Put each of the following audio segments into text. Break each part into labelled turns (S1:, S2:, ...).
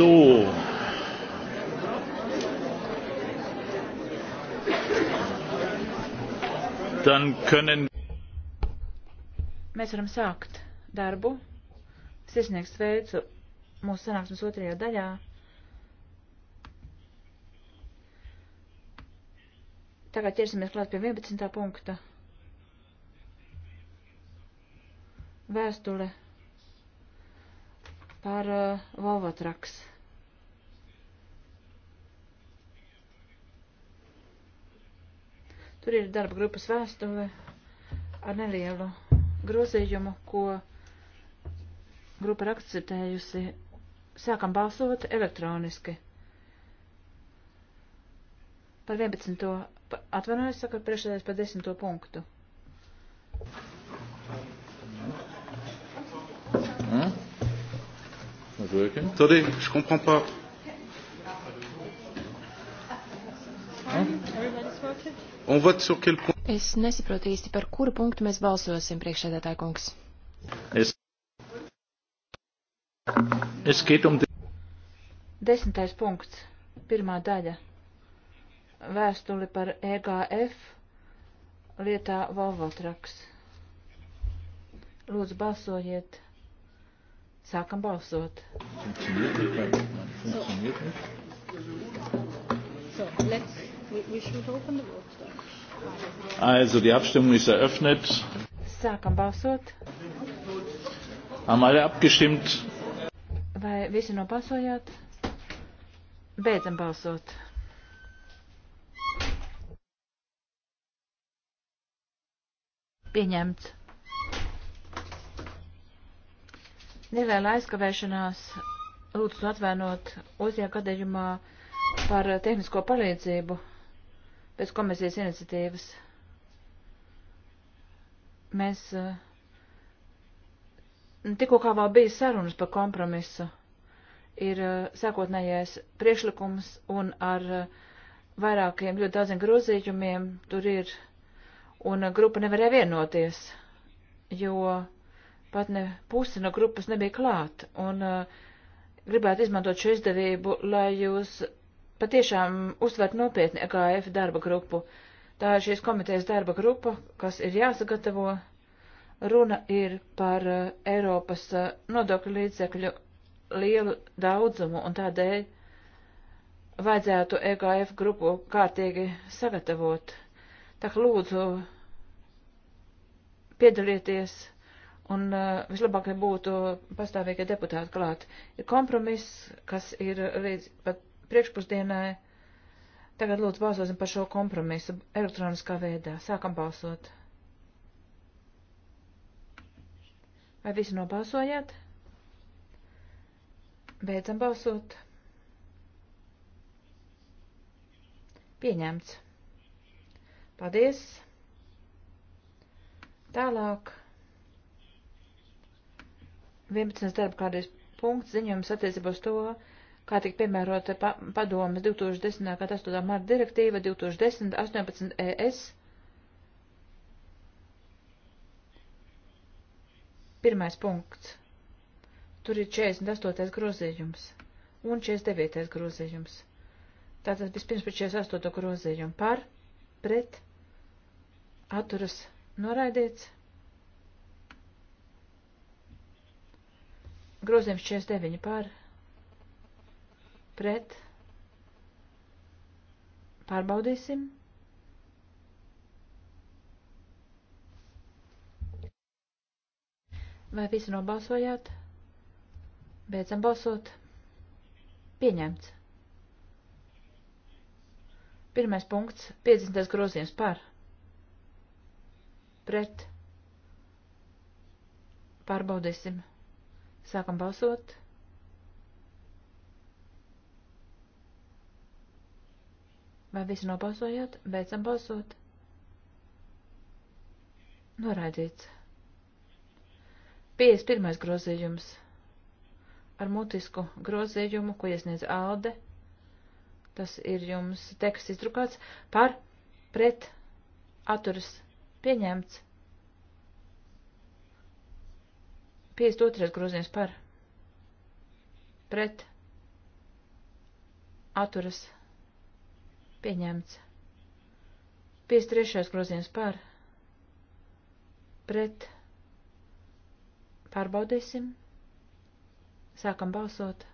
S1: So.
S2: Dann können.
S1: Mēs varam sākt darbu. Sirsnieks sveicu mūsu sanāksmes otrajā daļā. Tagad ķersimies klāt pie 11. punkta. Vēstule par uh, Volvo traks. Tur ir darba grupas vēstule ar nelielu grozījumu, ko grupa ir akceptējusi. Sākam balsot elektroniski. Par 11. atvainojos, saka priekšsēdētājs par 10. punktu. Hmm? Attendez, je comprends pas.
S2: On vote sur quel point? Es nesaprotu īsti, par kuru punktu mēs balsosim,
S1: priekšsēdētāja kungs.
S2: Es. Es skaitum.
S1: Desmitais punkts. Pirmā daļa. Vēstuli par EGF lietā Volvotraks. Lūdzu, balsojiet. Sākam balsot.
S2: Funktioniert nicht, funktioniert nicht.
S1: So, let's
S2: Also, die Abstimmung ist eröffnet.
S1: Sākam balsot.
S2: Haben alle abgestimmt?
S1: Vai visi nobalsojāt? Beidzam balsot. Pieņemts. Neliela aizkavēšanās lūdzu atvainot Ozijā gadījumā par tehnisko palīdzību pēc komisijas iniciatīvas. Mēs eh, tikko kā vēl bija sarunas par kompromisu. Ir eh, sākotnējais priekšlikums un ar eh, vairākiem ļoti daudziem grozījumiem tur ir, un grupa nevarēja vienoties, jo pat ne pusi no grupas nebija klāt, un uh, gribētu izmantot šo izdevību, lai jūs patiešām uztvert nopietni AKF e darba grupu. Tā ir šīs komitejas darba grupa, kas ir jāsagatavo. Runa ir par uh, Eiropas uh, nodokļu līdzekļu lielu daudzumu un tādēļ vajadzētu EKF grupu kārtīgi sagatavot. Tā kā lūdzu piedalieties un uh, vislabāk būtu pastāvīgie deputāti klāt. Ir kompromiss, kas ir līdz pat priekšpusdienai. Tagad lūdzu balsosim par šo kompromisu elektroniskā veidā. Sākam balsot. Vai visi nobalsojāt? Beidzam balsot. Pieņemts. Paldies. Tālāk. 11. darba kādreiz punkts ziņojums attiecībā uz to, kā tika piemērota pa, padomas 2010. gada 8. marta direktīva 2010-18 ES. Pirmais punkts. Tur ir 48. grozījums un 49. grozījums. Tātad vispirms par 48. grozījumu par, pret, atturas noraidīts. Grozījums 49 par, pret, pārbaudīsim. Vai visi nobalsojāt? Beidzam balsot. Pieņemts. Pirmais punkts - 50. grozījums par. Pret. Pārbaudīsim. Sākam balsot. Vai visi nobalsojāt? Beidzam balsot. Noraidīts. 51. grozījums ar mutisku grozījumu, ko iesniedz Alde. Tas ir jums teksts izdrukāts par pret atturas pieņemts. 52. grozījums par pret atturas pieņemts Pieņemts. 53. grozījums par. Pret. Pārbaudīsim. Sākam balsot.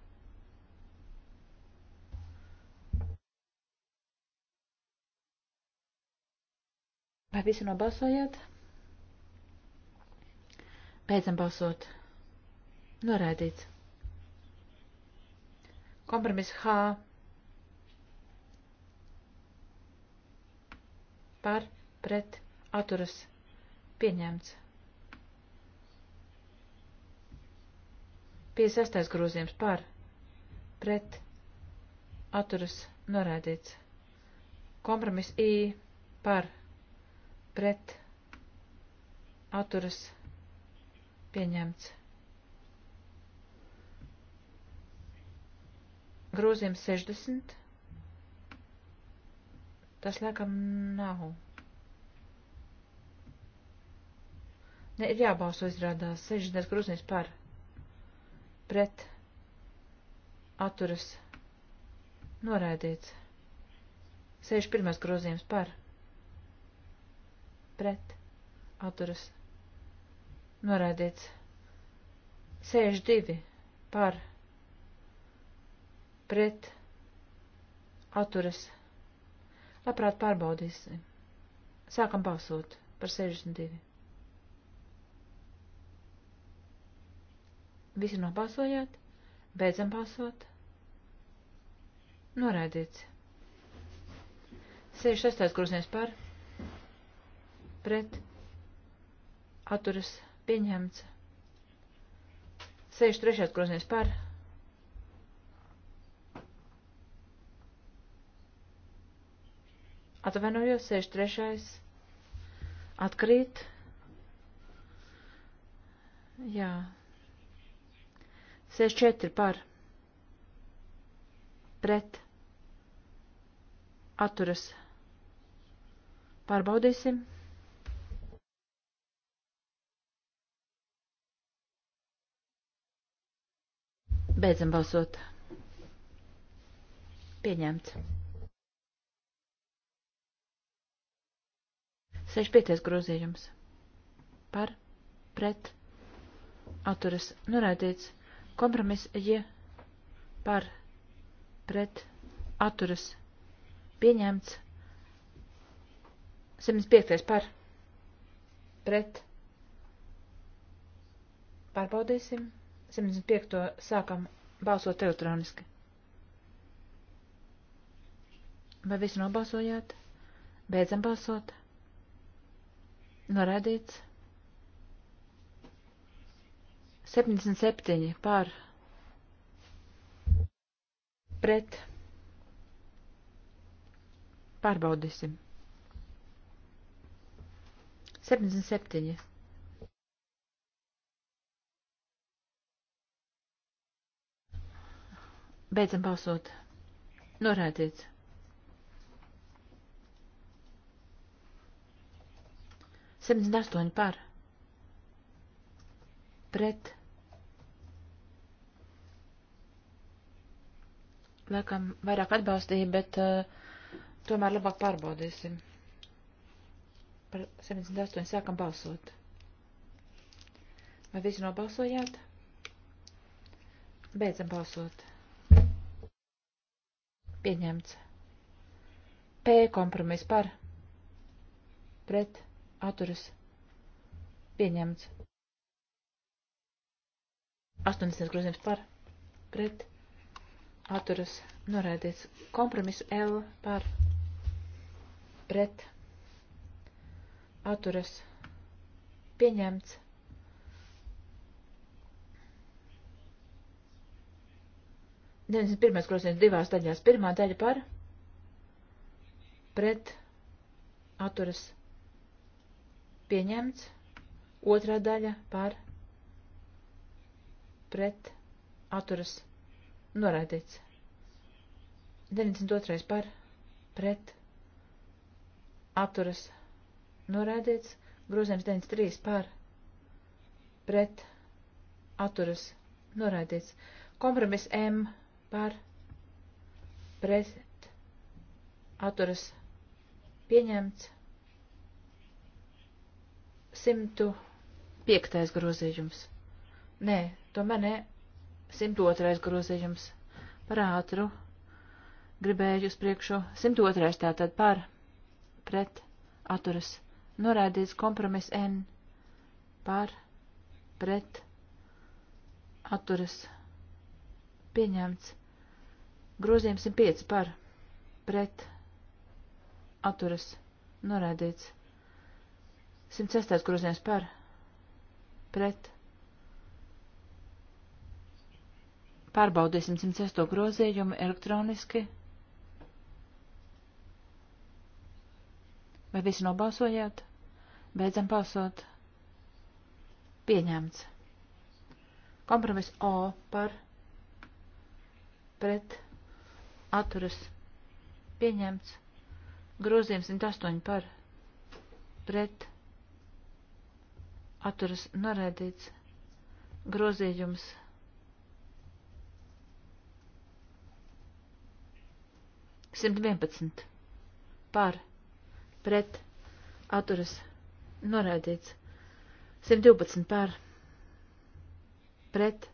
S1: Vai visi nobalsojāt? Beidzam balsot. Noraidīts. Kompromiss H par pret atturas pieņemts. 56. grozījums par pret atturas norādīts. Kompromis I par pret atturas pieņemts. Grozījums 60 Tas laikam nav. Ne, ir jābalso izrādās 60 grūznīs par. Pret. Atturas. Noraidīts. 61 grozījums par. Pret. Atturas. Noraidīts. 62 par. Pret. Atturas. Labprāt pārbaudīsim. Sākam balsot par 62. Visi nobalsojāt? Beidzam balsot? Noraidīts. 66. grūznieks par. Pret. Atturas pieņemts. 63. grūznieks par. Atvainojos, 63. Atkrīt. Jā. 64 par. Pret. Atturas. Pārbaudīsim. Beidzam balsot. Pieņemts. 65. grozījums par pret atturas norādīts kompromiss, ja par pret atturas pieņemts 75. par pret pārbaudīsim 75. sākam balsot elektroniski. Vai visi nobalsojāt? Beidzam balsot. Norādīts. 77 pār. Pret. Pārbaudīsim. 77. Beidzam balsot. Norādīts. 78 par. Pret. Laikam vairāk atbalstīja, bet uh, tomēr labāk pārbaudīsim. Par 78 sākam balsot. Vai visi nobalsojāt? Beidzam balsot. Pieņemts. P kompromis par. Pret atturas pieņemts. 80 grozījums par pret atturas norēdīts. Kompromiss L par pret atturas pieņemts. Deviņdesmit pirmais grozījums divās daļās. Pirmā daļa par pret atturas pieņemts pieņemts, otrā daļa par pret atturas noraidīts. 92. par pret atturas noraidīts, grozījums 93 par pret atturas noraidīts, kompromiss M par pret atturas pieņemts, 105. grozījums. Nē, tomēr ne. 102. grozījums. Par ātru. Gribēju uz priekšu. 102. tātad par. Pret. Aturas. Norādīts kompromiss N. Par. Pret. Aturas. Pieņemts. Grozījums 105 par. Pret. Aturas. Norādīts. 106. grozījums par pret. Pārbaudīsim 106. grozījumu elektroniski. Vai visi nobalsojāt? Beidzam balsot. Pieņemts. Kompromiss O par pret atturas. Pieņemts. Grozījums 108 par pret atturas atturas norēdīts grozījums. Simt vienpadsmit par pret atturas norēdīts. Simt divpadsmit par pret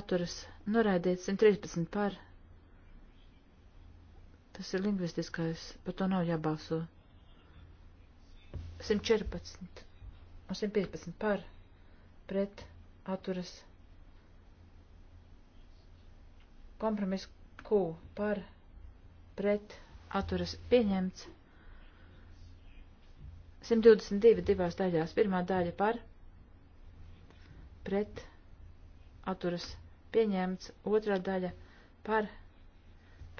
S1: atturas norēdīts. Simt trīspadsmit par. Tas ir lingvistiskais, par to nav jābalso. 114. 115 par pret atturas kompromis Q par pret atturas pieņemts 122 divās daļās pirmā daļa par pret atturas pieņemts otrā daļa par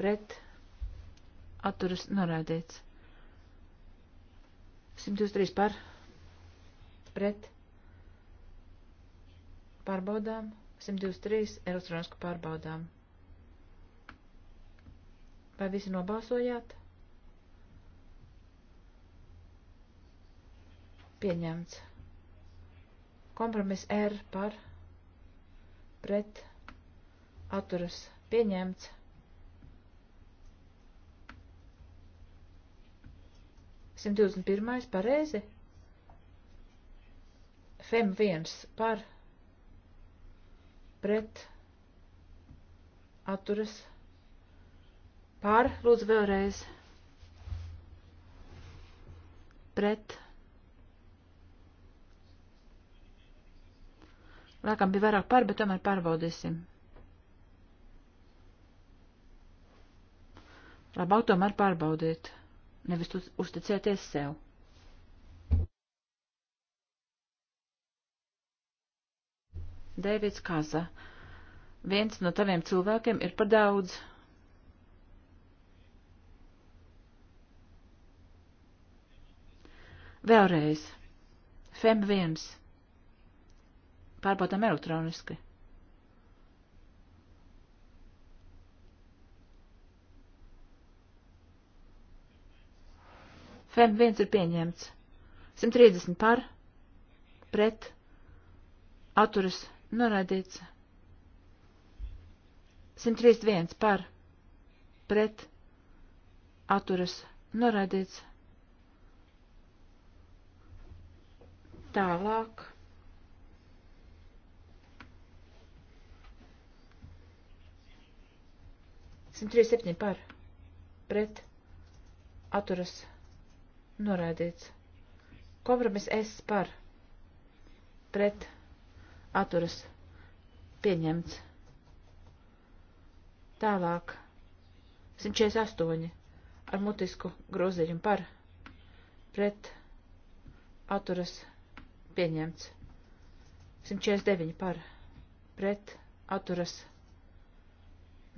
S1: pret atturas norādīts 123 par pret pret pārbaudām, 123 elektronisku pārbaudām. Vai visi nobalsojāt? Pieņemts. Kompromiss R par pret atturas pieņemts. 121. pareizi. Fem viens par pret atturas par, lūdzu vēlreiz, pret. Lēkam bija vairāk par, bet tomēr pārbaudīsim. Labāk tomēr pārbaudīt, nevis uzticēties sev. Dēvids Kaza. Viens no taviem cilvēkiem ir par daudz. Vēlreiz. FEM 1. Pārbaudām elektroniski. FEM 1 ir pieņemts. 130 par, pret, atturas Norādīts. 131 par pret atturas norādīts. Tālāk. Simt trīs septiņi par pret atturas norādīts. Kompromis S par pret atturas atturas pieņemts. Tālāk 148 ar mutisku grozījumu par pret atturas pieņemts. 149 par pret atturas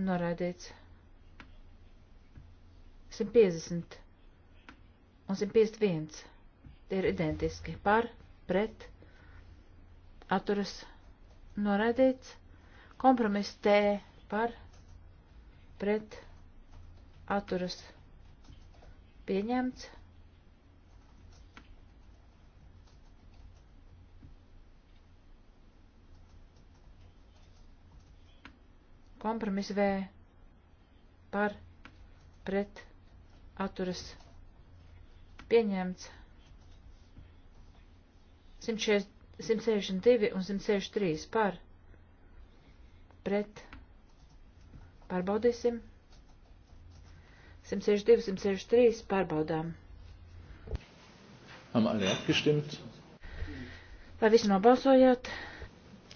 S1: noraidīts. 150 un 151 tie ir identiski par pret atturas noraidīts. Kompromiss T par pret atturas pieņemts. Kompromiss V par pret atturas pieņemts. 160 162 un 163 par pret pārbaudīsim. 162, 163 pārbaudām. Haben alle abgestimmt? Vai visi nobalsojāt?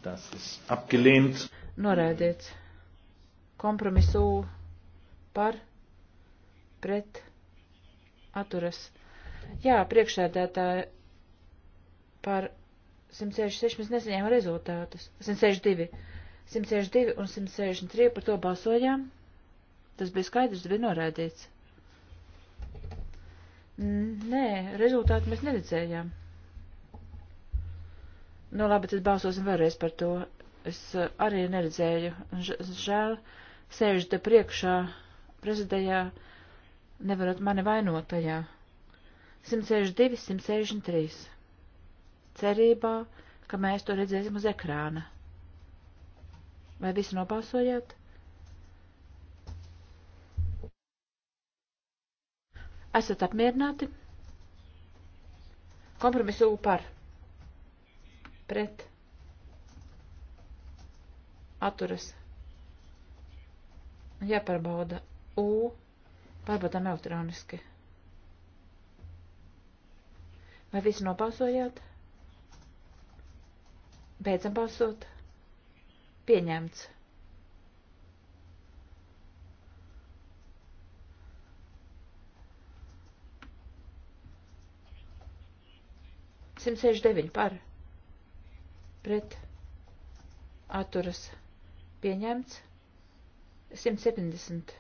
S1: Tas ir apgelehnt. Norēdiet. Kompromisu par, pret, atturas. Jā, priekšsēdētāji par 166 mēs nesaņēmām rezultātus. 162. 162 un 163 par to balsojām. Tas bija skaidrs, bija norādīts. Nē, rezultātu mēs neredzējām. Nu, labi, tad balsosim vēlreiz par to. Es eh, arī neredzēju. Žēl, sēžu te priekšā, prezidējā, nevarat mani vainot tajā. 162, 163 cerībā, ka mēs to redzēsim uz ekrāna. Vai visi nobalsojāt? Esat apmierināti? Kompromisu par. Pret. Atturas. Jāpārbauda. U. Pārbaudām elektroniski. Vai visi nobalsojāt? Beidzam balsot. Pieņemts. Simt seši deviņi par. Pret. Atturas. Pieņemts. Simt septiņdesmit.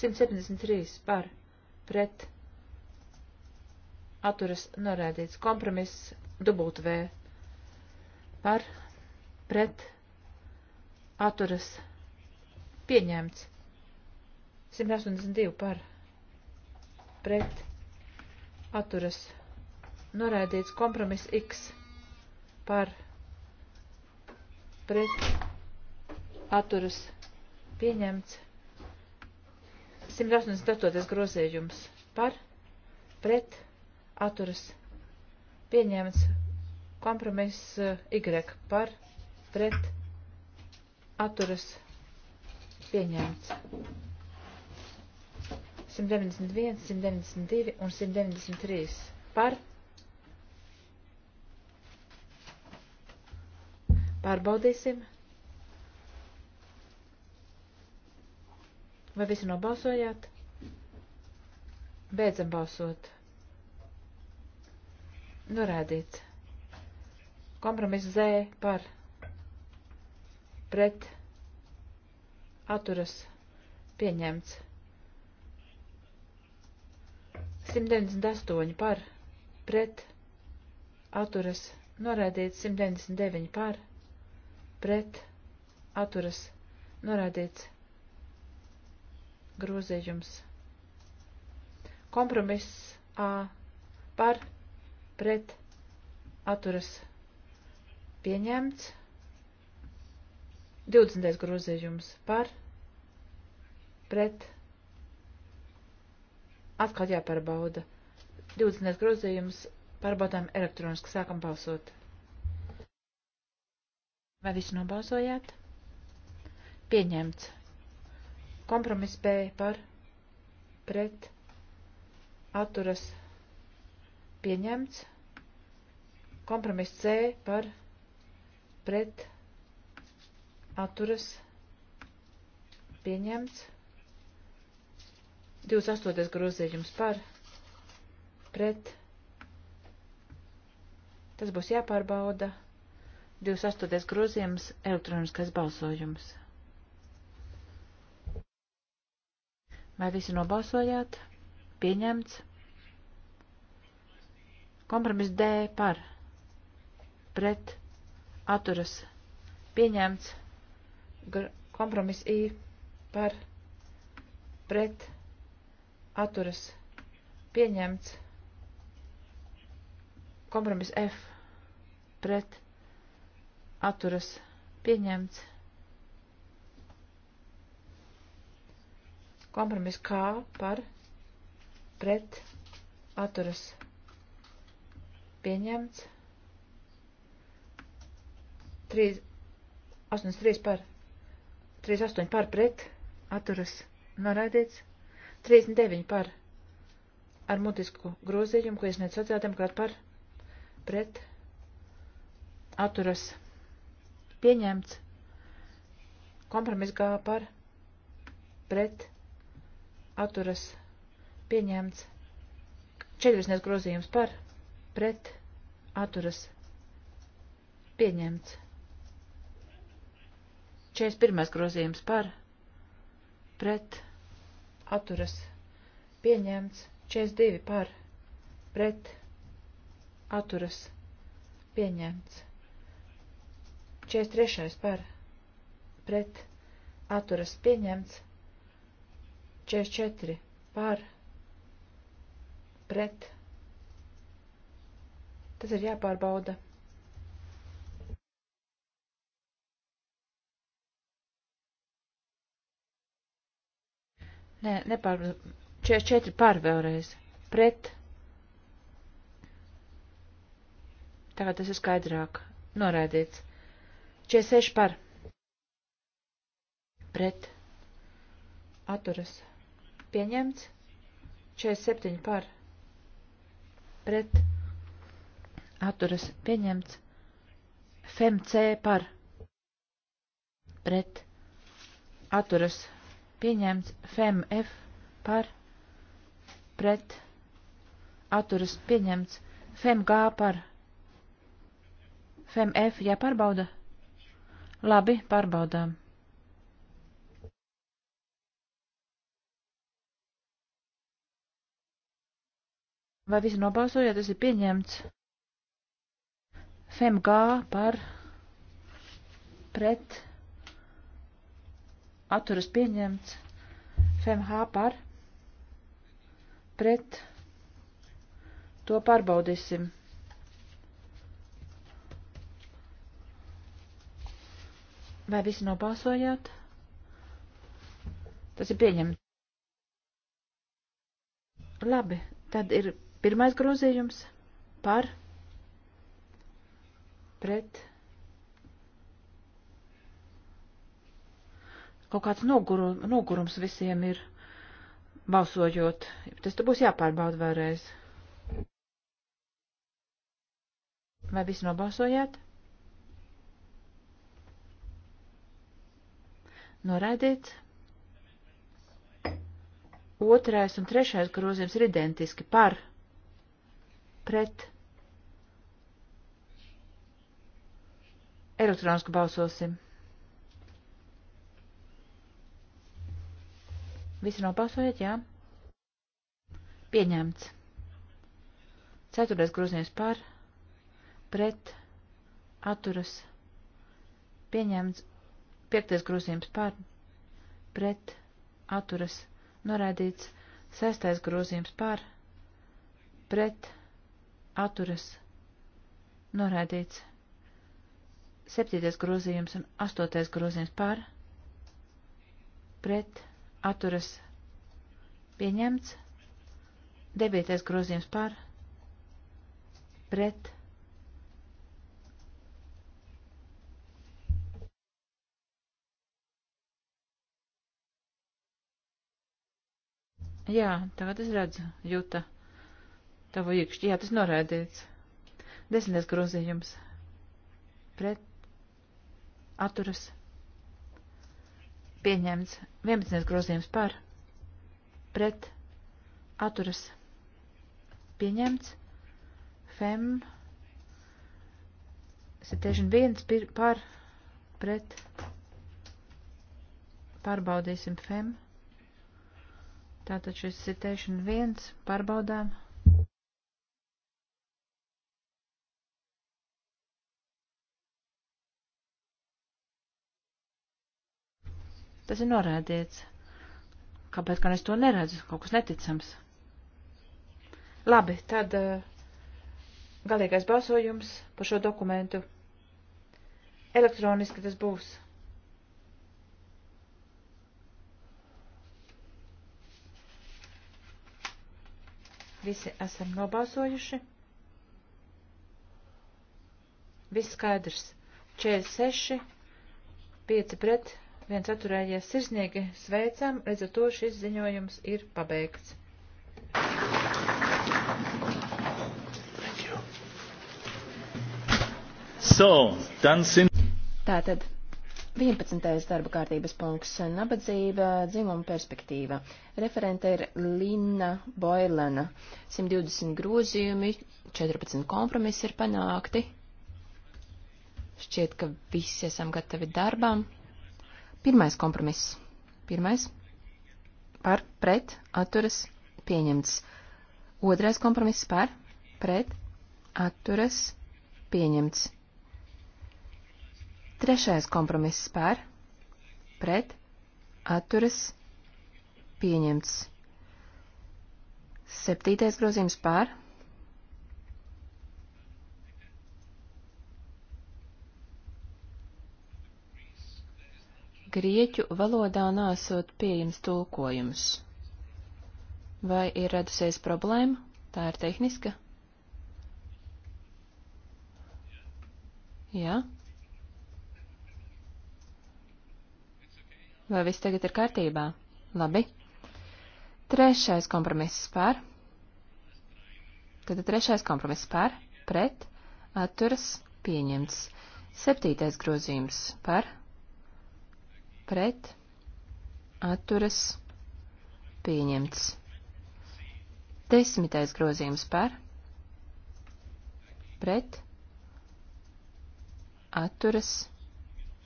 S1: Simt septiņdesmit trīs par pret atturas norēdīts. Kompromiss dubultvē par pret atturas pieņemts. 182 par pret atturas norēdīts. Kompromiss X par pret atturas pieņemts. 188. grozījums par pret atturas pieņemts kompromiss eh, Y par pret atturas pieņemts. 191, 192 un 193 par pārbaudīsim. Vai visi nobalsojāt? Beidzam balsot. Norādīts. Kompromiss Z par pret atturas pieņemts. 198 par pret atturas norādīts 199 par pret atturas norādīts grozījums. Kompromiss A par pret atturas pieņemts. 20. grozījums par pret atkal jāpārbauda. 20. grozījums pārbaudām elektroniski sākam balsot. Vai visi nobalsojāt? Pieņemts. Kompromiss B par pret atturas pieņemts. Kompromiss C par pret atturas pieņemts. 28. grozījums par pret. Tas būs jāpārbauda. 28. grozījums elektroniskais balsojums. Vai visi nobalsojāt? Pieņemts. Kompromiss D par. Pret. Atturas. Pieņemts. Kompromiss I par. Pret. Atturas. Pieņemts. Kompromiss F. Pret. Atturas. Pieņemts. Kompromis kā par pret atturas pieņemts. 3, 83 par, 38 par pret, atturas noraidīts, 39 par ar mutisku grozījumu, ko iesniedz sociāldemokrāti par pret, atturas pieņemts, kompromis gā par pret, atturas pieņemts. 40. grozījums par pret atturas pieņemts. 41. grozījums par pret atturas pieņemts. 42 par pret atturas pieņemts. 43. par pret atturas pieņemts. 44 par pret. Tas ir jāpārbauda. Nē, nepārbauda. 44 par vēlreiz. Pret. Tagad tas ir skaidrāk. Noraidīts. 46 par. Pret. Atturas pieņemts, 47 par, pret, atturas, pieņemts, FMC par, pret, atturas, pieņemts, FMF par, pret, atturas, pieņemts, FMG par, FMF jāpārbauda. Labi, pārbaudām. Vai visi nobalsojāt, tas ir pieņemts? FMG par pret atturas pieņemts. FMH par pret to pārbaudīsim. Vai visi nobalsojāt? Tas ir pieņemts. Labi, tad ir Pirmais grozījums par pret kaut kāds noguru, nogurums visiem ir balsojot. Tas tur būs jāpārbauda vēlreiz. Vai visi nobalsojāt? Noraidīts. Otrais un trešais grozījums ir identiski par pret. Elektroniski balsosim. Visi nobalsojiet, jā. Pieņemts. Ceturtais grozījums par, pret, atturas. Pieņemts. Piektais grozījums par, pret, atturas. Noraidīts. Sestais grozījums par, pret, atturas atturas norādīts. Septītais grozījums un astotais grozījums par pret atturas pieņemts. Devītais grozījums par pret Jā, tagad es redzu, jūta. Tavu iekšķi, jā, tas norēdīts. Desmitais grozījums. Pret. Atturas. Pieņemts. Vienpadsmitais grozījums par. Pret. Atturas. Pieņemts. Fem. 71 par. Pret. Pārbaudīsim Fem. Tātad šis citation viens pārbaudām. Tas ir norādīts. Kāpēc gan es to neredzu? Kaut kas neticams. Labi, tad eh, galīgais balsojums par šo dokumentu. Elektroniski tas būs. Visi esam nobalsojuši. Viss skaidrs. 46, 5 pret, viens atturējies sirsnīgi sveicam, līdz ar to šis ziņojums ir pabeigts.
S2: So, dann sind. Tātad 11. darba kārtības punkts - nabadzība, dzimuma perspektīva. Referente ir Linna Boilena. 120 grozījumi, 14 kompromisi ir panākti. Šķiet, ka visi esam gatavi darbam. Pirmais kompromiss. Pirmais. Par, pret, atturas, pieņemts. Otrais kompromiss par, pret, atturas, pieņemts. Trešais kompromiss par, pret, atturas, pieņemts. Septītais grozījums par, grieķu valodā nāsot pieejams tulkojums. Vai ir radusies problēma? Tā ir tehniska? Jā? Vai viss tagad ir kārtībā? Labi. Trešais kompromiss pār. Tad trešais kompromiss pār, pret, atturas, pieņemts. Septītais grozījums par pret, atturas, pieņemts. Desmitais grozījums par, pret, atturas,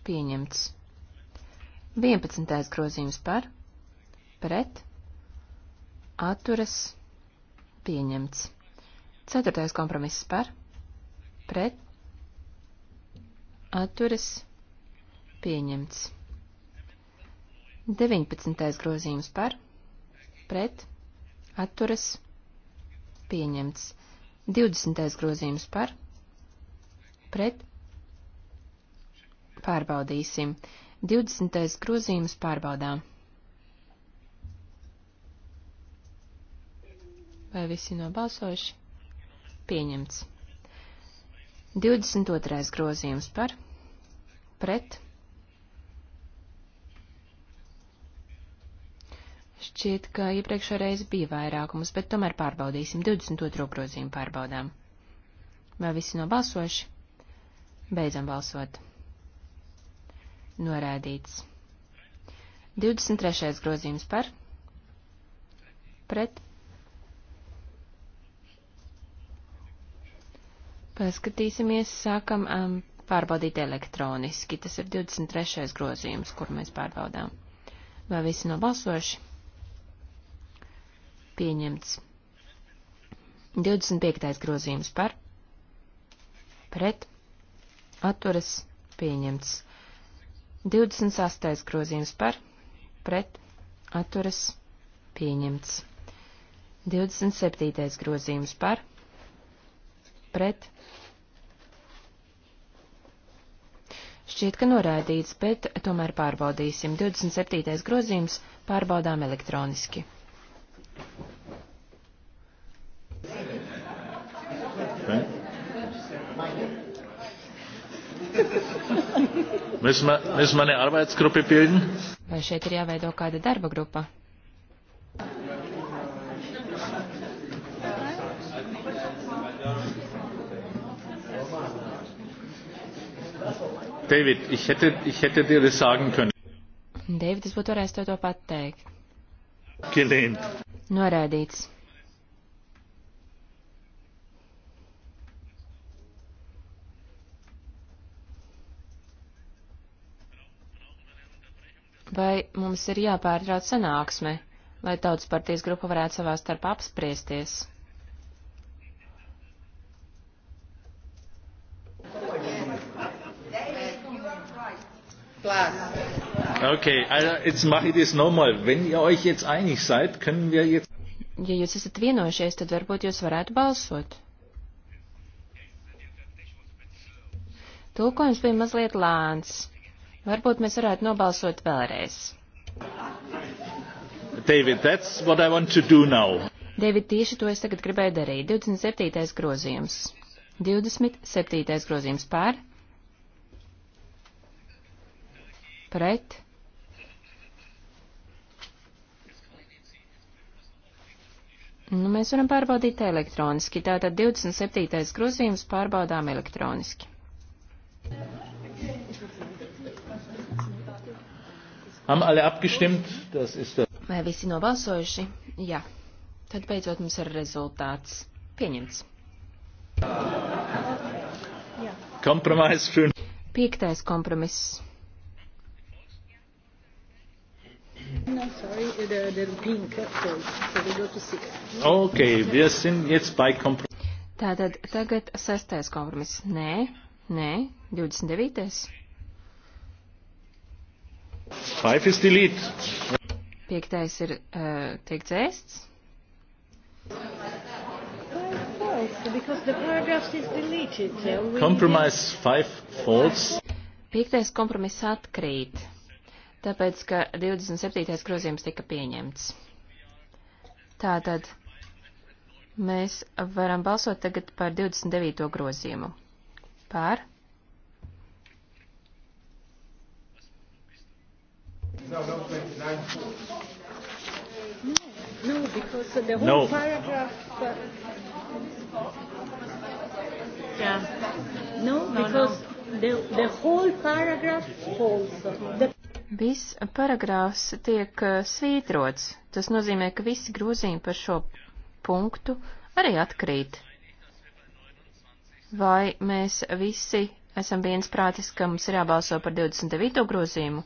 S2: pieņemts. Vienpadsmitais grozījums par, pret, atturas, pieņemts. Ceturtais kompromiss par, pret, atturas, pieņemts. 19. grozījums par, pret, atturas, pieņemts. 20. grozījums par, pret, pārbaudīsim. 20. grozījums pārbaudām. Vai visi nobalsojuši? Pieņemts. 22. grozījums par, pret, Šķiet, ka iepriekšējā reizē bija vairākums, bet tomēr pārbaudīsim 22. grozījumu pārbaudām. Vai visi nobalsojuši? Beidzam balsot. Norādīts. 23. grozījums par. Pret. Paskatīsimies, sākam um, pārbaudīt elektroniski. Tas ir 23. grozījums, kur mēs pārbaudām. Vai visi nobalsojuši? Pieņemts. 25. grozījums par, pret, atturas, pieņemts. 28. grozījums par, pret, atturas, pieņemts. 27. grozījums par, pret. Šķiet, ka noraidīts, bet tomēr pārbaudīsim. 27. grozījums pārbaudām elektroniski. Ne? Müssen wir, müssen wir eine Arbeitsgruppe bilden? Vai šeit ir jāveido kāda darba grupa?
S1: David, ich hätte, ich hätte dir das sagen können.
S2: David, es būtu varējis tev to pateikt.
S1: Gelehnt.
S2: Norādīts. Vai mums ir jāpārtrauc sanāksme, lai tautas partijas grupa varētu savā starpā apspriesties?
S1: Plus. Okay, also jetzt mache ich das nochmal. Wenn ihr euch jetzt einig seid, können wir jetzt.
S2: Ja jūs esat vienojušies, tad varbūt jūs varētu balsot. Tulkojums bija mazliet lēns. Varbūt mēs varētu nobalsot vēlreiz.
S1: David, that's what I want to do now.
S2: David, tieši to es tagad gribēju darīt. 27. grozījums. 27. grozījums pār. Pret. Nu, mēs varam pārbaudīt elektroniski. Tātad 27. grozījums pārbaudām elektroniski. Vai visi nobalsojuši? Jā. Tad beidzot mums ir rezultāts. Pieņemts.
S1: Kompromiss.
S2: Piektais kompromiss.
S1: sorry, eh, the, the pink falls. Eh, so we go to six. Okay, wir sind jetzt bei Kompromiss.
S2: Tātad tagad sestais kompromiss. Nē, nē, 29. Five is delete. Piektais ir uh, tiek dzēsts. Compromise five false. Piektais kompromiss atkrīt tāpēc, ka 27. grozījums tika pieņemts. Tātad mēs varam balsot tagad par 29. grozījumu. Pār?
S3: No, no, 29.
S1: No, because the whole no. paragraph. Uh,
S2: yeah. No, no because
S1: no. The, the whole paragraph falls. The
S2: Viss paragrāfs tiek eh, svītrots. Tas nozīmē, ka visi grozījumi par šo punktu arī atkrīt. Vai mēs visi esam viensprātis, ka mums ir jābalso par 29. grozījumu?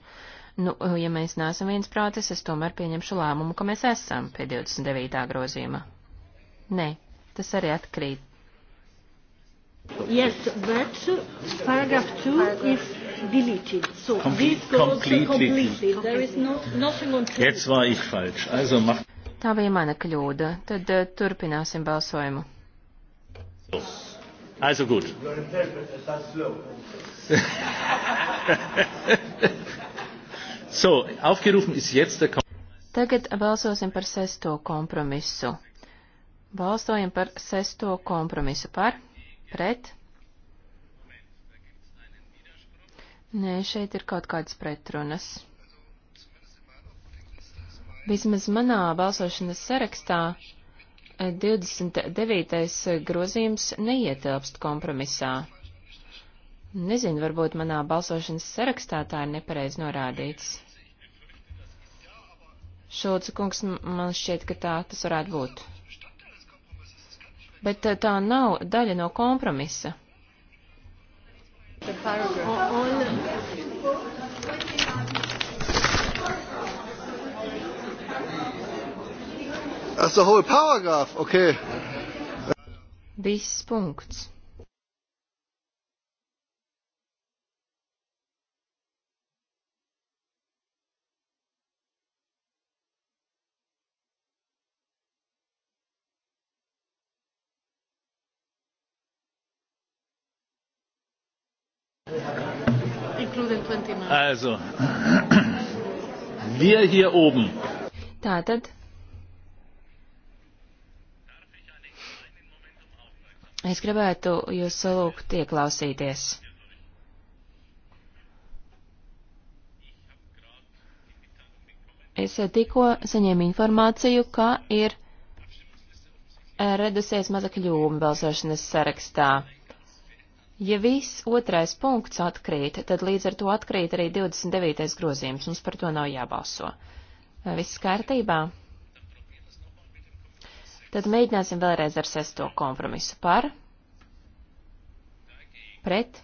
S2: Nu, eh, ja mēs neesam viensprātis, es tomēr pieņemšu lēmumu, ka mēs esam pie 29. grozījuma. Nē, tas arī atkrīt.
S1: Yes, but paragraph 2 if deleted. So Comple this goes completely. completely. There is no, nothing on
S2: two. Jetzt war ich falsch. Also mach. Tā bija mana kļūda. Tad uh, turpināsim balsojumu.
S1: So. Also gut. so, aufgerufen ist jetzt der
S2: Tagad balsosim par sesto kompromisu. Balsojam par sesto kompromisu par, pret, Nē, šeit ir kaut kādas pretrunas. Vismaz manā balsošanas sarakstā 29. Eh, grozījums neietilpst kompromisā. Nezinu, varbūt manā balsošanas sarakstā tā ir nepareiz norādīts. Šulca kungs, man šķiet, ka tā tas varētu būt. Bet eh, tā nav daļa no kompromisa. The paragraph. On, on... That's the whole paragraph, okay. Viss punkts. Also, wir hier oben. Tātad. Es gribētu jūs lūgt ieklausīties. Es tikko saņēmu informāciju, ka ir redusies maza kļūme balsošanas sarakstā. Ja viss otrais punkts atkrīt, tad līdz ar to atkrīt arī 29. grozījums. Mums par to nav jābalso. Viss kārtībā? Tad mēģināsim vēlreiz ar sesto kompromisu par, pret,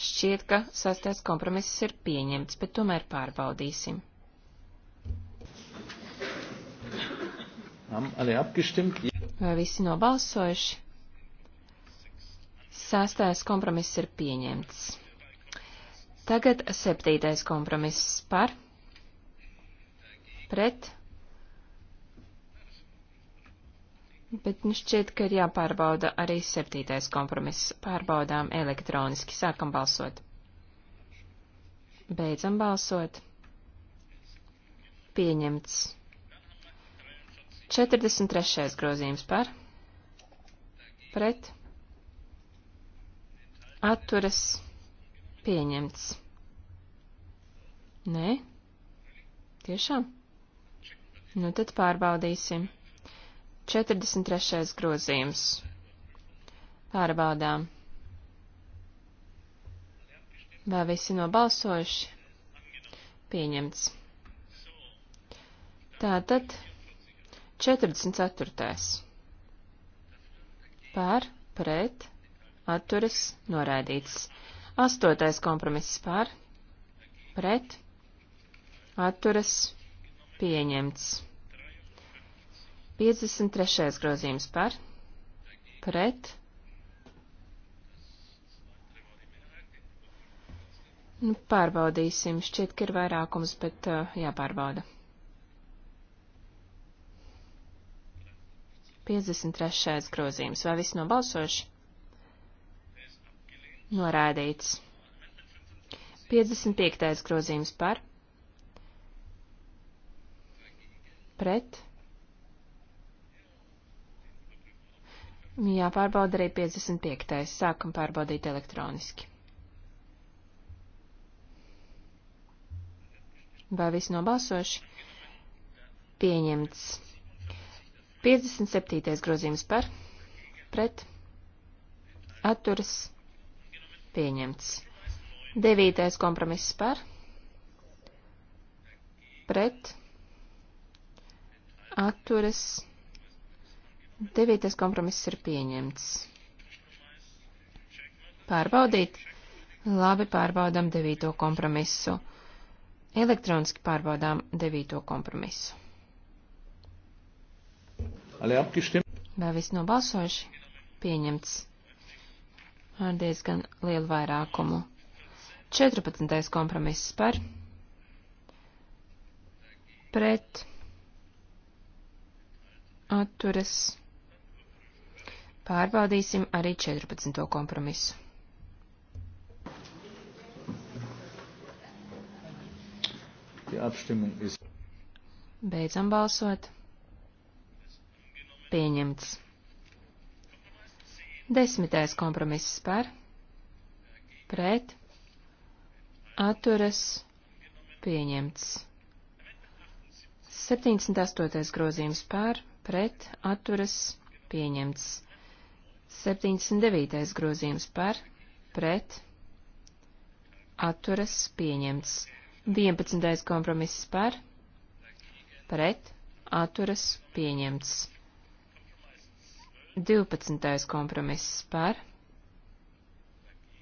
S2: Šķiet, ka sastais kompromiss ir pieņemts, bet tomēr pārbaudīsim. Vai visi nobalsojuši? Sastais kompromiss ir pieņemts. Tagad septītais kompromiss par, pret, bet nu šķiet, ka ir jāpārbauda arī septītais kompromiss. Pārbaudām elektroniski, sākam balsot. Beidzam balsot. Pieņemts. 43. grozījums par, pret, atturas, pieņemts. Nē? Tiešām? Nu tad pārbaudīsim. 43. grozījums. Pārbaudām. Vai visi nobalsojuši? Pieņemts. Tātad 44. Pār, pret, atturas, noraidīts. 8. kompromiss pār, pret, atturas, pieņemts. 53. grozījums par, pret, Nu, pārbaudīsim, šķiet, ka ir vairākums, bet uh, jāpārbauda. 53. grozījums. Vai viss nobalsojuši? Norādīts. 55. grozījums par. Pret. Jāpārbauda arī 55. Sākam pārbaudīt elektroniski. Vai viss nobalsojuši? Pieņemts. 57. grozījums par, pret, atturas, pieņemts. 9. kompromiss par, pret, atturas, 9. kompromiss ir pieņemts. Pārbaudīt? Labi, pārbaudam 9. kompromisu. Elektroniski pārbaudām 9. kompromisu.
S1: Vai
S2: viss nobalsojuši? Pieņemts. Ar diezgan lielu vairākumu. 14. kompromiss par. Pret. Atturas. Pārbaudīsim arī 14. kompromisu. Beidzam balsot. Pieņemts. Desmitais kompromiss par, pret, atturas, pieņemts. 78. grozījums par, pret, atturas, pieņemts. 79. grozījums par, pret, atturas, pieņemts. 11. kompromiss par, pret, atturas, pieņemts. 12. kompromiss par,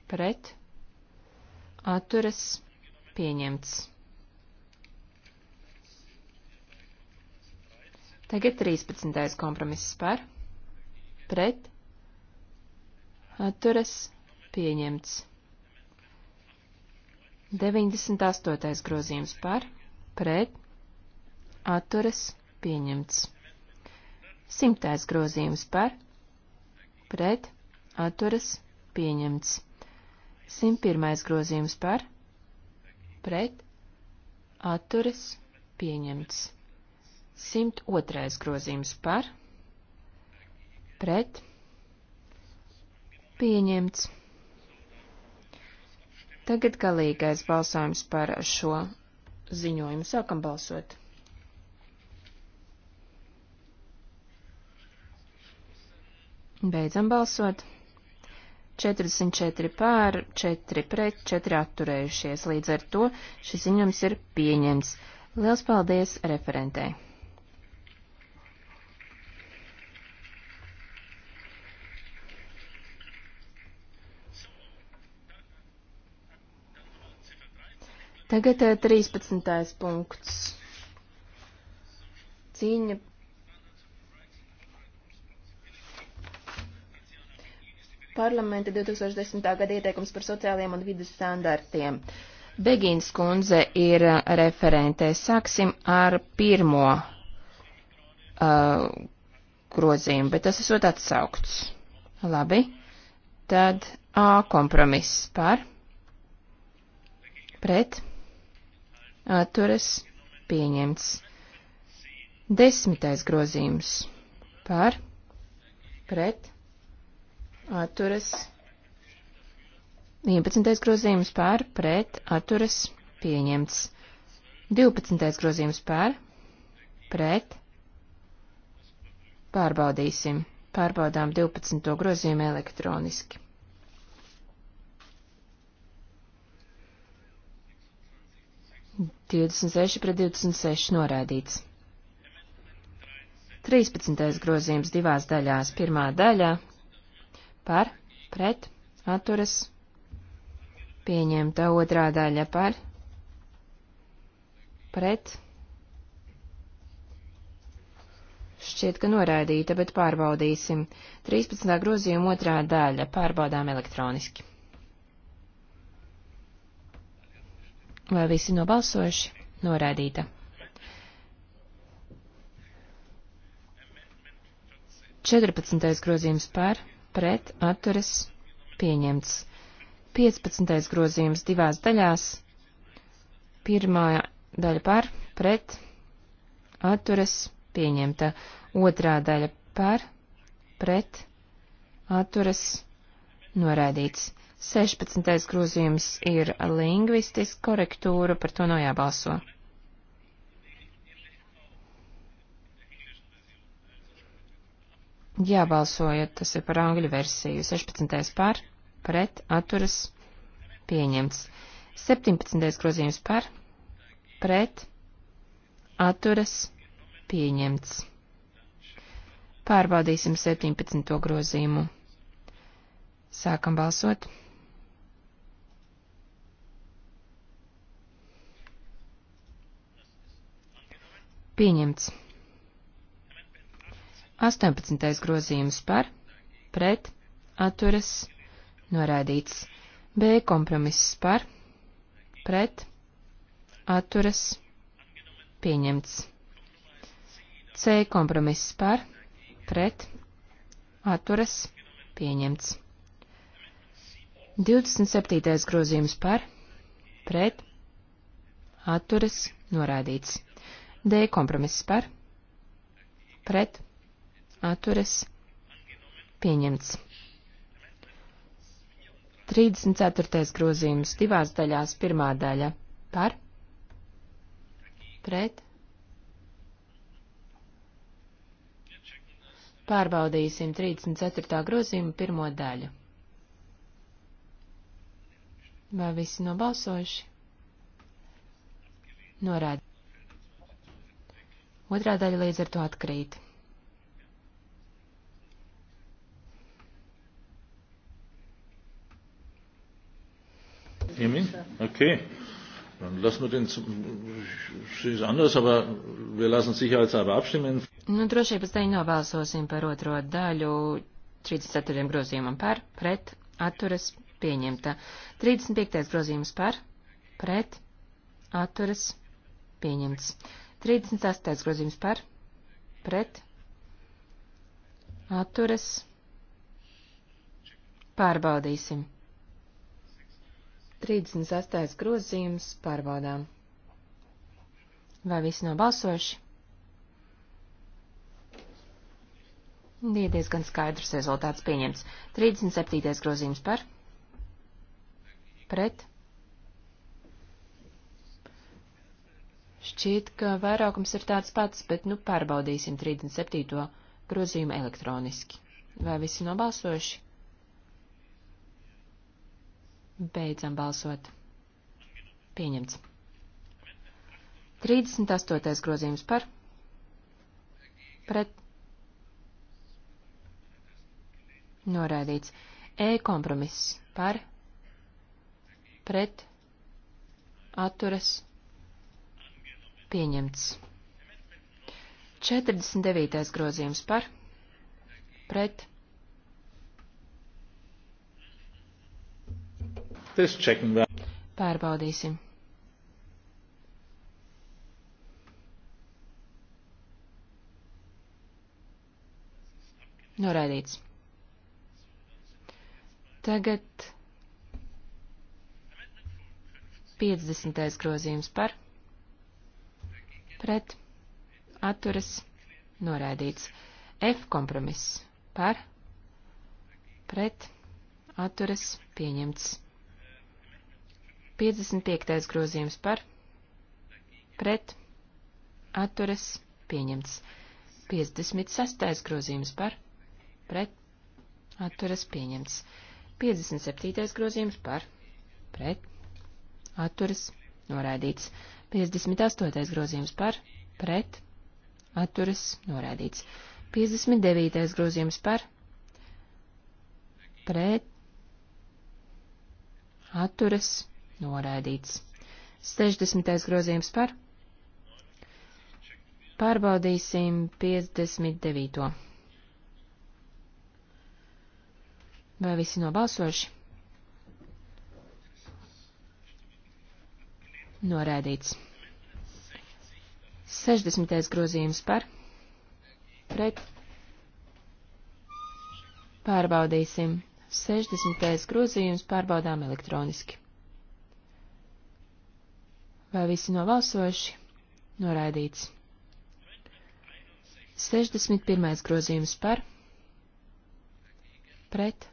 S2: pret, atturas, pieņemts. Tagad 13. kompromiss par, pret, atturas, pieņemts. 98. grozījums par, pret, atturas, pieņemts. Simtais grozījums par, pret, atturas, pieņemts. 101. grozījums par, pret, atturas, pieņemts. 102. grozījums par, pret, pieņemts. Tagad galīgais balsojums par šo ziņojumu. Sākam balsot! Beidzam balsot. 44 pār, 4 pret, 4 atturējušies. Līdz ar to šis ziņojums ir pieņemts. Liels paldies referentē! Tagad 13. Eh, punkts. Cīņa parlamenta 2010. gada ieteikums par sociālajiem un vidas standartiem. Begīns kundze ir uh, referentē. Sāksim ar pirmo uh, grozījumu, bet tas esot atsaukts. Labi. Tad A kompromiss par. Pret. Atturas. Pieņemts. Desmitais grozījums par. Pret atturas. 11. grozījums pār, pret, atturas, pieņemts. 12. grozījums pār, pret, pārbaudīsim. Pārbaudām 12. grozījumu elektroniski. Divdesmit seši pret divdesmit seši norādīts. Trīspadsmitais grozījums divās daļās. Pirmā daļa par, pret, atturas, pieņemta otrā daļa par, pret, šķiet, ka noraidīta, bet pārbaudīsim. 13. grozījuma otrā daļa pārbaudām elektroniski. Vai visi nobalsojuši? Noraidīta. 14. grozījums par, pret atturas pieņemts. 15. grozījums divās daļās. Pirmā daļa par pret atturas pieņemta. Otrā daļa par pret atturas noraidīts. 16. grozījums ir lingvistiska korektūra, par to nav jābalso. jābalsojiet, tas ir par angļu versiju. 16. par, pret, atturas, pieņemts. 17. grozījums par, pret, atturas, pieņemts. Pārbaudīsim 17. grozījumu. Sākam balsot. Pieņemts. 18. grozījums par, pret, atturas, noraidīts. B kompromiss par, pret, atturas, pieņemts. C kompromiss par, pret, atturas, pieņemts. 27. grozījums par, pret, atturas, noraidīts. D kompromiss par, pret, atturas atturas pieņemts. 34. grozījums divās daļās, pirmā daļa par, pret, pārbaudīsim 34. grozījumu pirmo daļu. Vai visi nobalsojuši? Norāda. Otrā daļa līdz ar to atkrīt.
S1: You mean? Okay. Dann lassen wir den, šis anders, aber wir lassen sicherheitshalber abstimmen.
S2: Nu, drošības dēļ nobalsosim par otro daļu 34. grozījumam par, pret, atturas, pieņemta. 35. grozījums par, pret, atturas, pieņemts. 38. grozījums par, pret, atturas, pārbaudīsim. 38. grozījums pārbaudām. Vai visi nav balsojuši? Bija diezgan skaidrs rezultāts pieņemts. 37. grozījums par. Pret. Šķiet, ka vairākums ir tāds pats, bet nu pārbaudīsim 37. grozījumu elektroniski. Vai visi nobalsojuši? Beidzam balsot. Pieņemts. 38. grozījums par. Pret. Norādīts. E kompromiss par. Pret. Atturas. Pieņemts. 49. grozījums par. Pret. Pārbaudīsim. Noraidīts. Tagad 50. grozījums par pret atturas noraidīts. F kompromiss par pret atturas pieņemts. 55. grozījums par, pret, atturas, pieņemts. 56. grozījums par, pret, atturas, pieņemts. 57. grozījums par, pret, atturas, noraidīts. 58. grozījums par, pret, atturas, noraidīts. 59. grozījums par, pret, atturas, Noraidīts. 60. grozījums par. Pārbaudīsim 59. Vai visi nobalsoši? Noraidīts. 60. grozījums par. Pret. Pārbaudīsim. 60. grozījums pārbaudām elektroniski. Vai visi novalsojuši? Noraidīts. 61. grozījums par pret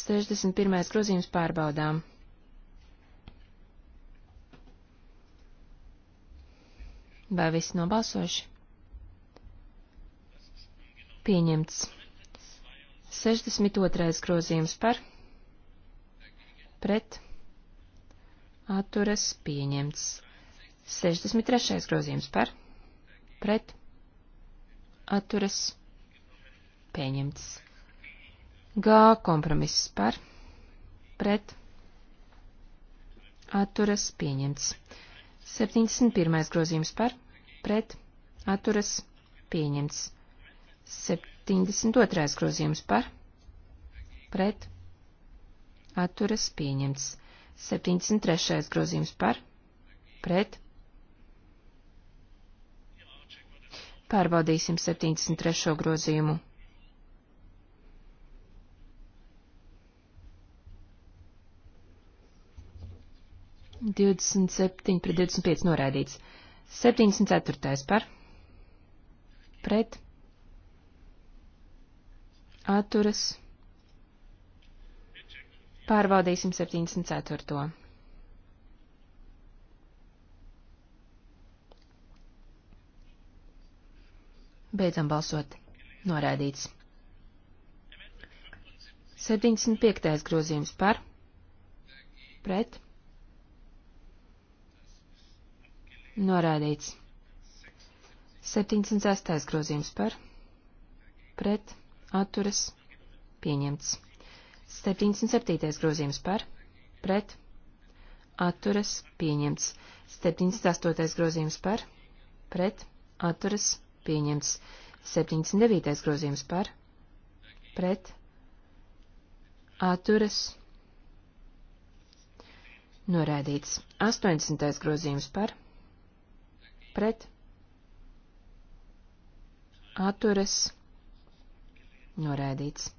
S2: 61. grozījums pārbaudām. Vai visi nobalsojuši? Pieņemts. 62. grozījums par pret atturas pieņemts. 63. grozījums par pret atturas pieņemts. G kompromiss par pret atturas pieņemts. 71. grozījums par pret atturas pieņemts. 72. grozījums par pret atturas pieņemts. 73. grozījums par, pret. Pārbaudīsim 73. grozījumu. Divdesmit septiņi pret divdesmit pieci norādīts. Septiņdesmit ceturtais par. Pret. Atturas. Pārbaudīsim 74. Beidzam balsot. Norādīts. 75. grozījums par. Pret. Norādīts. 76. grozījums par. Pret. Atturas. Pieņemts. 77. grozījums par, pret, atturas, pieņemts. 78. grozījums par, pret, atturas, pieņemts. 79. grozījums par, pret, atturas, norēdīts. 80. grozījums par, pret, atturas, norēdīts.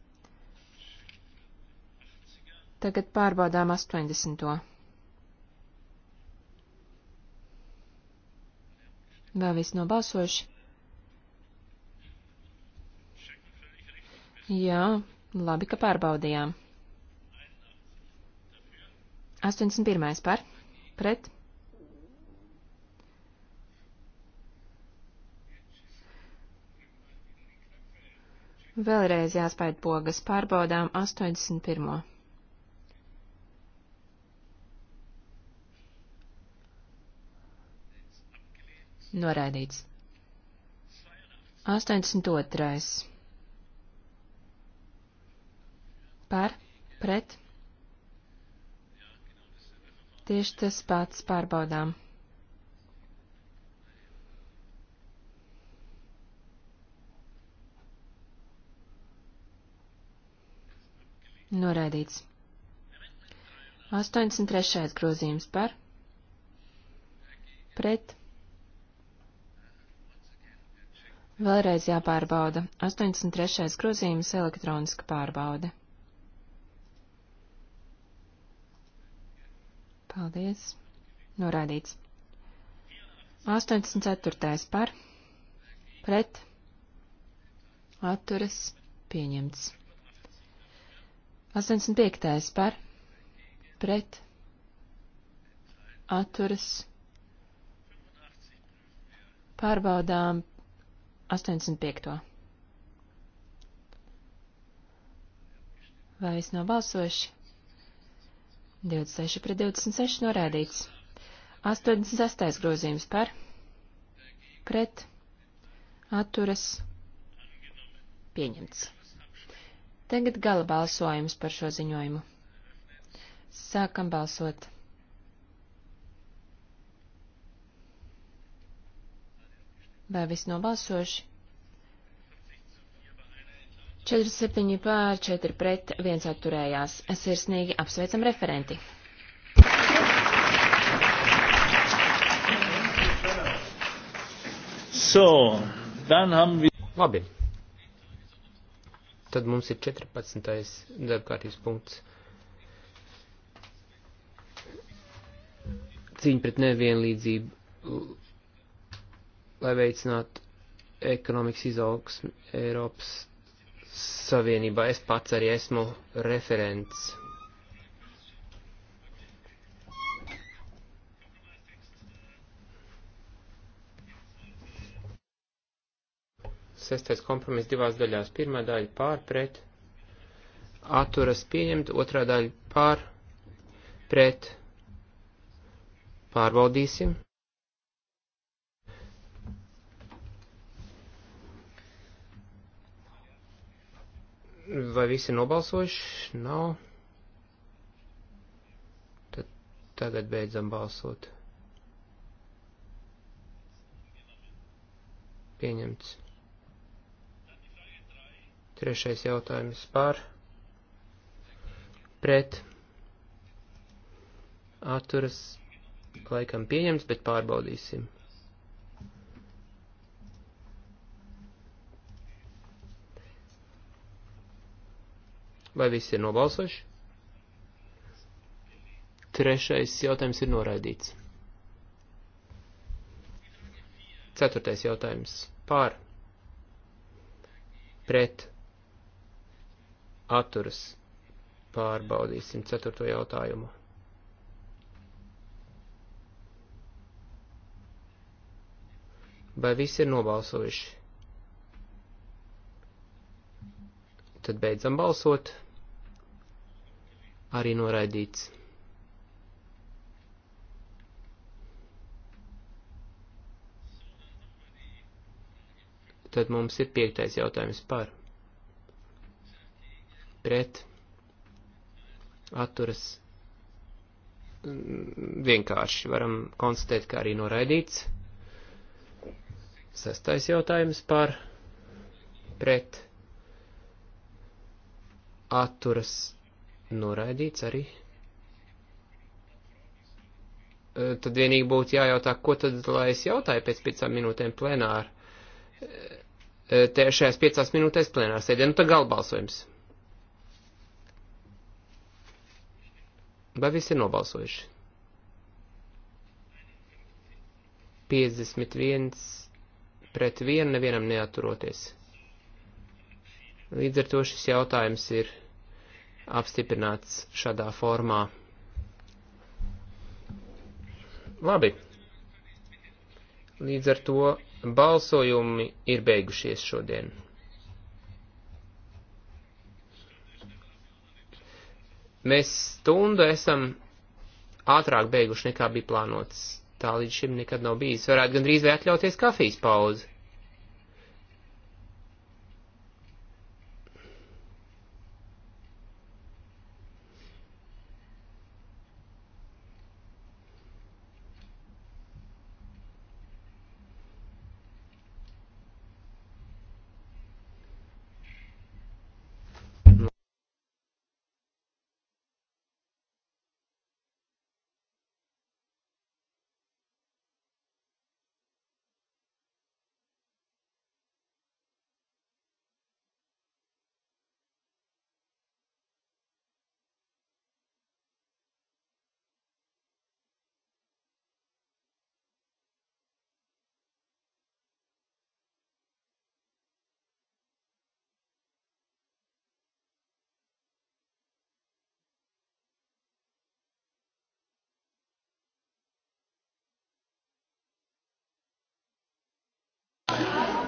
S2: Tagad pārbaudām 80. Vēl viss nobalsojuši? Jā, labi, ka pārbaudījām. 81. par, pret. Vēlreiz jāspēj pogas pārbaudām 81. Noraidīts. 82. Par, pret. Tieši tas pats pārbaudām. Noraidīts. 83. grozījums par, pret Vēlreiz jāpārbauda. 83. grozījums elektroniska pārbaude. Paldies. Norādīts. 84. par. Pret. Atturas. Pieņemts. 85. par. Pret. Atturas. Pārbaudām 85. Vai viss nav balsojuši? 26 pret 26 norādīts. 86. grozījums par, pret, atturas, pieņemts. Tagad gala balsojums par šo ziņojumu. Sākam balsot. Vai viss nobalsojuši? 47 pār, 4 pret, 1 atturējās. Sirsnīgi apsveicam referenti. So,
S3: dann haben wir... Labi. Tad mums ir 14. darbkārtības punkts. Cīņa pret nevienlīdzību lai veicinātu ekonomikas izaugsmi Eiropas Savienībā. Es pats arī esmu referents. Sestais kompromiss divās daļās. Pirmā daļa pār pret, atturas pieņemt, otrā daļa pār pret. Pārbaudīsim. Vai visi ir nobalsojuši? Nav. Tad tagad beidzam balsot. Pieņemts. Trešais jautājums par. Pret. Atturas. Laikam pieņemts, bet pārbaudīsim. Vai visi ir nobalsoši? Trešais jautājums ir noraidīts. Ceturtais jautājums pār pret atturas pārbaudīsim ceturto jautājumu. Vai visi ir nobalsojuši? Tad beidzam balsot arī noraidīts. Tad mums ir piektais jautājums par pret atturas vienkārši varam konstatēt, ka arī noraidīts. Sestais jautājums par pret atturas noraidīts arī. E, tad vienīgi būtu jājautā, ko tad, lai es jautāju pēc piecām minūtēm plenāru. E, e, te šajās piecās minūtēs plenārs sēdē, nu tad galbalsojums. Vai visi ir nobalsojuši? 51 pret 1 nevienam neaturoties. Līdz ar to šis jautājums ir apstiprināts šādā formā. Labi. Līdz ar to balsojumi ir beigušies šodien. Mēs stundu esam ātrāk beiguši nekā bija plānots. Tā līdz šim nekad nav bijis. Varētu gandrīz vai atļauties kafijas pauzi.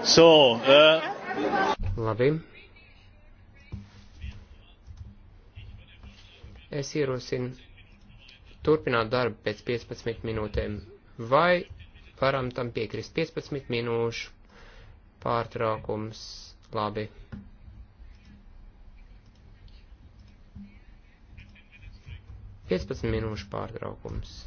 S3: So, uh, Labi. Es ierosinu turpināt darbu pēc 15 minūtēm, vai varam tam piekrist 15 minūšu pārtraukums. Labi. Piecpadsmit minūšu pārtraukums.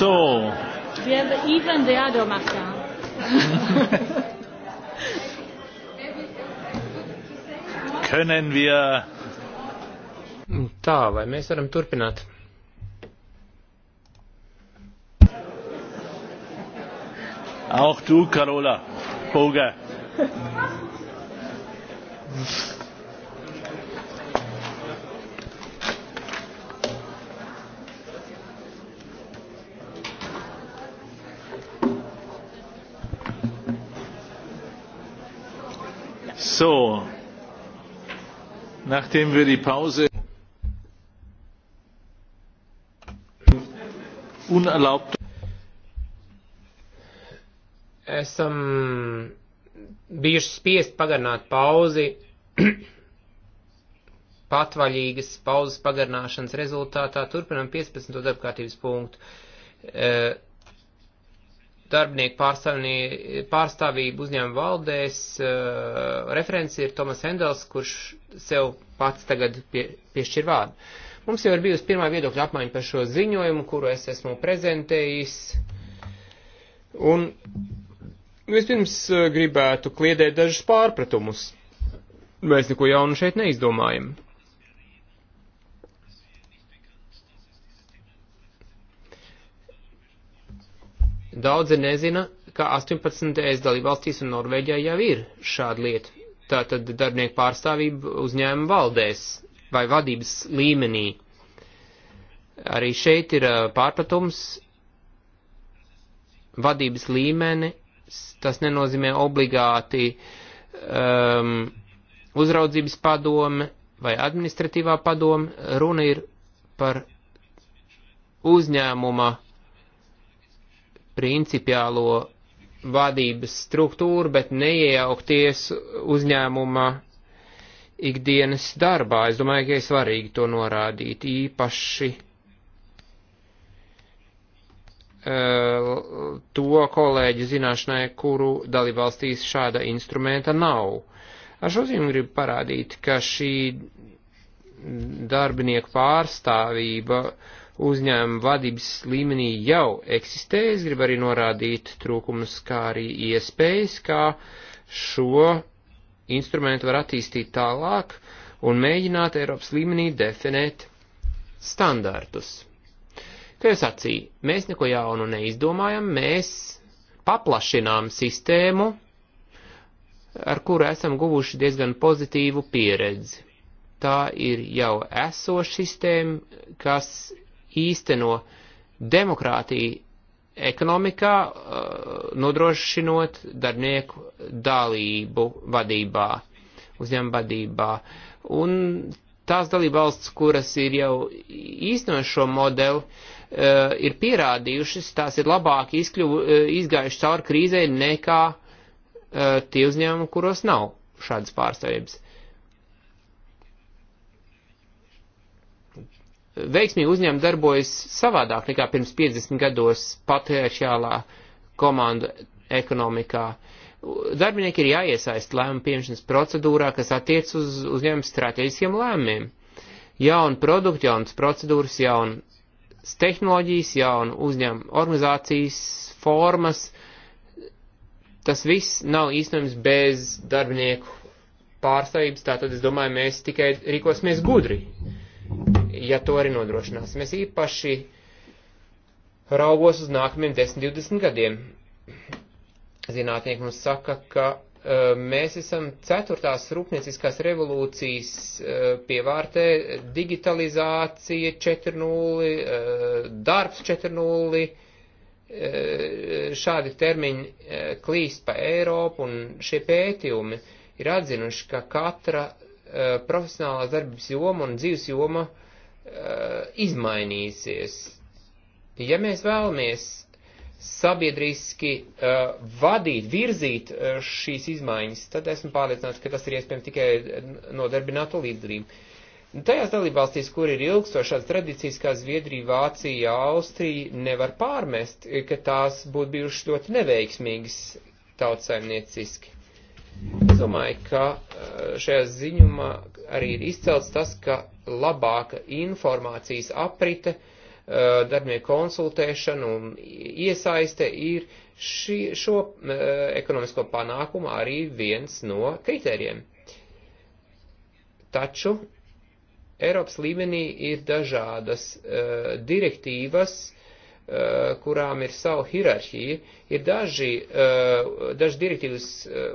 S1: So. We have even the other Martin. Können wir.
S3: Tā, vai mēs varam turpināt?
S1: Auch du, Carola. Boga.
S2: So, nachdem wir die Pause
S3: unerlaubt esam bijuši spiest pagarināt pauzi patvaļīgas pauzes pagarināšanas rezultātā turpinam 15. darbkārtības punktu. Uh, darbinieku pārstāvību uzņēmuma valdēs. Uh, referents ir Tomas Hendels, kurš sev pats tagad pie, piešķir vārdu. Mums jau ir bijusi pirmā viedokļa apmaiņa par šo ziņojumu, kuru es esmu prezentējis. Un vispirms uh, gribētu kliedēt dažus pārpratumus. Mēs neko jaunu šeit neizdomājam. Daudzi nezina, ka 18 ES dalībvalstīs un Norvēģijā jau ir šāda lieta. Tātad darbinieku pārstāvība uzņēmuma valdēs vai vadības līmenī. Arī šeit ir pārpratums. Vadības līmeni tas nenozīmē obligāti um, uzraudzības padome vai administratīvā padome. Runa ir par uzņēmuma principiālo vadības struktūru, bet neiejaukties uzņēmuma ikdienas darbā. Es domāju, ka ir svarīgi to norādīt īpaši e, to kolēģi zināšanai, kuru dalībvalstīs šāda instrumenta nav. Ar šo zīmu gribu parādīt, ka šī darbinieku pārstāvība uh, uzņēmuma vadības līmenī jau eksistē. Es gribu arī norādīt trūkumus, kā arī iespējas, kā šo instrumentu var attīstīt tālāk un mēģināt Eiropas līmenī definēt standartus. Kā jau sacīju, mēs neko jaunu neizdomājam, mēs paplašinām sistēmu, ar kuru esam guvuši diezgan pozitīvu pieredzi. Tā ir jau esoša sistēma, kas īsteno demokrātiju ekonomikā, eh, nodrošinot darbinieku dalību vadībā, uzņēmuma vadībā. Un tās dalība valsts, kuras ir jau īstenojuši šo modeli, eh, ir pierādījušas, tās ir labāk izkļuvu, eh, izgājuši cauri krīzē nekā tie uzņēmumi, kuros nav šādas pārstāvības. veiksmīgi uzņēmumi darbojas savādāk nekā pirms 50 gados patriarchālā komanda ekonomikā. Darbinieki ir jāiesaist lēmumu pieņemšanas procedūrā, kas attiec uz uzņēmumu strateģiskiem lēmumiem. Jauni produkti, jaunas procedūras, jaunas tehnoloģijas, jaunu uzņēmumu organizācijas formas, tas viss nav īstenojams bez darbinieku pārstāvības, tātad es domāju, mēs tikai rīkosimies gudri ja to arī nodrošināsim. Es īpaši raugos uz nākamiem 10-20 gadiem. Zinātnieki mums saka, ka uh, mēs esam ceturtās rūpnieciskās revolūcijas uh, pievārtē - digitalizācija 4.0, uh, e, darbs 4.0. Šādi termiņi klīst pa Eiropu, un šie pētījumi ir atzinuši, ka katra profesionālās darbības joma un dzīves joma uh, Uh, izmainīsies. Ja mēs vēlamies sabiedriski uh, vadīt, virzīt uh, šīs izmaiņas, tad esmu pārliecināts, ka tas ir iespējams tikai nodarbināto līdzdalību. Tajās dalībvalstīs, kur ir ilgstošās tradīcijas, kā Zviedrija, Vācija, Austrija, nevar pārmest, ka tās būtu bijušas ļoti neveiksmīgas tautsaimnieciski. Es domāju, ka uh, šajā ziņumā arī ir izcelts tas, ka labāka informācijas aprite, eh, darbinieku konsultēšana un iesaiste ir šī, šo eh, ekonomisko panākumu arī viens no kritērijiem. Taču Eiropas līmenī ir dažādas uh, direktīvas, uh, kurām ir savu hierarhiju. Ir daži, uh, daži direktīvas uh,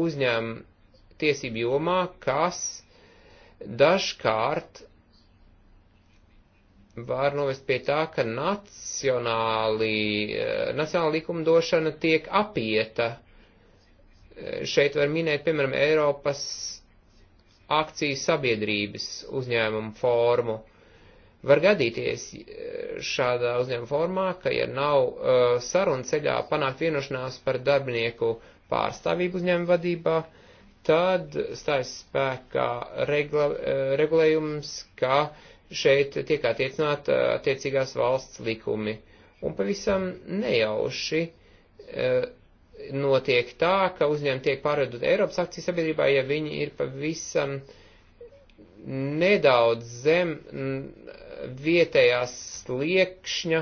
S3: uzņēma tiesību jomā, kas dažkārt var novest pie tā, ka nacionāli, eh, nacionāla likumdošana tiek apieta. Eh, šeit var minēt, piemēram, Eiropas akciju sabiedrības uzņēmumu formu. Var gadīties eh, šādā uzņēmuma formā, ka, ja nav uh, saruna ceļā panākt vienošanās par darbinieku pārstāvību uzņēmuma vadībā, uh, tad stājas spēkā regla, eh, regulējums, ka šeit tiek attiecināt eh, attiecīgās valsts likumi. Un pavisam nejauši eh, notiek tā, ka uzņēmumi tiek pārvedot Eiropas akciju sabiedrībā, ja viņi ir pavisam nedaudz zem mm, vietējās sliekšņa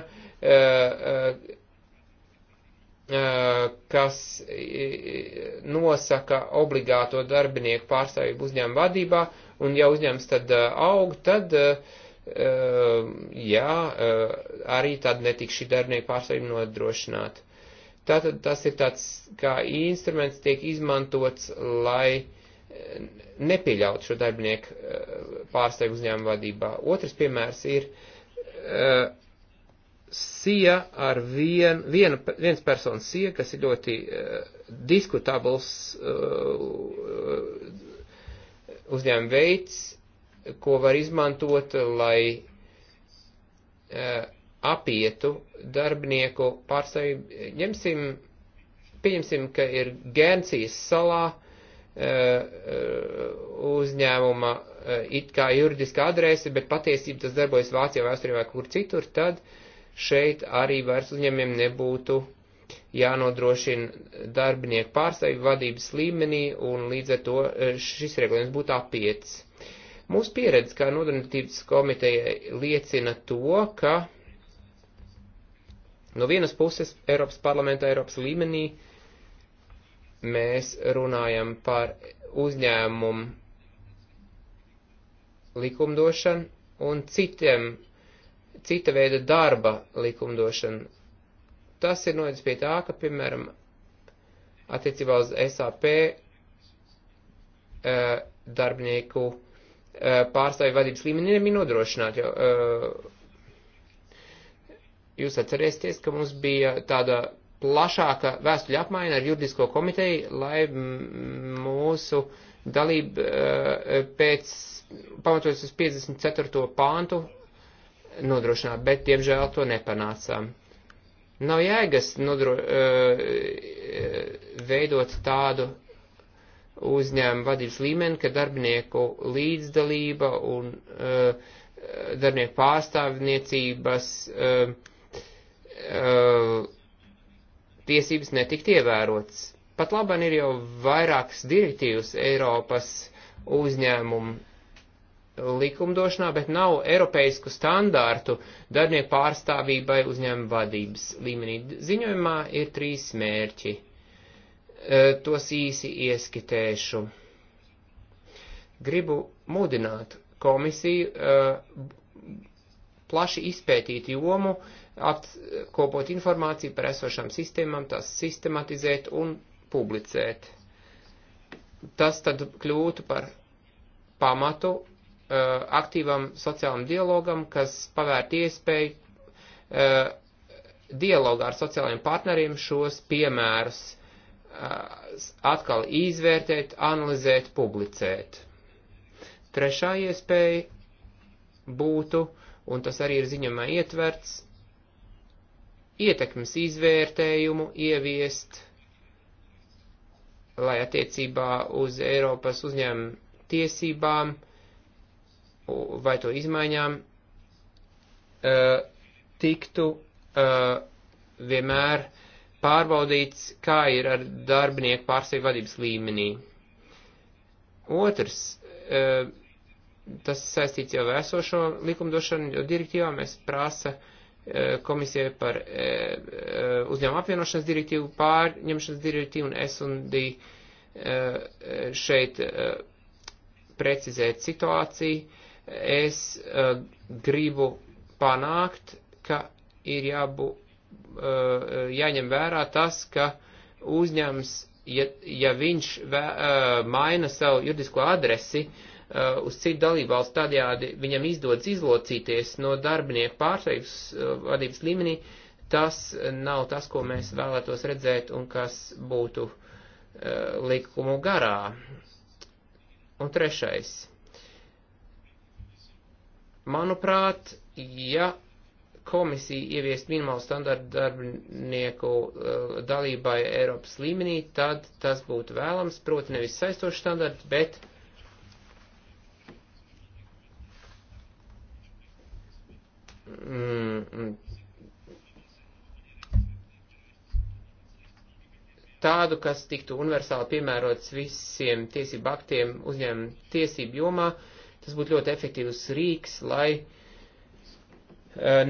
S3: kas nosaka obligāto darbinieku pārstāvību uzņēmuma vadībā, un ja uzņēmums tad aug, tad, jā, arī tad netiks šī darbinieku pārstāvība nodrošināta. Tātad tas ir tāds kā instruments tiek izmantots, lai nepieļaut šo darbinieku pārstāvju uzņēmumu vadībā. Otrs piemērs ir uh, sija ar vien, viena, viens personu sija, kas ir ļoti uh, diskutabls uh, uzņēmuma veids, ko var izmantot, lai uh, apietu darbinieku pārstāvību. Ņemsim, pieņemsim, ka ir Gērncijas salā uh, uzņēmuma uh, it kā juridiska adrese, bet patiesība tas darbojas Vācijā vai Austrijā vai kur citur, tad uh, šeit arī vairs uzņēmiem nebūtu jānodrošina darbinieku pārstāvju vadības līmenī, un līdz ar to eh, šis regulējums būtu apiets. Mūsu pieredze kā nodarbinātības komiteja liecina to, ka no vienas puses Eiropas parlamentā, Eiropas līmenī mēs runājam par uzņēmumu likumdošanu un citiem cita veida darba likumdošana. Tas ir novedis pie tā, ka, piemēram, attiecībā uz SAP eh, darbinieku eh, pārstāvju vadības līmeni nebija nodrošināta. Eh, jūs atcerēsieties, ka mums bija tāda plašāka vēstuļa apmaiņa ar juridisko komiteju, lai mūsu dalība pēc pamatojas uz 54. pāntu nodrošināt, bet, diemžēl, to nepanācām. Nav jēgas nodro, eh, veidot tādu uzņēmumu vadības līmeni, ka darbinieku līdzdalība un eh, darbinieku pārstāvniecības eh, tiesības netikt ievērotas. Pat labāk ir jau vairākas direktīvas Eiropas uzņēmumu likumdošanā, bet nav eiropeisku standārtu darbinieku pārstāvībai uzņēmuma vadības līmenī. Ziņojumā ir trīs mērķi. E, tos īsi ieskitēšu. Gribu mudināt komisiju e, plaši izpētīt jomu, apkopot informāciju par esošām sistēmām, tās sistematizēt un publicēt. Tas tad kļūtu par pamatu Uh, aktīvam sociālam dialogam, kas pavērt iespēju uh, dialogā ar sociālajiem partneriem šos piemērus uh, atkal izvērtēt, analizēt, publicēt. Trešā iespēja būtu, un tas arī ir ziņamā ietverts, ietekmes izvērtējumu ieviest, lai attiecībā uz Eiropas uzņēmumu tiesībām uh, vai to izmaiņām uh, tiktu uh, vienmēr pārbaudīts, kā ir ar darbinieku pārstāvju vadības līmenī. Otrs, uh, tas saistīts jau ar esošo likumdošanu, jo direktīvā mēs prasa komisijai par uzņēmuma apvienošanas direktīvu, pārņemšanas direktīvu un S&D šeit precizēt situāciju Es uh, gribu panākt, ka ir jābu, uh, jāņem vērā tas, ka uzņēmums, ja, ja viņš vē, uh, maina savu juridisko adresi, uh, Uh, uz citu dalībvalstu tādējādi viņam izdodas izlocīties no darbinieku pārsteigums uh, vadības līmenī, tas nav tas, ko mēs vēlētos redzēt un kas būtu uh, likumu garā. Un trešais. Manuprāt, ja komisija ieviest minimālu standartu darbinieku uh, dalībai Eiropas līmenī, tad tas būtu vēlams, proti nevis saistošs standarts, bet mm, mm tādu, kas tiktu universāli piemērots visiem tiesību aktiem uzņēmuma tiesību jomā. Uh, Tas būtu ļoti efektīvs rīks, lai e,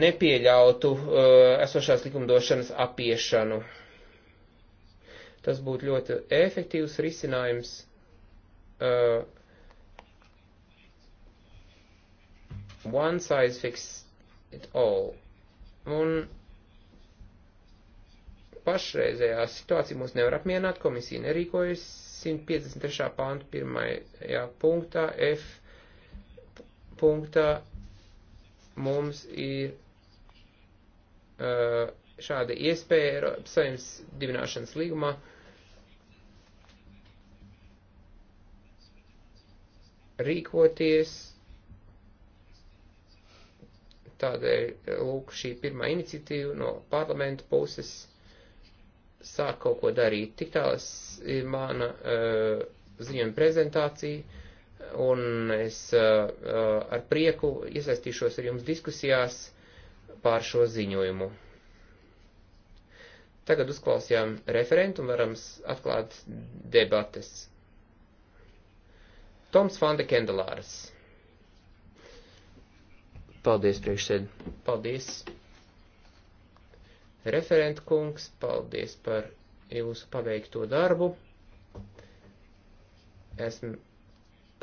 S3: nepieļautu e, esošās likumdošanas apiešanu. Tas būtu ļoti efektīvs risinājums. E, one size fits it all. Un pašreizējā situācija mūs nevar apmierināt, komisija nerīkojas 153. pāntu pirmajā punktā F punktā mums ir uh, šāda iespēja Eiropas Savienības dibināšanas līgumā. Rīkoties tādēļ lūk šī pirmā iniciatīva no parlamenta puses sāk kaut ko darīt. Tik tālāk ir eh, mana uh, ziņojuma prezentācija un es uh, uh, ar prieku iesaistīšos ar jums diskusijās pār šo ziņojumu. Tagad uzklausījām referentu un varam atklāt debates. Toms Fanda Kendelārs. Paldies, priekšsēd. Paldies. Referent kungs, paldies par jūsu paveikto darbu. Esmu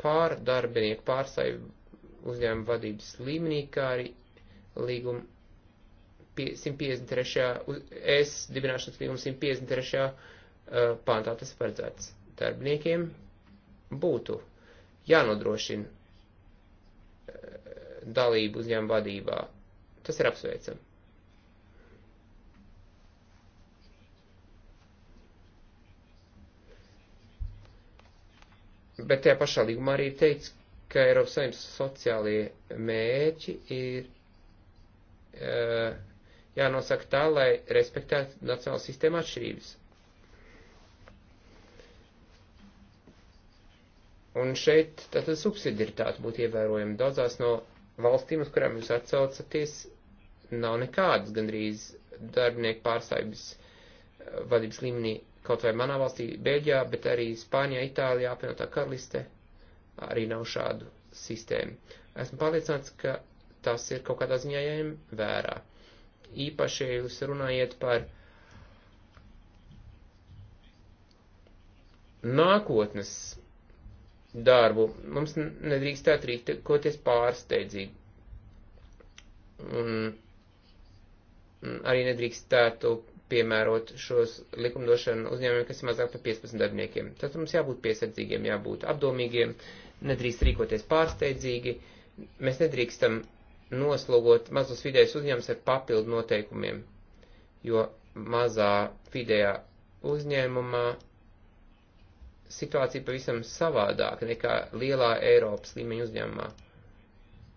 S3: pārdarbinieku pārstāvju uzņēmuma vadības līmenī, kā arī līguma 153. es dibināšanas līguma 153. pāntā tas paredzēts. Darbiniekiem būtu jānodrošina dalību uzņēmuma vadībā. Tas ir apsveicami. Bet tajā pašā līgumā arī ir teikts, ka Eiropas Savienības sociālie mērķi ir uh, jānosaka tā, lai respektētu nacionālu sistēmu atšķirības. Un šeit tātad subsidiaritāte būtu ievērojama. Daudzās no valstīm, uz kurām jūs atsaucaties, nav nekādas gandrīz darbinieku pārstāvības e, vadības līmenī kaut vai manā valstī, Beļģijā, bet arī Spānijā, Itālijā, apvienotā karaliste, arī nav šādu sistēmu. Esmu pārliecināts, ka tas ir kaut kādā ziņā jāņem vērā. Īpaši, ja jūs runājat par nākotnes darbu, mums nedrīkst atrīkoties pārsteidzīgi. Un arī nedrīkstētu piemērot šos likumdošanu uzņēmumiem, kas ir mazāk par 15 darbiniekiem. Tad mums jābūt piesardzīgiem, jābūt apdomīgiem, nedrīkst rīkoties pārsteidzīgi. Mēs nedrīkstam noslogot mazus vidējus uzņēmumus ar papildu noteikumiem, jo mazā vidējā uzņēmumā situācija pavisam savādāka nekā lielā Eiropas līmeņa uzņēmumā.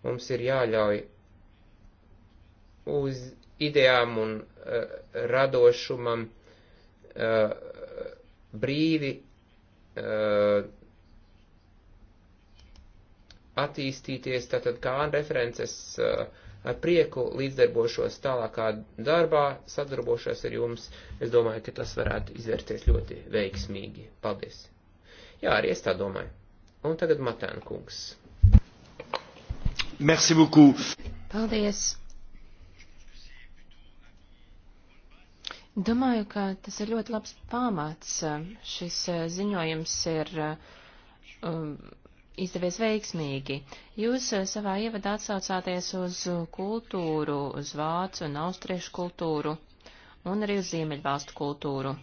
S3: Mums ir jāļauj uz idejām un uh, radošumam uh, brīvi uh, attīstīties, tātad kā references uh, ar prieku līdzdarbošos tālākā darbā, sadarbošos ar jums. Es domāju, ka tas varētu izvērties ļoti veiksmīgi. Paldies! Jā, arī es tā domāju. Un tagad Matēna kungs.
S1: Merci beaucoup.
S2: Paldies. Domāju, ka tas ir ļoti labs pamats. Šis eh, ziņojums ir eh, um, izdevies veiksmīgi. Jūs eh, savā ievadā atsaucāties uz kultūru, uz vācu un austriešu kultūru un arī uz ziemeļvalstu kultūru.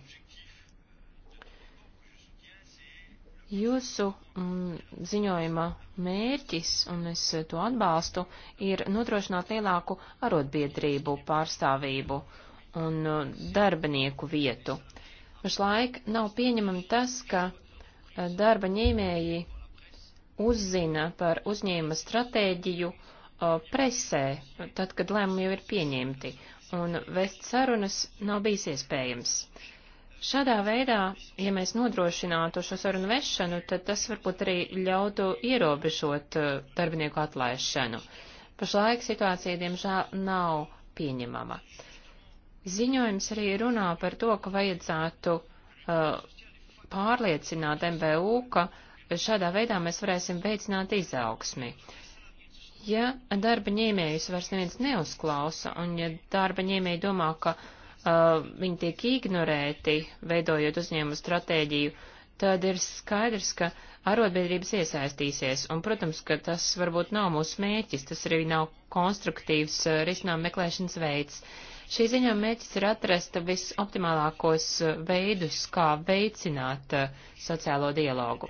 S2: Jūsu mm, ziņojuma mērķis, un es to atbalstu, ir nodrošināt lielāku arotbiedrību pārstāvību. Uh, un uh, darbinieku vietu. Pašlaik nav pieņemami tas, ka uh, darba ņēmēji uzzina par uzņēmuma stratēģiju uh, presē, tad, kad lēmumi jau ir pieņemti, un vest sarunas nav bijis iespējams. Šādā veidā, ja mēs nodrošinātu šo sarunu vešanu, tad tas varbūt arī ļautu ierobežot darbinieku atlaišanu. Pašlaik situācija, diemžēl, nav pieņemama. Uh, Ziņojums arī runā par to, ka vajadzētu uh, pārliecināt MBU, ka šādā veidā mēs varēsim veicināt izaugsmi. Ja darba ņēmējus vairs neviens neuzklausa, un ja darba ņēmēji domā, ka uh, viņi tiek ignorēti, veidojot uzņēmumu stratēģiju, tad ir skaidrs, ka arotbiedrības iesaistīsies, un, protams, ka tas varbūt nav mūsu mēķis, tas arī nav konstruktīvs uh, risinājuma meklēšanas veids. Uh, Šī ziņojuma mērķis ir atrast visoptimālākos eh, veidus, kā veicināt eh, sociālo dialogu.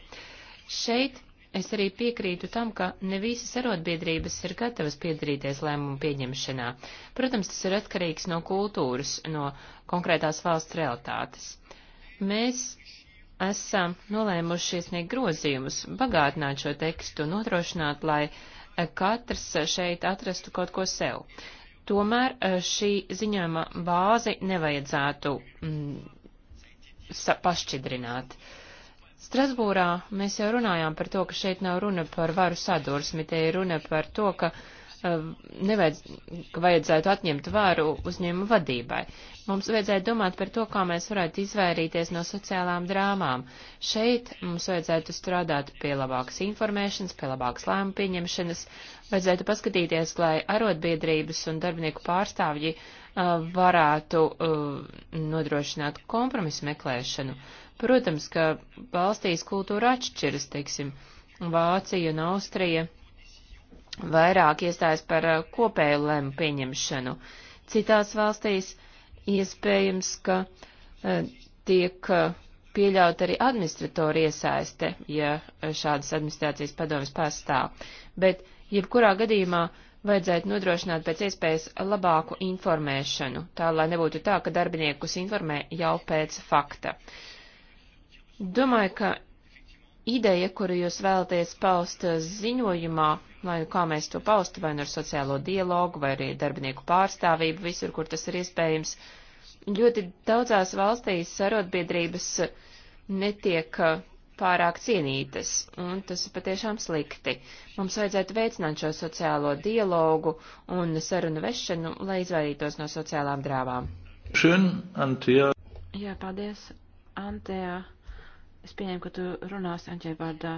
S2: Šeit es arī piekrītu tam, ka ne visas arotbiedrības ir gatavas piedalīties lēmumu pieņemšanā. Protams, tas ir atkarīgs no kultūras, no konkrētās valsts realitātes. Mēs esam nolēmuši iesniegt grozījumus, bagātināt šo tekstu un nodrošināt, lai eh, katrs šeit atrastu kaut ko sev. Tomēr eh, šī ziņojuma bāzi nevajadzētu mm, pašķidrināt. Strasbūrā mēs jau runājām par to, ka šeit nav runa par varu sadursmi, te ir runa par to, ka uh, Eh, nevajadz, ka vajadzētu atņemt vāru uzņēmu vadībai. Mums vajadzētu domāt par to, kā mēs varētu izvairīties no sociālām drāmām. Šeit mums vajadzētu strādāt pie labākas informēšanas, pie labākas lēmu pieņemšanas, vajadzētu paskatīties, lai arotbiedrības un darbinieku pārstāvji uh, varētu uh, nodrošināt kompromisu meklēšanu. Protams, ka valstīs kultūra atšķiras, teiksim, Vācija un Austrija vairāk iestājas par eh, kopēju lēmu pieņemšanu. Citās valstīs iespējams, ka eh, tiek eh, pieļaut arī administratoru iesaiste, ja šādas administrācijas padomas pastāv. Bet jebkurā gadījumā vajadzētu nodrošināt pēc iespējas labāku informēšanu, tā lai nebūtu tā, ka darbiniekus informē jau pēc fakta. Domāju, ka ideja, kuru jūs vēlaties paust eh, ziņojumā, lai nu kā mēs to paustu, vai nu ar sociālo dialogu, vai arī darbinieku pārstāvību, visur, kur tas ir iespējams, ļoti daudzās valstīs sarotbiedrības netiek eh, pārāk cienītas, un tas ir patiešām slikti. Mums vajadzētu veicināt šo sociālo dialogu un sarunu vešanu, lai izvairītos no sociālām drāvām. Šön, Antija.
S1: Jā, paldies, Antija. Es pieņemu, ka tu runāsi Anģē vārdā.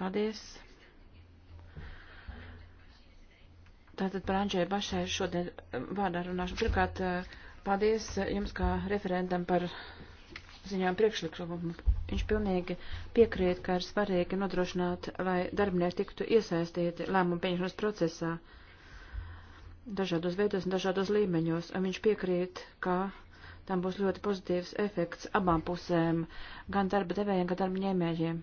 S1: Paldies. Tātad par Anģēju Bašai šodien eh, vārdā runāšu. Pirmkārt, eh, paldies eh, jums kā referentam par ziņām priekšlikumu. Viņš pilnīgi piekrīt, ka ir svarīgi nodrošināt, lai darbinieki tiktu iesaistīti lēmumu pieņemšanas procesā dažādos veidos un dažādos līmeņos. Un viņš piekrīt, ka tam būs ļoti pozitīvs efekts abām pusēm, gan darba devējiem, gan darba ņēmējiem.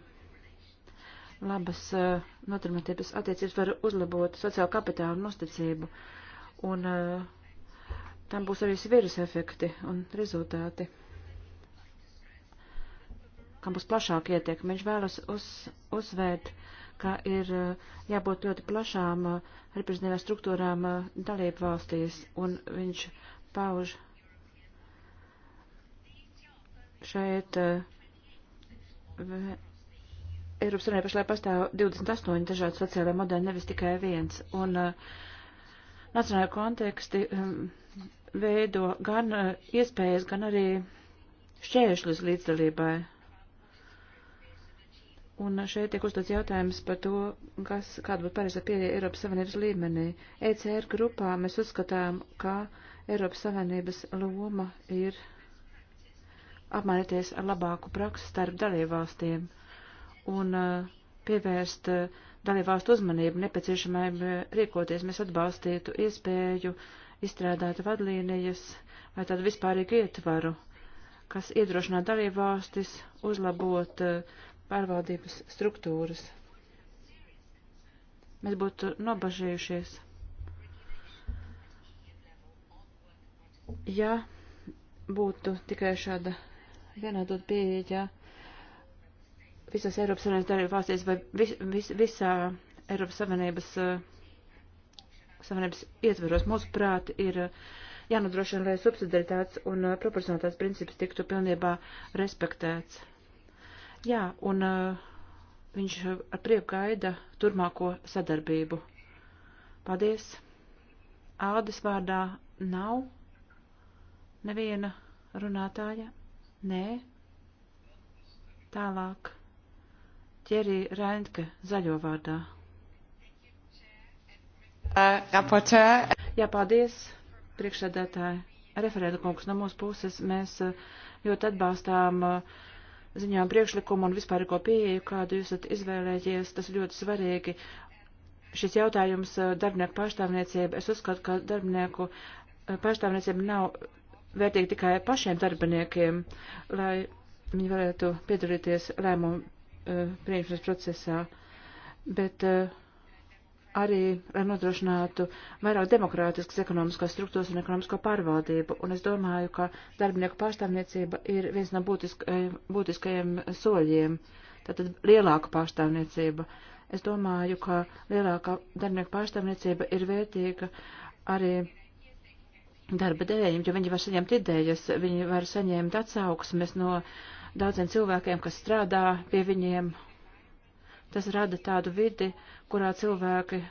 S1: Labas uh, eh, notarbinātības attiecības var uzlabot sociālo kapitālu un uzticību, un uh, tam būs arī svirus efekti un rezultāti, kam būs plašāk ietekme. Viņš vēlas uz, uzsvērt, ka ir uh, jābūt ļoti plašām reprezentīvām struktūrām dalību valstīs, un viņš pauž šeit eh, Eiropas Savienībā pašlaik pastāv 28 dažādi sociālai modeļi, nevis tikai viens. Un eh, nacionālajā konteksti eh, veido gan iespējas, gan arī šķēršļus līdzdalībai. Un šeit tiek uzdots jautājums par to, kas, kāda būtu pareizā pieeja Eiropas Savienības līmenī. ECR grupā mēs uzskatām, ka Eiropas Savienības loma ir apmainīties ar labāku praksi starp dalībvalstīm un eh, pievērst eh, dalībvalstu uzmanību nepieciešamajiem eh, rīkoties. Mēs atbalstītu iespēju izstrādāt vadlīnijas vai tādu vispārīgu ietvaru, kas iedrošinā dalībvalstis uzlabot pārvaldības struktūras. Mēs būtu nobažījušies. Ja būtu tikai šāda vienādot pieeja visās Eiropas Savienības darību valstīs vai vis, vis, visā Eiropas Savienības, eh, Savienības ietveros. Mūsuprāt, ir eh, jānodrošina, lai subsidiaritātes un eh, proporcionalitātes princips tiktu pilnībā respektēts. Jā, un viņš ar prieku gaida turmāko sadarbību. Paldies! Ādas vārdā nav neviena runātāja. Nē. Tālāk. Ķerī Reintke zaļo vārdā. Uh, Raportē. Jā, paldies, priekšsēdētāji. Referēta kungs no mūsu puses mēs uh, ļoti atbalstām uh, ziņām priekšlikumu un vispārīgo pieeju, kādu jūs esat izvēlējies. Tas ļoti svarīgi. Šis jautājums darbinieku pārstāvniecība, es uzskatu, ka darbinieku pārstāvniecība nav vērtīgi tikai pašiem darbiniekiem, lai viņi varētu piedalīties lēmumu uh, pieņemšanas procesā, bet uh, arī, lai nodrošinātu vairāk demokrātiskas ekonomiskās struktūras un ekonomisko pārvaldību. Un es domāju, ka darbinieku pārstāvniecība ir viens no būtiska, eh, būtiskajiem soļiem. Tātad lielāka pārstāvniecība. Es domāju, ka lielākā darbinieku pārstāvniecība ir vērtīga arī darba dēļ, jo viņi var saņemt idejas, viņi var saņemt atsauksmes no daudziem cilvēkiem, kas strādā pie viņiem. Tas rada tādu vidi, kurā cilvēki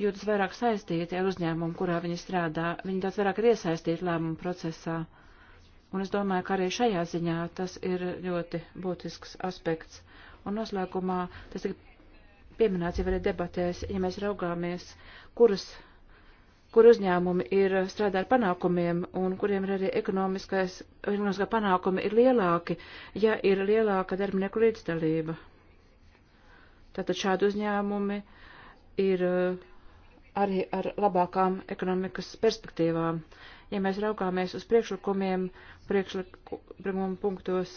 S1: jūtas vairāk saistīti ar uzņēmumu, kurā viņi strādā. Viņi daudz vairāk ir iesaistīti lēmumu procesā. Un es domāju, ka arī šajā ziņā tas ir ļoti būtisks aspekts. Un noslēgumā tas tika pieminēts jau arī debatēs, ja mēs raugāmies, kuras kur uzņēmumi ir eh, strādā ar panākumiem un kuriem ir arī ekonomiskais, ekonomiskā panākumi ir lielāki, ja ir lielāka darbinieku līdzdalība. Tātad šādi uzņēmumi ir eh, arī ar labākām ekonomikas perspektīvām. Ja mēs raugāmies uz priekšlikumiem, priekšlikumu punktos,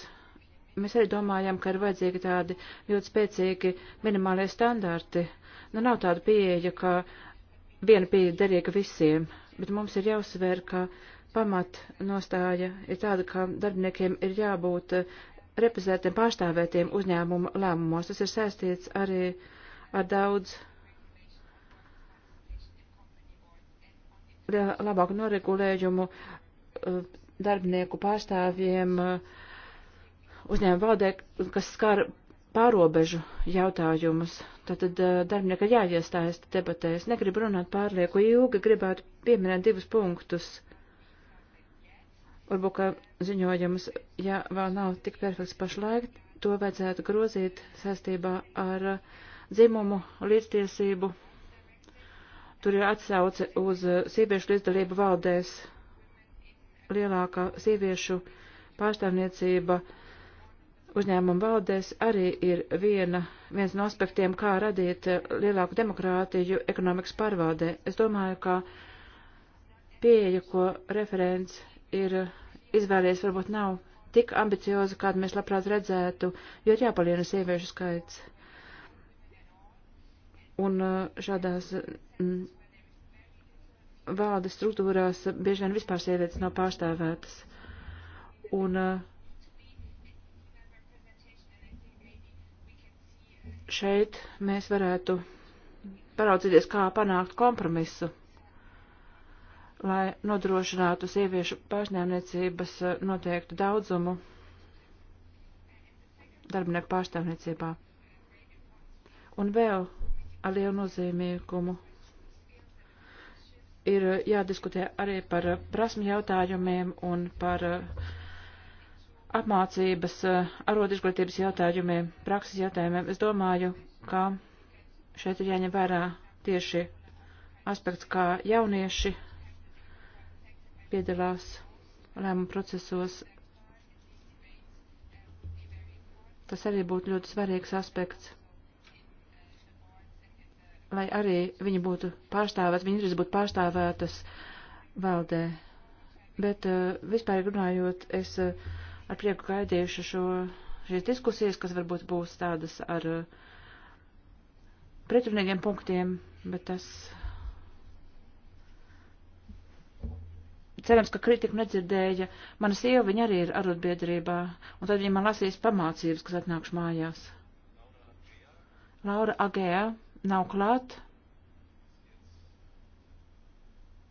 S1: mēs arī domājam, ka ir vajadzīgi tādi ļoti spēcīgi minimālie standarti. Nu, nav tāda pieeja, ka uh, viena pieeja derīga visiem, bet mums ir jāuzsver, ka pamat nostāja ir tāda, ka darbiniekiem ir jābūt eh, reprezentētiem pārstāvētiem uzņēmumu lēmumos. Tas ir saistīts arī ar daudz labāku noregulējumu eh, darbinieku pārstāvjiem eh, uzņēmumu valdē, kas skar pārobežu jautājumus. Tātad darbinieki ir jāiestājas debatēs. Negribu runāt pārlieku ilgi, gribētu pieminēt divus punktus. Varbūt, ka ziņojums, ja vēl nav tik perfekts pašlaik, to vajadzētu grozīt saistībā ar dzimumu līdztiesību. Tur ir atsauce uz sieviešu līdzdalību valdēs. Lielākā sieviešu pārstāvniecība uh, uzņēmuma valdēs arī ir viena, viens no aspektiem, kā radīt eh, lielāku demokrātiju ekonomikas pārvaldē. Es domāju, ka pieeja, ko referents ir eh, izvēlējies, varbūt nav tik ambicioza, kādu mēs labprāt redzētu, jo ir jāpalielina sieviešu skaits. Un eh, šādās m, mm, valdes struktūrās bieži vien vispār sievietes nav pārstāvētas. Un uh, šeit mēs varētu paraudzīties, kā panākt kompromisu, lai nodrošinātu sieviešu pārstāvniecības eh, noteiktu daudzumu darbinieku pārstāvniecībā. Un vēl ar lielu nozīmīgumu ir eh, jādiskutē arī par eh, prasmu jautājumiem un par uh, apmācības, eh, arot izglītības jautājumiem, prakses jautājumiem, es domāju, ka šeit ir jāņem vērā tieši aspekts, kā jaunieši piedalās lēmumu procesos. Tas arī būtu ļoti svarīgs aspekts, lai arī viņi būtu pārstāvēti, viņas intereses būtu pārstāvētas valdē. Bet uh, vispār runājot, es uh, ar prieku gaidījuši šo, šīs diskusijas, kas varbūt būs tādas ar pretrunīgiem punktiem, bet tas. Cerams, ka kritiku nedzirdēja. Mana sieva, viņa arī ir arotbiedrībā, un tad viņa man lasīs pamācības, kas atnākšu mājās. Laura Agēja nav klāt.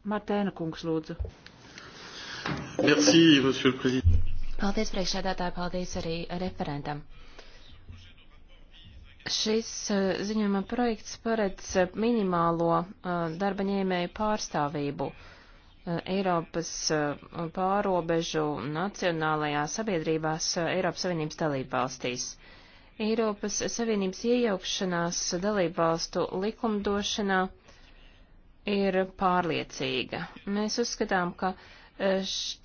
S1: Martēna kungs lūdzu.
S3: Merci, monsieur le président.
S2: Paldies priekšēdētāji, paldies arī referentam. Šis uh, ziņojuma projekts paredz uh, minimālo uh, darba ņēmēju pārstāvību Eiropas pārobežu nacionālajās sabiedrībās Eiropas Savienības dalībvalstīs. Eiropas Savienības iejaukšanās dalībvalstu likumdošanā ir pārliecīga. Mēs uzskatām, ka uh,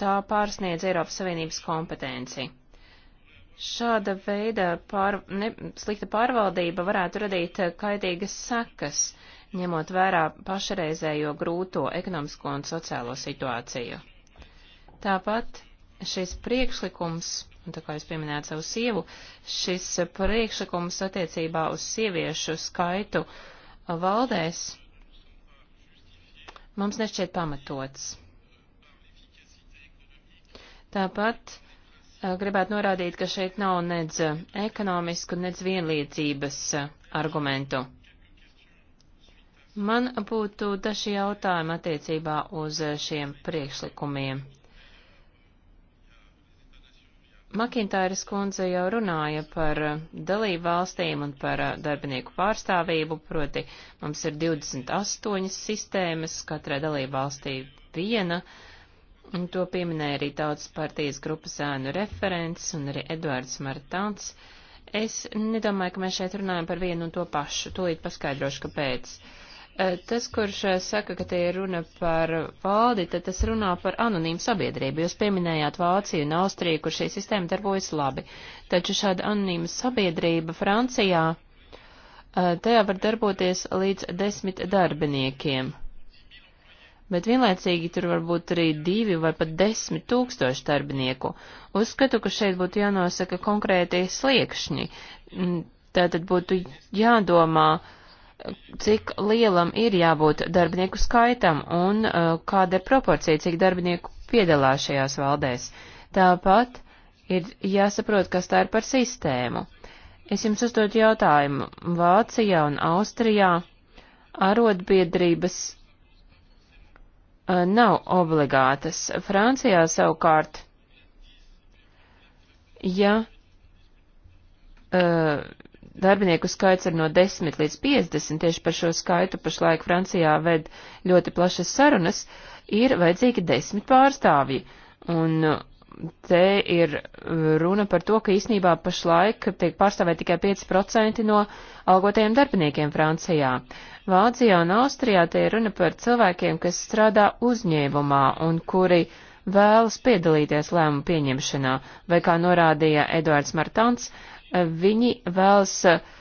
S2: tā pārsniedz Eiropas Savienības kompetenci. Šāda veida pār, ne, slikta pārvaldība varētu radīt eh, kaitīgas sekas, ņemot vērā pašreizējo grūto ekonomisko un sociālo situāciju. Tāpat šis priekšlikums, un tā kā jūs pieminējāt savu sievu, šis priekšlikums attiecībā uz sieviešu skaitu valdēs mums nešķiet pamatots. Tāpat gribētu norādīt, ka šeit nav nedz ekonomisku, nedz vienlīdzības argumentu. Man būtu daži jautājumi attiecībā uz šiem priekšlikumiem. Makintāras kundze jau runāja par dalību valstīm un par darbinieku pārstāvību, proti mums ir 28 sistēmas, katrai dalību valstī viena. Uh, Un to pieminēja arī tautas partijas grupas ēnu referents un arī Eduards Martāns. Es nedomāju, ka mēs šeit runājam par vienu un to pašu. Tūlīt paskaidrošu, kāpēc. E, tas, kurš e, saka, ka te ir runa par valdi, tad tas runā par anonīmu sabiedrību. Jūs pieminējāt Vāciju un Austriju, kur šī sistēma darbojas labi. Taču šāda anonīma sabiedrība Francijā, e, tajā var darboties līdz desmit darbiniekiem bet vienlaicīgi tur var būt arī divi vai pat desmit tūkstoši darbinieku. Uzskatu, ka šeit būtu jānosaka konkrētie sliekšņi. Mm, Tātad būtu jādomā, cik lielam ir jābūt darbinieku skaitam un uh, kāda ir proporcija, cik darbinieku piedalās šajās valdēs. Tāpat ir jāsaprot, kas tā ir par sistēmu. Es jums uzdotu jautājumu. Vācijā un Austrijā arotbiedrības Uh, nav obligātas. Francijā savukārt, ja uh, darbinieku skaits ir no 10 līdz 50, tieši par šo skaitu pašlaik Francijā ved ļoti plašas sarunas, ir vajadzīgi desmit pārstāvji. Un uh, te ir uh, runa par to, ka īsnībā pašlaik tiek pārstāvēt tikai 5% no algotajiem darbiniekiem Francijā. Vācijā un Austrijā te ir runa par cilvēkiem, kas strādā uzņēmumā un kuri vēlas piedalīties lēmumu pieņemšanā, vai kā norādīja Eduards Martants, uh, viņi vēlas uh,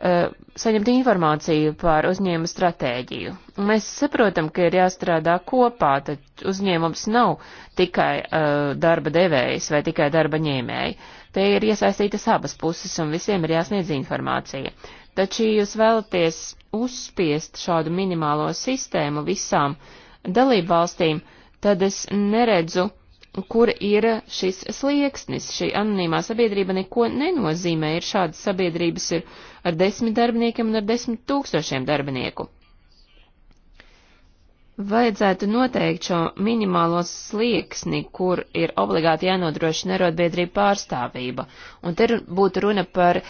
S2: Eh, saņemt informāciju par uzņēmumu stratēģiju. Mēs saprotam, ka ir jāstrādā kopā, tad uzņēmums nav tikai uh, darba devējs vai tikai darba ņēmēji. Te ir iesaistītas abas puses un visiem ir jāsniedz informācija. Taču, ja jūs vēlaties uzspiest šādu minimālo sistēmu visām dalībvalstīm, tad es neredzu kur ir šis slieksnis. Šī anonīmā sabiedrība neko nenozīmē. Ir šādas sabiedrības ir ar desmit darbiniekiem un ar desmit tūkstošiem darbinieku. Vajadzētu noteikt šo minimālo slieksni, kur ir obligāti jānodrošina arotbiedrība pārstāvība. Un te būtu runa par eh,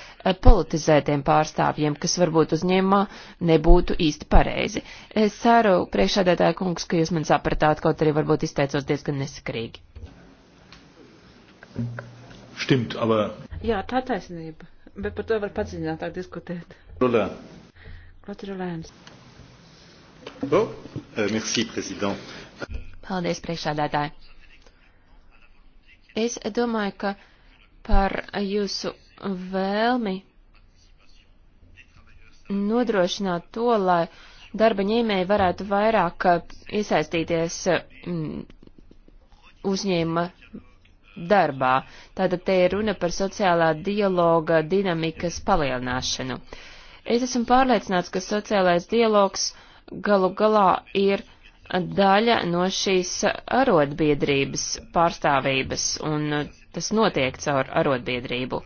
S2: politizētiem pārstāvjiem, kas varbūt uzņēmumā nebūtu īsti pareizi. Es ceru, priekšādētāja kungs, ka jūs man sapratāt, kaut arī varbūt izteicos diezgan nesakrīgi.
S1: Stimmt, aber. Jā, tā taisnība, bet par to var padziļinātāk diskutēt. Rulē. Klotri Rulēns.
S2: Oh, euh, merci, prezident.
S1: Paldies, priekšādātāji.
S2: Es domāju, ka par jūsu vēlmi nodrošināt to, lai darba ņēmēji varētu vairāk iesaistīties mm, uzņēma darbā. Tātad te ir runa par sociālā dialoga dinamikas palielināšanu. Es esmu pārliecināts, ka sociālais dialogs galu galā ir daļa no šīs arotbiedrības pārstāvības, un tas notiek caur arotbiedrību.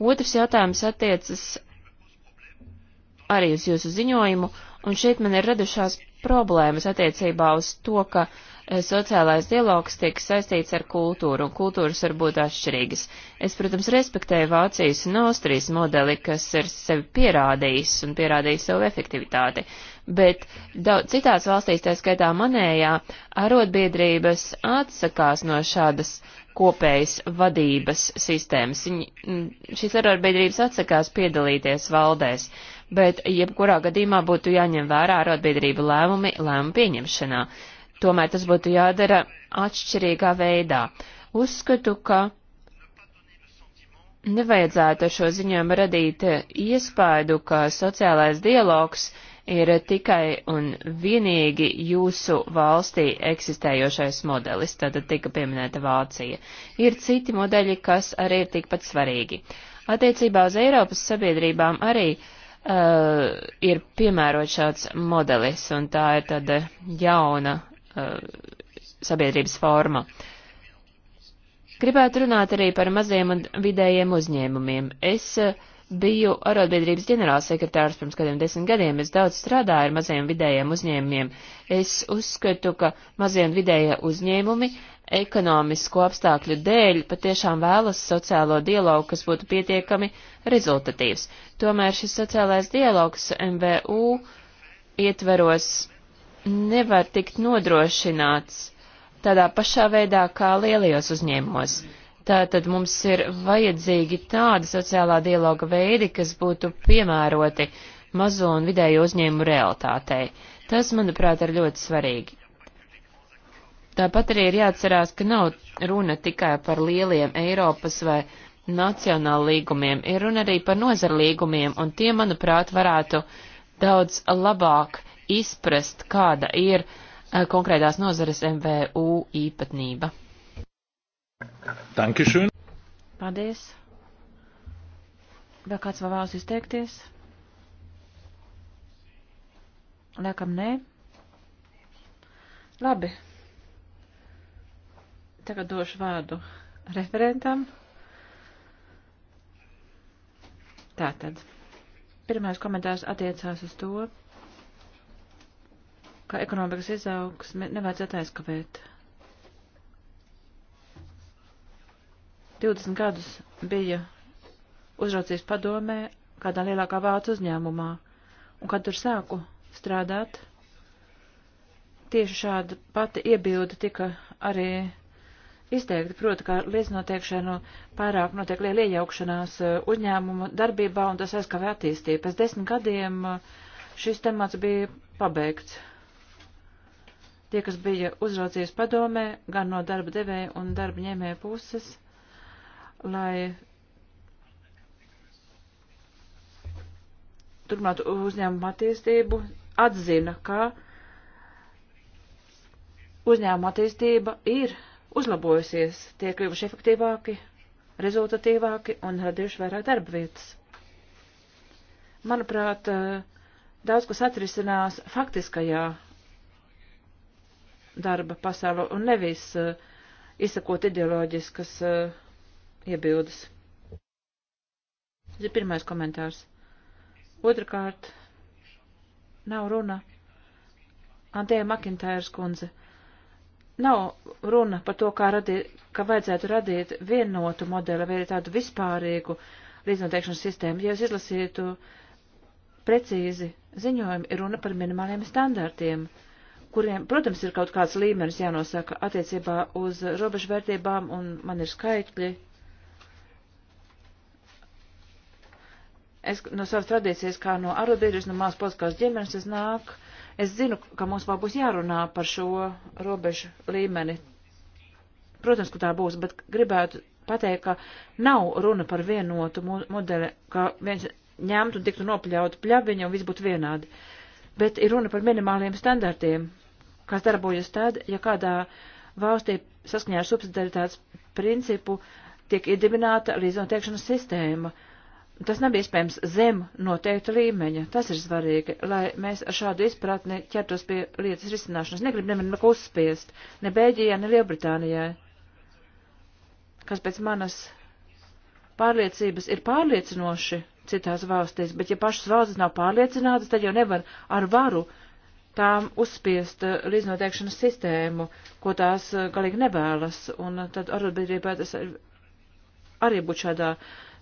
S2: Otrs jautājums attiecas arī uz jūsu ziņojumu, un šeit man ir radušās problēmas attiecībā uz to, ka uh, sociālais dialogs tiek saistīts ar kultūru, un kultūras var būt atšķirīgas. Es, protams, respektēju Vācijas un Austrijas modeli, kas ir sevi pierādījis un pierādījis savu efektivitāti, bet daudz citās valstīs, tā skaitā manējā, arotbiedrības atsakās no šādas kopējas vadības sistēmas. Viņi, mm, šīs arotbiedrības atsakās piedalīties valdēs, bet jebkurā gadījumā būtu jāņem vērā arotbiedrību lēmumi lēmumu pieņemšanā. Tomēr tas būtu jādara atšķirīgā veidā. Uzskatu, ka nevajadzētu ar šo ziņojumu radīt iespaidu, ka sociālais dialogs ir tikai un vienīgi jūsu valstī eksistējošais modelis, tātad tika pieminēta Vācija. Ir citi modeļi, kas arī ir tikpat svarīgi. Attiecībā uz Eiropas sabiedrībām arī uh, ir piemērots šāds modelis, un tā ir tāda jauna Uh, sabiedrības forma. Gribētu runāt arī par maziem un vidējiem uzņēmumiem. Es uh, biju arotbiedrības ģenerālsekretārs pirms kādiem desmit gadiem. Es daudz strādāju ar maziem vidējiem uzņēmumiem. Es uzskatu, ka mazie un vidējie uzņēmumi ekonomisko apstākļu dēļ patiešām vēlas sociālo dialogu, kas būtu pietiekami rezultatīvs. Tomēr šis sociālais dialogs MVU ietveros nevar tikt nodrošināts tādā pašā veidā kā lielajos uzņēmumos. Tātad mums ir vajadzīgi tādi sociālā dialoga veidi, kas būtu piemēroti mazo un vidēju uzņēmumu realitātei. Tas, manuprāt, ir ļoti svarīgi. Tāpat arī ir jāatcerās, ka nav runa tikai par lieliem Eiropas vai nacionāla līgumiem, ir runa arī par nozara līgumiem, un tie, manuprāt, varētu daudz labāk izprast, kāda ir eh, konkrētās nozares MVU īpatnība. Dankeschön.
S1: Paldies. Vēl kāds vēl vēlas izteikties? Liekam, nē. Labi. Tagad došu vārdu referentam. Tātad. Pirmais komentārs attiecās uz to, ka ekonomikas izaugsmi nevajadzētu aizkavēt. 20 gadus bija uzraucījis padomē kādā lielākā vācu uzņēmumā, un kad tur sāku strādāt, tieši šāda pati iebilda tika arī izteikti, proti, kā līdznotiekšanu pārāk notiek liela iejaukšanās uh, uzņēmuma darbībā, un tas aizkavē attīstību. Pēc desmit gadiem uh, šis temats bija pabeigts tie, kas bija uzraudzījis padomē, gan no darba devēja un darba ņēmēja puses, lai turpinātu uzņēmumu attīstību, atzina, ka uzņēmuma attīstība ir uzlabojusies, tiek kļuvuši efektīvāki, rezultatīvāki un radījuši vairāk darba vietas. Manuprāt, eh, daudz kas atrisinās faktiskajā darba pasauli un nevis uh, izsakot ideoloģiskas uh, iebildes. Tas ir pirmais komentārs. Otrakārt, nav runa. Antēja Makintājas kundze. Nav runa par to, kā, radīt, kā vajadzētu radīt vienotu modeli vai tādu vispārīgu līdznoteikšanas sistēmu. Ja jūs izlasītu precīzi ziņojumu, ir runa par minimāliem standartiem. Uh, kuriem, protams, ir kaut kāds līmenis jānosaka attiecībā uz robežvērtībām, un man ir skaitļi. Es no savas tradīcijas, kā no arobiedrības, no mās politiskās ģimenes, es nāku. Es zinu, ka mums vēl būs jārunā par šo robežu līmeni. Protams, ka tā būs, bet gribētu pateikt, ka nav runa par vienotu modeli, ka viens ņemtu un tiktu nopļautu pļaviņu un viss būtu vienādi. Uh, bet ir runa par minimāliem standartiem, kas darbojas tad, ja kādā valstī saskaņā ar subsidaritātes principu tiek iedibināta līdznoteikšanas sistēma. Tas nav iespējams zem noteikta līmeņa. Tas ir svarīgi, lai mēs ar šādu izpratni ķertos pie lietas risināšanas. Negribu nevienam neko uzspiest, ne Bēģijā, ne Lielbritānijai, kas pēc manas pārliecības ir pārliecinoši citās valstīs, bet ja pašas valstis nav pārliecinātas, tad jau nevar ar varu tām uzspiest eh, līdznoteikšanas sistēmu, ko tās eh, galīgi nevēlas, un eh, tad arotbiedrībā tas arī būtu šādā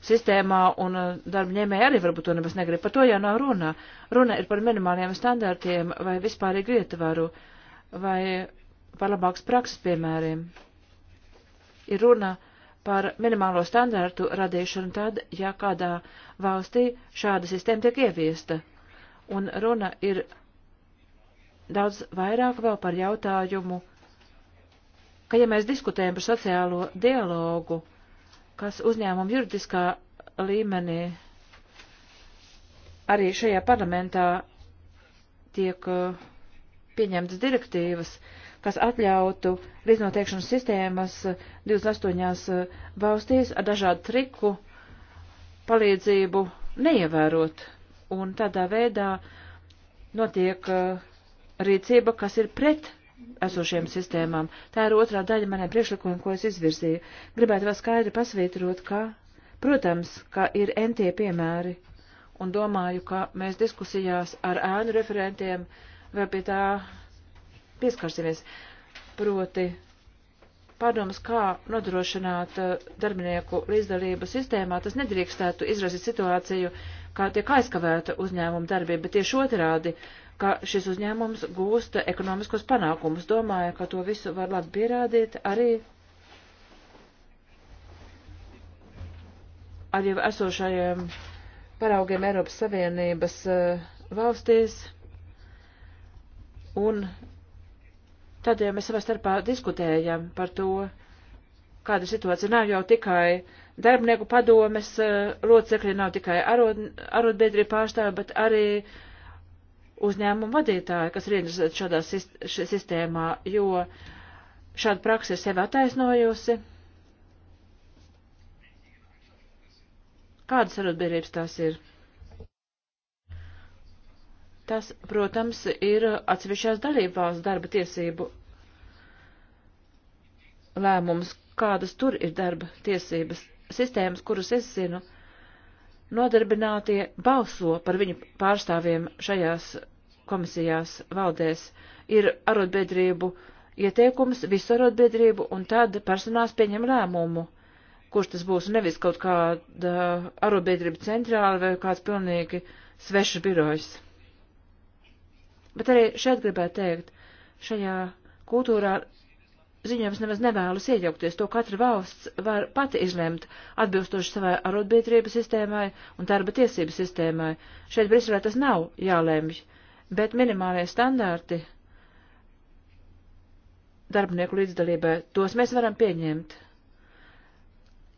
S1: sistēmā, un darba ņēmēji arī varbūt to nemaz negrib. Par to jau nav runa. Runa ir par minimāliem standartiem vai vispārīgu ietvaru vai par labāks prakses piemēriem. Ir runa par minimālo standartu radīšanu tad, ja kādā valstī šāda sistēma tiek ieviesta. Un runa ir daudz vairāk vēl par jautājumu, ka ja mēs diskutējam par sociālo dialogu, kas uzņēmuma juridiskā līmenī arī šajā parlamentā tiek uh, pieņemtas direktīvas, uh, kas atļautu līdznotiekšanas sistēmas 28 eh, valstīs ar dažādu triku palīdzību neievērot. Un tādā veidā notiek eh, rīcība, kas ir pret esošiem sistēmām. Tā ir otrā daļa manai priekšlikumam, ko es izvirzīju. Gribētu vēl skaidri pasvītrot, ka, protams, ka ir NT piemēri, un domāju, ka mēs diskusijās ar ēnu referentiem vēl pie tā pieskarsimies. Proti, padoms, kā nodrošināt eh, darbinieku līdzdalību sistēmā, tas nedrīkstētu izrazīt situāciju, kā tiek aizkavēta uzņēmuma darbība, bet tieši otrādi, ka šis uzņēmums gūst ekonomiskos panākumus. Domāju, ka to visu var labi pierādīt arī ar jau esošajiem paraugiem Eiropas Savienības eh, valstīs un Tādēļ ja mēs savā starpā diskutējam par to, kāda situācija nav jau tikai darbinieku padomes eh, locekļi, nav tikai arot, arotbiedrība pārstāvja, bet arī uzņēmumu vadītāji, kas ir interesēti šādā sistēmā, jo šāda praksa ir sevi attaisnojusi. Kādas arotbiedrības tās ir? Tas, protams, ir atsevišķās dalībvalsts darba tiesību lēmumus, kādas tur ir darba tiesības. Sistēmas, kuras es zinu, nodarbinātie balso par viņu pārstāvjiem šajās komisijās valdēs. Ir arotbiedrību ieteikums, visu arotbiedrību, un tad personāls pieņem lēmumu, kurš tas būs, nevis kaut kāda arotbiedrība centrāla vai kāds pilnīgi svešs birojs. Bet arī šeit gribētu teikt, šajā kultūrā ziņojums nemaz nevēlas iejaukties, to katra valsts var pati izlemt atbilstoši savai arotbiedrības sistēmai un darba tiesību sistēmai. Šeit Briselē tas nav jālēmj, bet minimālie standarti darbinieku līdzdalībai, tos mēs varam pieņemt.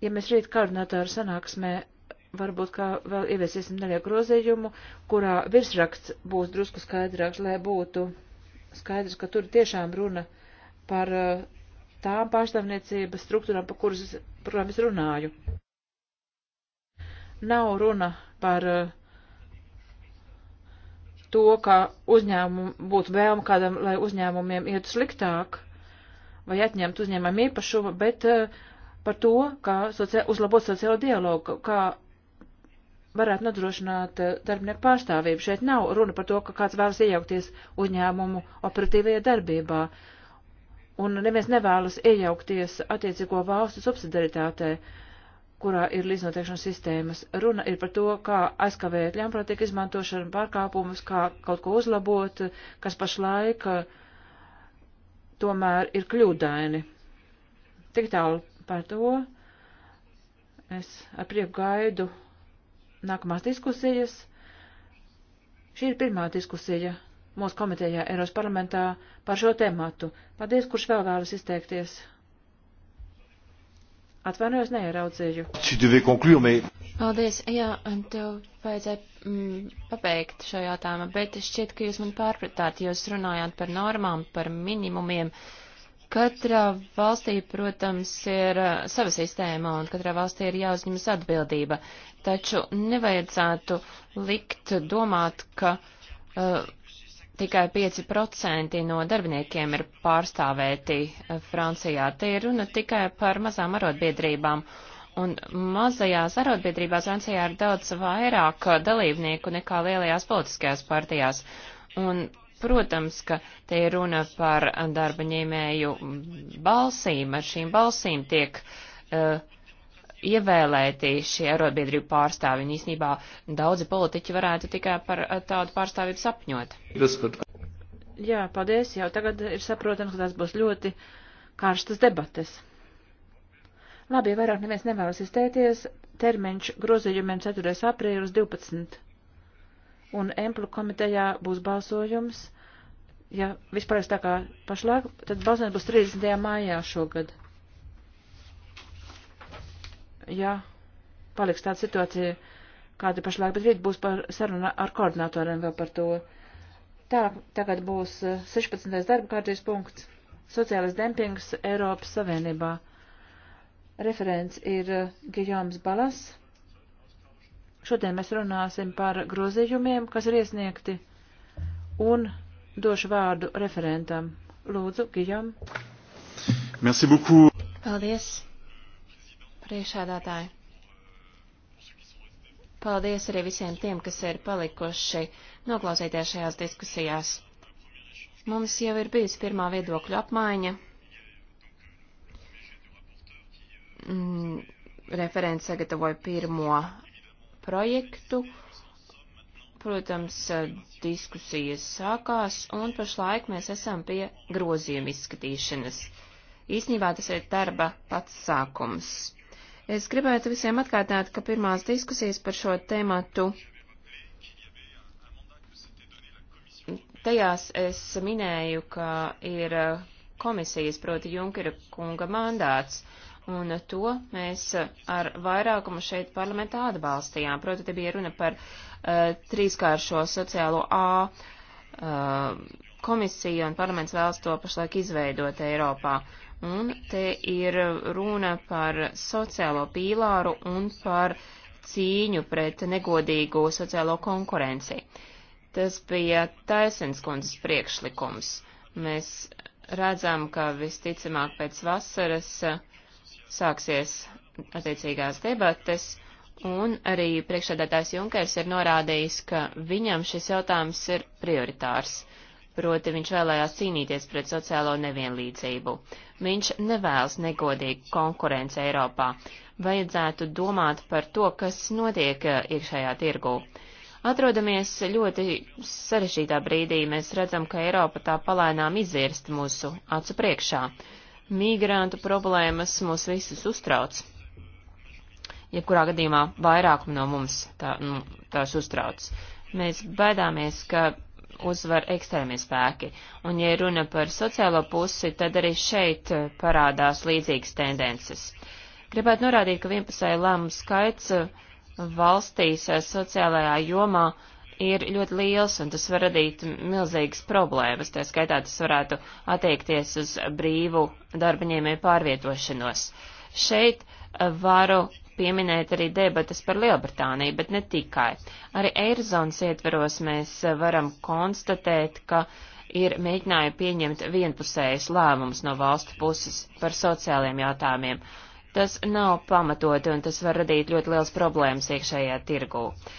S1: Ja mēs rīt koordinātāru sanāksmē varbūt kā vēl ieviesiesim nelielu grozījumu, kurā virsraksts būs drusku skaidrāks, lai būtu skaidrs, ka tur tiešām runa ir par eh, tām pārstāvniecības struktūrām, par kuras, par kurām es runāju. Nav runa par eh, to, ka uzņēmumu būtu vēlme kādam, lai uzņēmumiem iet sliktāk vai atņemt uzņēmumu īpašumu, bet eh, par to, kā sociā, uzlabot sociālo dialogu, kā varētu nodrošināt darbinieku pārstāvību. Šeit nav runa par to, ka kāds vēlas iejaukties uzņēmumu operatīvajā darbībā. Uh, un neviens nevēlas iejaukties attiecīgo valstu subsidaritātē, kurā ir līdznoteikšanas sistēmas. Runa ir par to, kā aizkavēt ļaunprātīgu izmantošanu, pārkāpumus, kā kaut ko uzlabot, kas pašlaik eh, tomēr ir kļūdaini. Tik tālu par to. Es ar prieku gaidu nākamās diskusijas. Šī ir pirmā diskusija mūsu komitejā Eiros parlamentā par šo tēmatu. Paldies, kurš vēl vēlas izteikties. Atvainojos, neieraudzīju. Paldies, jā,
S2: tev vajadzēja mm, pabeigt šo jautājumu, bet šķiet, ka jūs man pārpratāt, jūs runājāt par normām, par minimumiem. Katrā valstī, protams, ir uh, sava sistēma un katrā valstī ir jāuzņemas atbildība, taču nevajadzētu likt domāt, ka uh, tikai 5% no darbiniekiem ir pārstāvēti eh, Francijā. Te ir runa tikai par mazām arotbiedrībām. Un mazajās arotbiedrībās Francijā ir daudz vairāk eh, dalībnieku nekā lielajās politiskajās partijās. Un, protams, ka te ir runa par darba ņēmēju mm, balsīm. Ar šīm balsīm tiek uh, ievēlēti šie arotbiedrību pārstāvi. Un
S1: īsnībā daudzi politiķi varētu tikai par eh, tādu pārstāvību sapņot. Jā, paldies. Jau tagad ir saprotams, ka tās būs ļoti karstas debates. Labi, ja vairāk neviens nevēlas izteikties, termiņš grozījumiem 4. aprīlis 12. Un Emplu komitejā būs balsojums. Ja vispār tā kā pašlaik, tad balsojums būs 30. mājā šogad ja paliks tāda situācija, kāda pašlaik, bet rīt būs par sarunu ar koordinatoriem vēl par to. Tālāk tagad būs 16. Eh, darba kārtības punkts - sociālais dempings Eiropas Savienībā. Referents ir eh, Gijoms Balas. Šodien mēs runāsim par grozījumiem, kas ir iesniegti, un došu vārdu referentam. Lūdzu, Gijom. Merci beaucoup. Paldies priekšādātāji.
S2: Paldies arī visiem tiem, kas ir palikuši noklausīties šajās diskusijās. Mums jau ir bijusi pirmā viedokļa apmaiņa. Mm, referents sagatavoja pirmo projektu. Protams, diskusijas sākās, un pašlaik mēs esam pie grozījuma izskatīšanas. Īsnībā tas ir darba pats sākums. Es gribētu visiem atkārtināt, ka pirmās diskusijas par šo tēmatu tajās es minēju, ka ir uh, komisijas, proti Junkera kunga mandāts, un to mēs uh, ar vairākumu šeit parlamentā atbalstījām. Proti, te bija runa par uh, trīskāršo sociālo A uh, komisiju, un parlaments vēlas to pašlaik izveidot Eiropā. Uh, Un te ir runa par sociālo pīlāru un par cīņu pret negodīgu sociālo konkurenci. Tas bija Taisens kundzes priekšlikums. Mēs redzam, ka visticamāk pēc vasaras sāksies attiecīgās debates, un arī priekšsēdētājs Junkers ir norādījis, ka viņam šis jautājums ir prioritārs proti viņš vēlējās cīnīties pret sociālo nevienlīdzību. Viņš nevēlas negodīgu konkurenci Eiropā. Vajadzētu domāt par to, kas notiek eh, iekšējā tirgū. Atrodamies ļoti sarežģītā brīdī, mēs redzam, ka Eiropa tā palēnām izirst mūsu acu priekšā. Migrantu problēmas mūs visus uztrauc. Jebkurā gadījumā vairākumu no mums tā, nu, tās uztrauc. Mēs baidāmies, ka uzvar ekstrēmie spēki. Un, ja runa par sociālo pusi, tad arī šeit eh, parādās līdzīgas tendences. Gribētu norādīt, ka 11 lēmumu skaits eh, valstīs eh, sociālajā jomā ir ļoti liels, un tas var radīt milzīgas problēmas. Tā skaitā tas varētu attiekties uz brīvu darbaņēmēju pārvietošanos. Šeit varu pieminēt arī debatas par Lielbritāniju, bet ne tikai. Arī Eirozonas ietveros mēs eh, varam konstatēt, ka ir mēģināju pieņemt vienpusējas lēmumus no valstu puses par sociāliem jautājumiem. Tas nav pamatoti un tas var radīt ļoti liels problēmas iekšējā tirgū. Uh,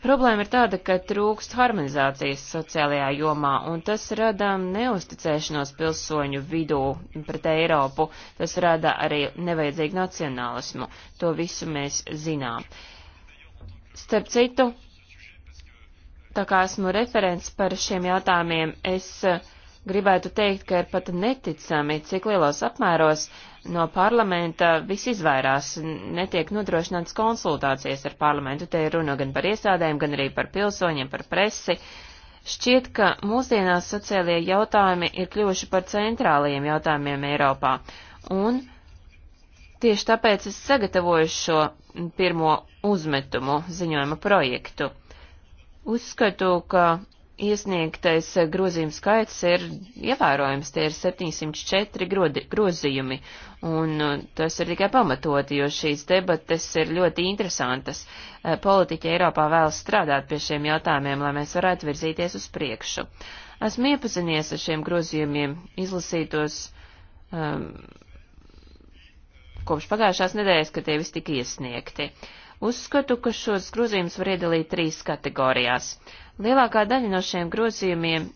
S2: Problēma ir tāda, ka trūkst harmonizācijas sociālajā jomā, un tas rada neusticēšanos pilsoņu vidū pret Eiropu, tas rada arī nevajadzīgu nacionālismu. To visu mēs zinām. Starp citu, tā kā esmu referents par šiem jautājumiem, es uh, gribētu teikt, ka ir pat neticami, cik lielos apmēros no parlamenta viss izvairās, netiek nodrošināts konsultācijas ar parlamentu. Te ir runa gan par iestādēm, gan arī par pilsoņiem, par presi. Šķiet, ka mūsdienās sociālie jautājumi ir kļuvuši par centrālajiem jautājumiem Eiropā. Un tieši tāpēc es sagatavoju šo pirmo uzmetumu ziņojuma projektu. Uzskatu, ka iesniegtais grozījums skaits ir ievērojams, tie ir 704 grodi, grozījumi, un uh, tas ir tikai pamatoti, jo šīs debates ir ļoti interesantas. Uh, politiķi Eiropā vēlas strādāt pie šiem jautājumiem, lai mēs varētu virzīties uz priekšu. Esmu iepazinies ar šiem grozījumiem, izlasītos um, kopš pagājušās nedēļas, kad tie visi tika iesniegti. Uh, Uzskatu, ka šos grozījumus var iedalīt trīs kategorijās. Lielākā daļa no šiem grozījumiem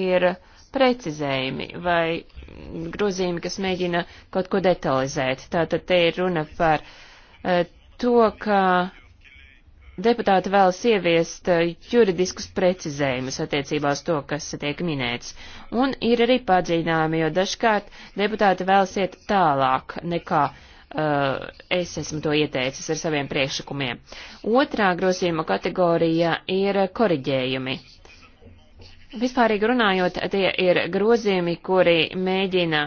S2: ir precizējumi vai grozījumi, kas mēģina kaut ko detalizēt. Tātad te ir runa par eh, to, ka deputāti vēlas ieviest eh, juridiskus precizējumus attiecībā uz to, kas tiek minēts. Un ir arī padziļinājumi, jo dažkārt deputāti vēlas iet tālāk nekā Eh, es esmu to ieteicis ar saviem priekšlikumiem. Otrā grozījuma kategorija ir koriģējumi. Vispārīgi runājot, tie ir grozījumi, kuri mēģina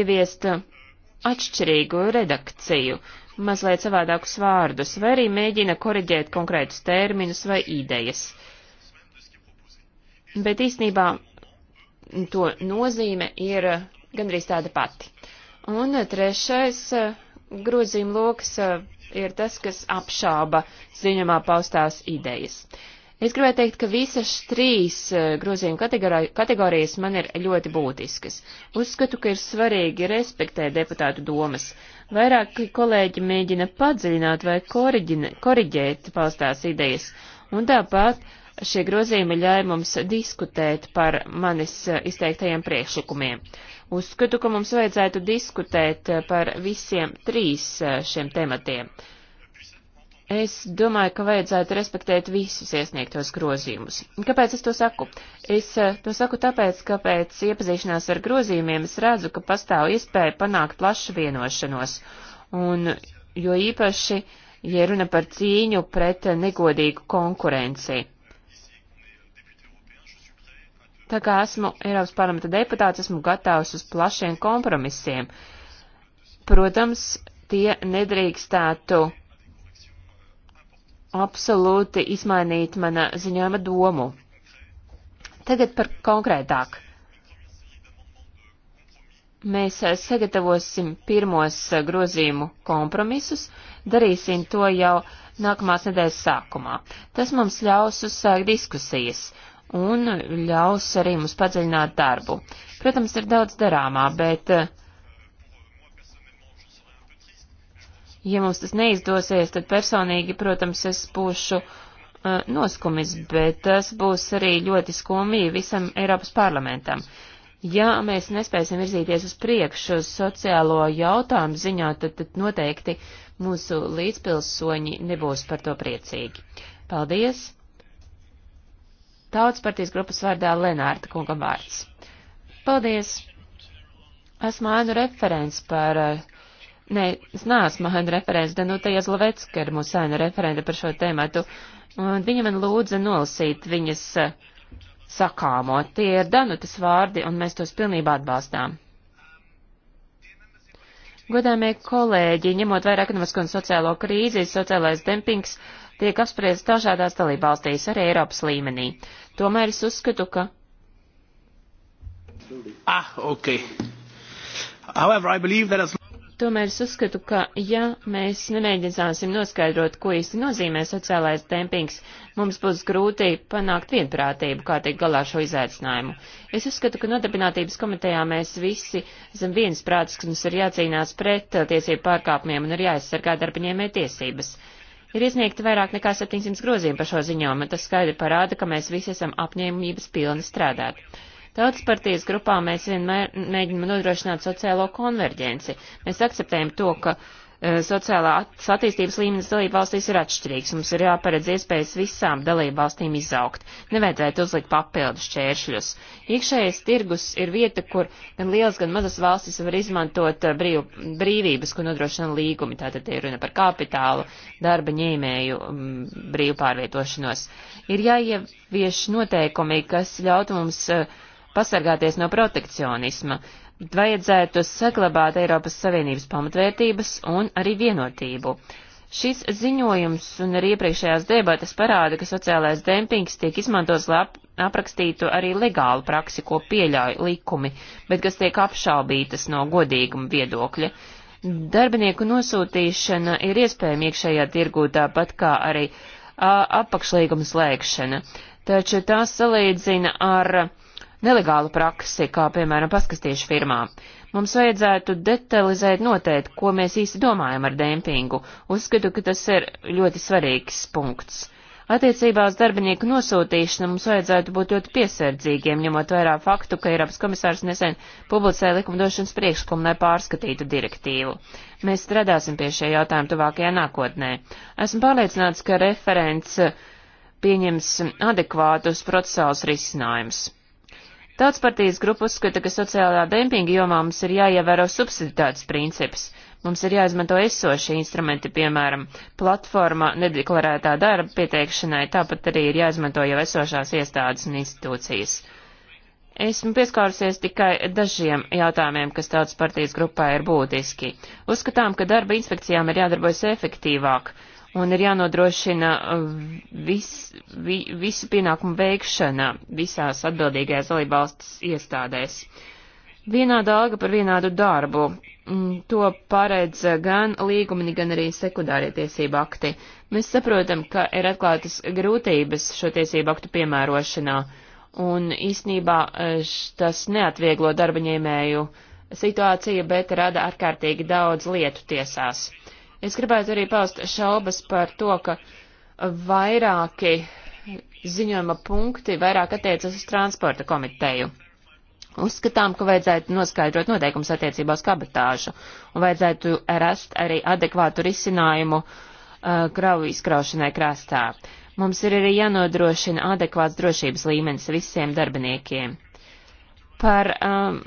S2: ieviest atšķirīgu redakciju, mazliet savādākus vārdus, vai arī mēģina koriģēt konkrētus terminus vai idejas. Bet īstenībā to nozīme ir gandrīz tāda pati. Un trešais eh, grozījuma lokus eh, ir tas, kas apšāba ziņamā paustās idejas. Es gribēju teikt, ka visas trīs eh, grozījuma kategorijas man ir ļoti būtiskas. Uzskatu, ka ir svarīgi respektēt deputātu domas. Vairāki kolēģi mēģina padziļināt vai koriģēt paustās idejas, un tāpat šie grozījumi ļāja mums diskutēt par manis izteiktajiem priekšlikumiem. Uh, Uzskatu, ka mums vajadzētu diskutēt eh, par visiem trīs eh, šiem tematiem. Es domāju, ka vajadzētu respektēt visus iesniegtos grozījumus. Kāpēc es to saku? Es eh, to saku tāpēc, ka pēc iepazīšanās ar grozījumiem es redzu, ka pastāv iespēja panākt plašu vienošanos. Un jo īpaši, ja runa par cīņu pret negodīgu konkurenciju. Tā kā esmu Eiropas parlamenta deputāts, esmu gatavs uz plašiem kompromisiem. Protams, tie nedrīkstētu absolūti izmainīt mana ziņojuma domu. Tagad par konkrētāk. Mēs sagatavosim pirmos grozījumu kompromisus, darīsim to jau nākamās nedēļas sākumā. Tas mums ļaus uzsākt diskusijas, un ļaus arī mums padziļināt darbu. Protams, ir daudz darāmā, bet eh, ja mums tas neizdosies, tad personīgi, protams, es būšu uh, noskumis, bet tas būs arī ļoti skumji visam Eiropas parlamentam. Ja mēs nespēsim virzīties uz priekšu uz sociālo jautājumu ziņā, tad, tad noteikti mūsu līdzpilsoņi nebūs par to priecīgi. Paldies! Tautas partijas grupas vārdā Lenārta kungam vārds. Paldies! Esmu ēnu referents par, eh, ne, es neesmu ēnu referents, Danuta Jazlovecka ir mūsu ēnu referenta par šo tēmatu, un viņa man lūdza nolasīt viņas eh, sakāmo. Tie ir Danutas vārdi, un mēs tos pilnībā atbalstām. Godāmie kolēģi, ņemot vērā ekonomisko un sociālo krīzi, sociālais dempings, uh, tiek apspriests dažādās dalībvalstīs, arī Eiropas līmenī. Tomēr es uzskatu, ka.
S3: Ah, okay. However, I believe that as
S2: Tomēr es uzskatu, ka ja mēs nemēģināsim noskaidrot, ko īsti nozīmē sociālais dempings, mums būs grūti panākt vienprātību, kā tiek galā šo izaicinājumu. Es uzskatu, ka nodarbinātības komitejā mēs visi esam viensprātis, ka mums ir jācīnās pret tiesību pārkāpumiem un ir jāaizsargā darbaņēmē tiesības. Ir iesniegti vairāk nekā 700 grozījumi par šo ziņojumu, un tas skaidri parāda, ka mēs visi esam apņēmības pilni strādāt. Tautas partijas grupā mēs vienmēr mēģinam nodrošināt sociālo konverģenci. Mēs akceptējam to, ka uh, Eh, sociālā attīstības līmenis dalība valstīs ir atšķirīgs. Mums ir jāparedz iespējas visām dalība valstīm izaugt. Nevajadzētu uzlikt papildus čēršļus. Iekšējais tirgus ir vieta, kur gan liels, gan mazas valstis var izmantot eh, brīv, brīvības, ko nodrošina līgumi. Tātad ir runa par kapitālu, darba ņēmēju mm, brīvu pārvietošanos. Ir jāievieš noteikumi, kas ļautu mums eh, pasargāties no protekcionisma. Uh, bet vajadzētu saglabāt Eiropas Savienības pamatvērtības un arī vienotību. Šis ziņojums un arī iepriekšējās debatas parāda, ka sociālais dempings tiek izmantots, lai aprakstītu arī legālu praksi, ko pieļauj likumi, bet kas tiek apšaubītas no godīguma viedokļa. Darbinieku nosūtīšana ir iespējama iekšējā tirgū tāpat kā arī a, apakšlīguma slēgšana, taču tās salīdzina ar nelegālu praksi, kā piemēram paskastiešu firmā. Mums vajadzētu detalizēt noteikt, ko mēs īsti domājam ar dempingu. Uzskatu, ka tas ir ļoti svarīgs punkts. Attiecībā uz darbinieku nosūtīšanu mums vajadzētu būt ļoti piesardzīgiem, ņemot vērā faktu, ka Eiropas komisārs nesen publicēja likumdošanas priekšlikumu, lai pārskatītu direktīvu. Mēs strādāsim pie šie jautājumi tuvākajā nākotnē. Esmu pārliecināts, ka referents pieņems adekvātus procesuālus risinājumus. Tautas partijas grupa uzskata, ka sociālā dempinga jomā mums ir jāievēro subsiditātes princips. Mums ir jāizmanto esošie instrumenti, piemēram, platforma nedeklarētā darba pieteikšanai, tāpat arī ir jāizmanto jau esošās iestādes un institūcijas. Esmu pieskārusies tikai dažiem jautājumiem, kas tautas partijas grupā ir būtiski. Uzskatām, ka darba inspekcijām ir jādarbojas efektīvāk un ir jānodrošina uh, vis, vi, visu pienākumu veikšana visās atbildīgajās dalībvalstis iestādēs. Vienāda alga par vienādu darbu. Mm, to paredz gan līgumi, gan arī sekundārie tiesību akti. Mēs saprotam, ka ir atklātas grūtības šo tiesību aktu piemērošanā, un īsnībā eh, tas neatvieglo darbaņēmēju situāciju, bet rada ārkārtīgi daudz lietu tiesās. Es gribētu arī paust šaubas par to, ka vairāki ziņojuma punkti vairāk attiecas uz transporta komiteju. Uzskatām, ka vajadzētu noskaidrot noteikums attiecībā uz kabatāžu un vajadzētu rast arī adekvātu risinājumu uh, kravu izkraušanai krastā. Mums ir arī jānodrošina adekvāts drošības līmenis visiem darbiniekiem. Par um,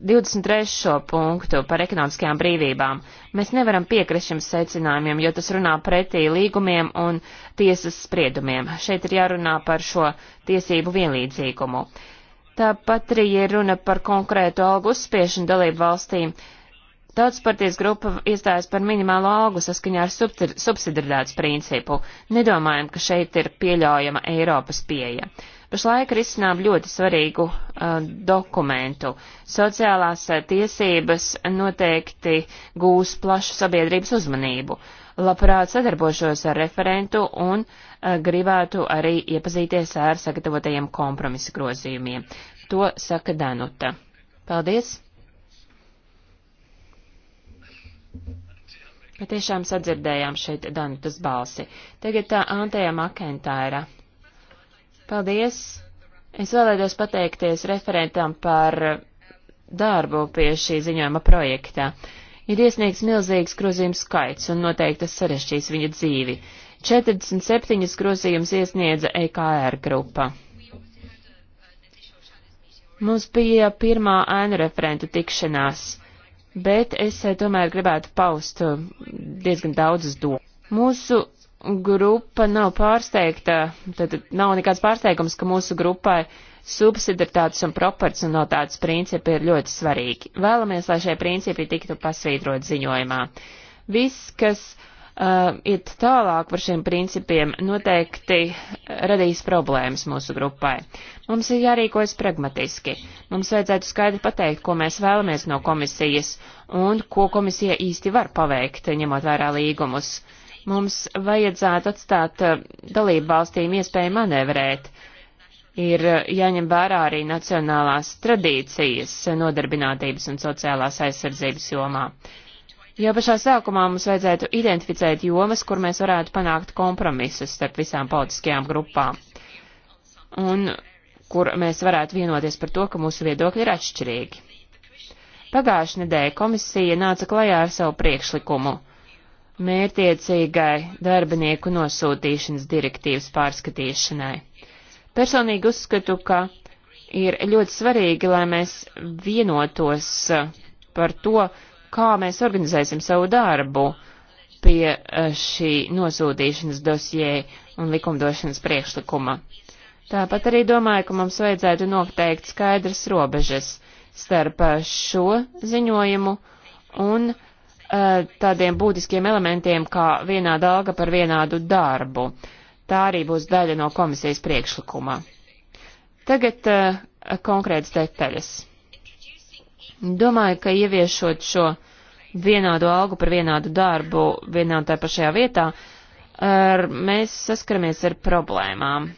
S2: 23. punktu par ekonomiskajām brīvībām. Mēs nevaram piekrist šim secinājumiem, jo tas runā pretī līgumiem un tiesas spriedumiem. Šeit ir jārunā par šo tiesību vienlīdzīgumu. Tāpat arī ir runa par konkrētu algu uzspiešanu dalību valstīm. Tautas partijas grupa iestājas par minimālo algu saskaņā ar subsidiaritātes principu. Nedomājam, ka šeit ir pieļaujama Eiropas pieeja. Pašlaik risinām ļoti svarīgu uh, dokumentu. Sociālās uh, tiesības noteikti gūs plašu sabiedrības uzmanību. Labprāt sadarbošos ar referentu un uh, gribētu arī iepazīties ar sagatavotajiem kompromisu grozījumiem. To saka Danuta. Paldies! Patiešām sadzirdējām šeit Danutas balsi. Tagad tā uh, Antēja Makentāra Paldies! Es vēlētos pateikties referentam par darbu pie šī ziņojuma projektā. Ir iesniegts milzīgs grozījums skaits, un noteikti tas sarešķīs viņa dzīvi. 47 grozījums iesniedza EKR grupa. Mums bija pirmā ēnu referentu tikšanās, bet es eh, tomēr gribētu paust eh, diezgan daudzas domas. Mūsu grupa nav pārsteigta, tad nav nekāds pārsteigums, ka mūsu grupai subsidaritātes un proporcionalitātes principi ir ļoti svarīgi. Vēlamies, lai šie principi tiktu pasvītrot ziņojumā. Viss, kas uh, iet tālāk par šiem principiem, noteikti radīs problēmas mūsu grupai. Mums ir jārīkojas pragmatiski. Mums vajadzētu skaidri pateikt, ko mēs vēlamies no komisijas un ko komisija īsti var paveikt, ņemot vērā līgumus. Uh, Mums vajadzētu atstāt eh, dalību valstīm iespēju manevrēt. Ir eh, jāņem vērā arī nacionālās tradīcijas nodarbinātības un sociālās aizsardzības jomā. Jau pašā sākumā mums vajadzētu identificēt jomas, kur mēs varētu panākt kompromisus starp visām politiskajām grupām. Un kur mēs varētu vienoties par to, ka mūsu viedokļi ir atšķirīgi. Pagājušajā nedēļā komisija nāca klajā ar savu priekšlikumu mērtiecīgai darbinieku nosūtīšanas direktīvas pārskatīšanai. Personīgi uzskatu, ka ir ļoti svarīgi, lai mēs vienotos par to, kā mēs organizēsim savu darbu pie eh, šī nosūtīšanas dosjē un likumdošanas priekšlikuma. Tāpat arī domāju, ka mums vajadzētu noteikt skaidras robežas starp eh, šo ziņojumu un uh, Eh, tādiem būtiskiem elementiem kā vienāda alga par vienādu darbu. Tā arī būs daļa no komisijas priekšlikumā. Tagad uh, konkrētas detaļas. Domāju, ka ieviešot šo vienādu algu par vienādu darbu vienā un tā pašajā vietā, ar, mēs saskaramies ar problēmām.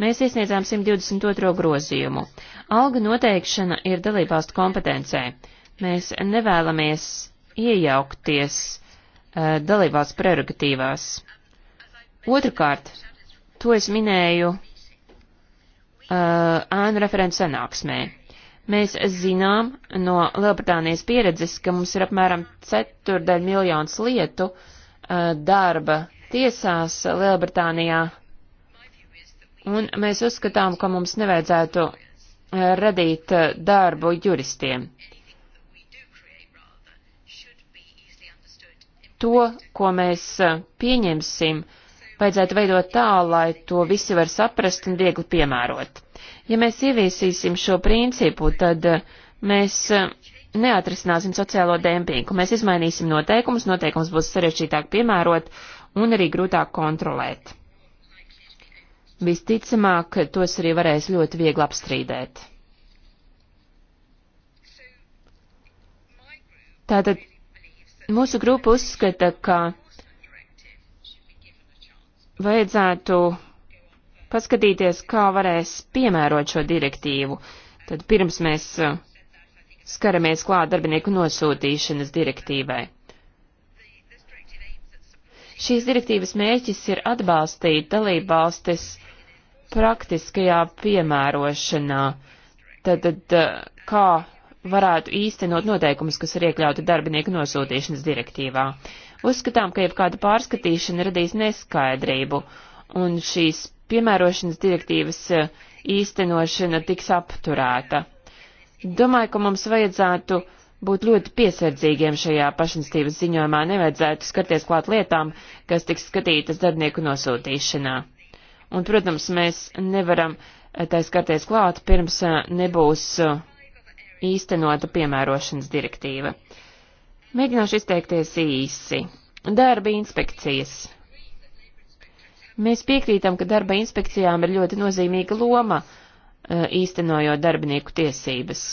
S2: Mēs iesniedzām 122. grozījumu. Alga noteikšana ir dalībvalstu kompetencē. Mēs nevēlamies iejaukties uh, eh, dalībvalsts prerogatīvās. Otrakārt, to es minēju eh, ēnu uh, referents sanāksmē. Mēs zinām no Lielbritānijas pieredzes, ka mums ir apmēram ceturdaļ miljons lietu uh, darba tiesās Lielbritānijā, un mēs uzskatām, ka mums nevajadzētu uh, radīt darbu juristiem. Uh, to, ko mēs eh, pieņemsim, vajadzētu veidot tā, lai to visi var saprast un viegli piemērot. Ja mēs ieviesīsim šo principu, tad eh, mēs eh, neatrisināsim sociālo dempingu, mēs izmainīsim noteikumus, noteikums būs sarežģītāk piemērot un arī grūtāk kontrolēt. Visticamāk, tos arī varēs ļoti viegli apstrīdēt. Tātad Mūsu grupa uzskata, ka vajadzētu paskatīties, kā varēs piemērot šo direktīvu. Tad pirms mēs uh, skaramies klāt darbinieku nosūtīšanas direktīvai. Šīs direktīvas mērķis ir atbalstīt dalībvalstis praktiskajā piemērošanā, tad, tad uh, kā varētu īstenot noteikumus, kas ir iekļauti darbinieku nosūtīšanas direktīvā. Uzskatām, ka jebkāda pārskatīšana radīs neskaidrību, un šīs piemērošanas direktīvas eh, īstenošana tiks apturēta. Domāju, ka mums vajadzētu būt ļoti piesardzīgiem šajā pašnestības ziņojumā, nevajadzētu skarties klāt lietām, kas tiks skatītas darbinieku nosūtīšanā. Un, protams, mēs nevaram eh, tā skarties klāt, pirms eh, nebūs īstenota piemērošanas direktīva. Mēģināšu izteikties īsi. Darba inspekcijas. Mēs piekrītam, ka darba inspekcijām ir ļoti nozīmīga loma e, īstenojot darbinieku tiesības.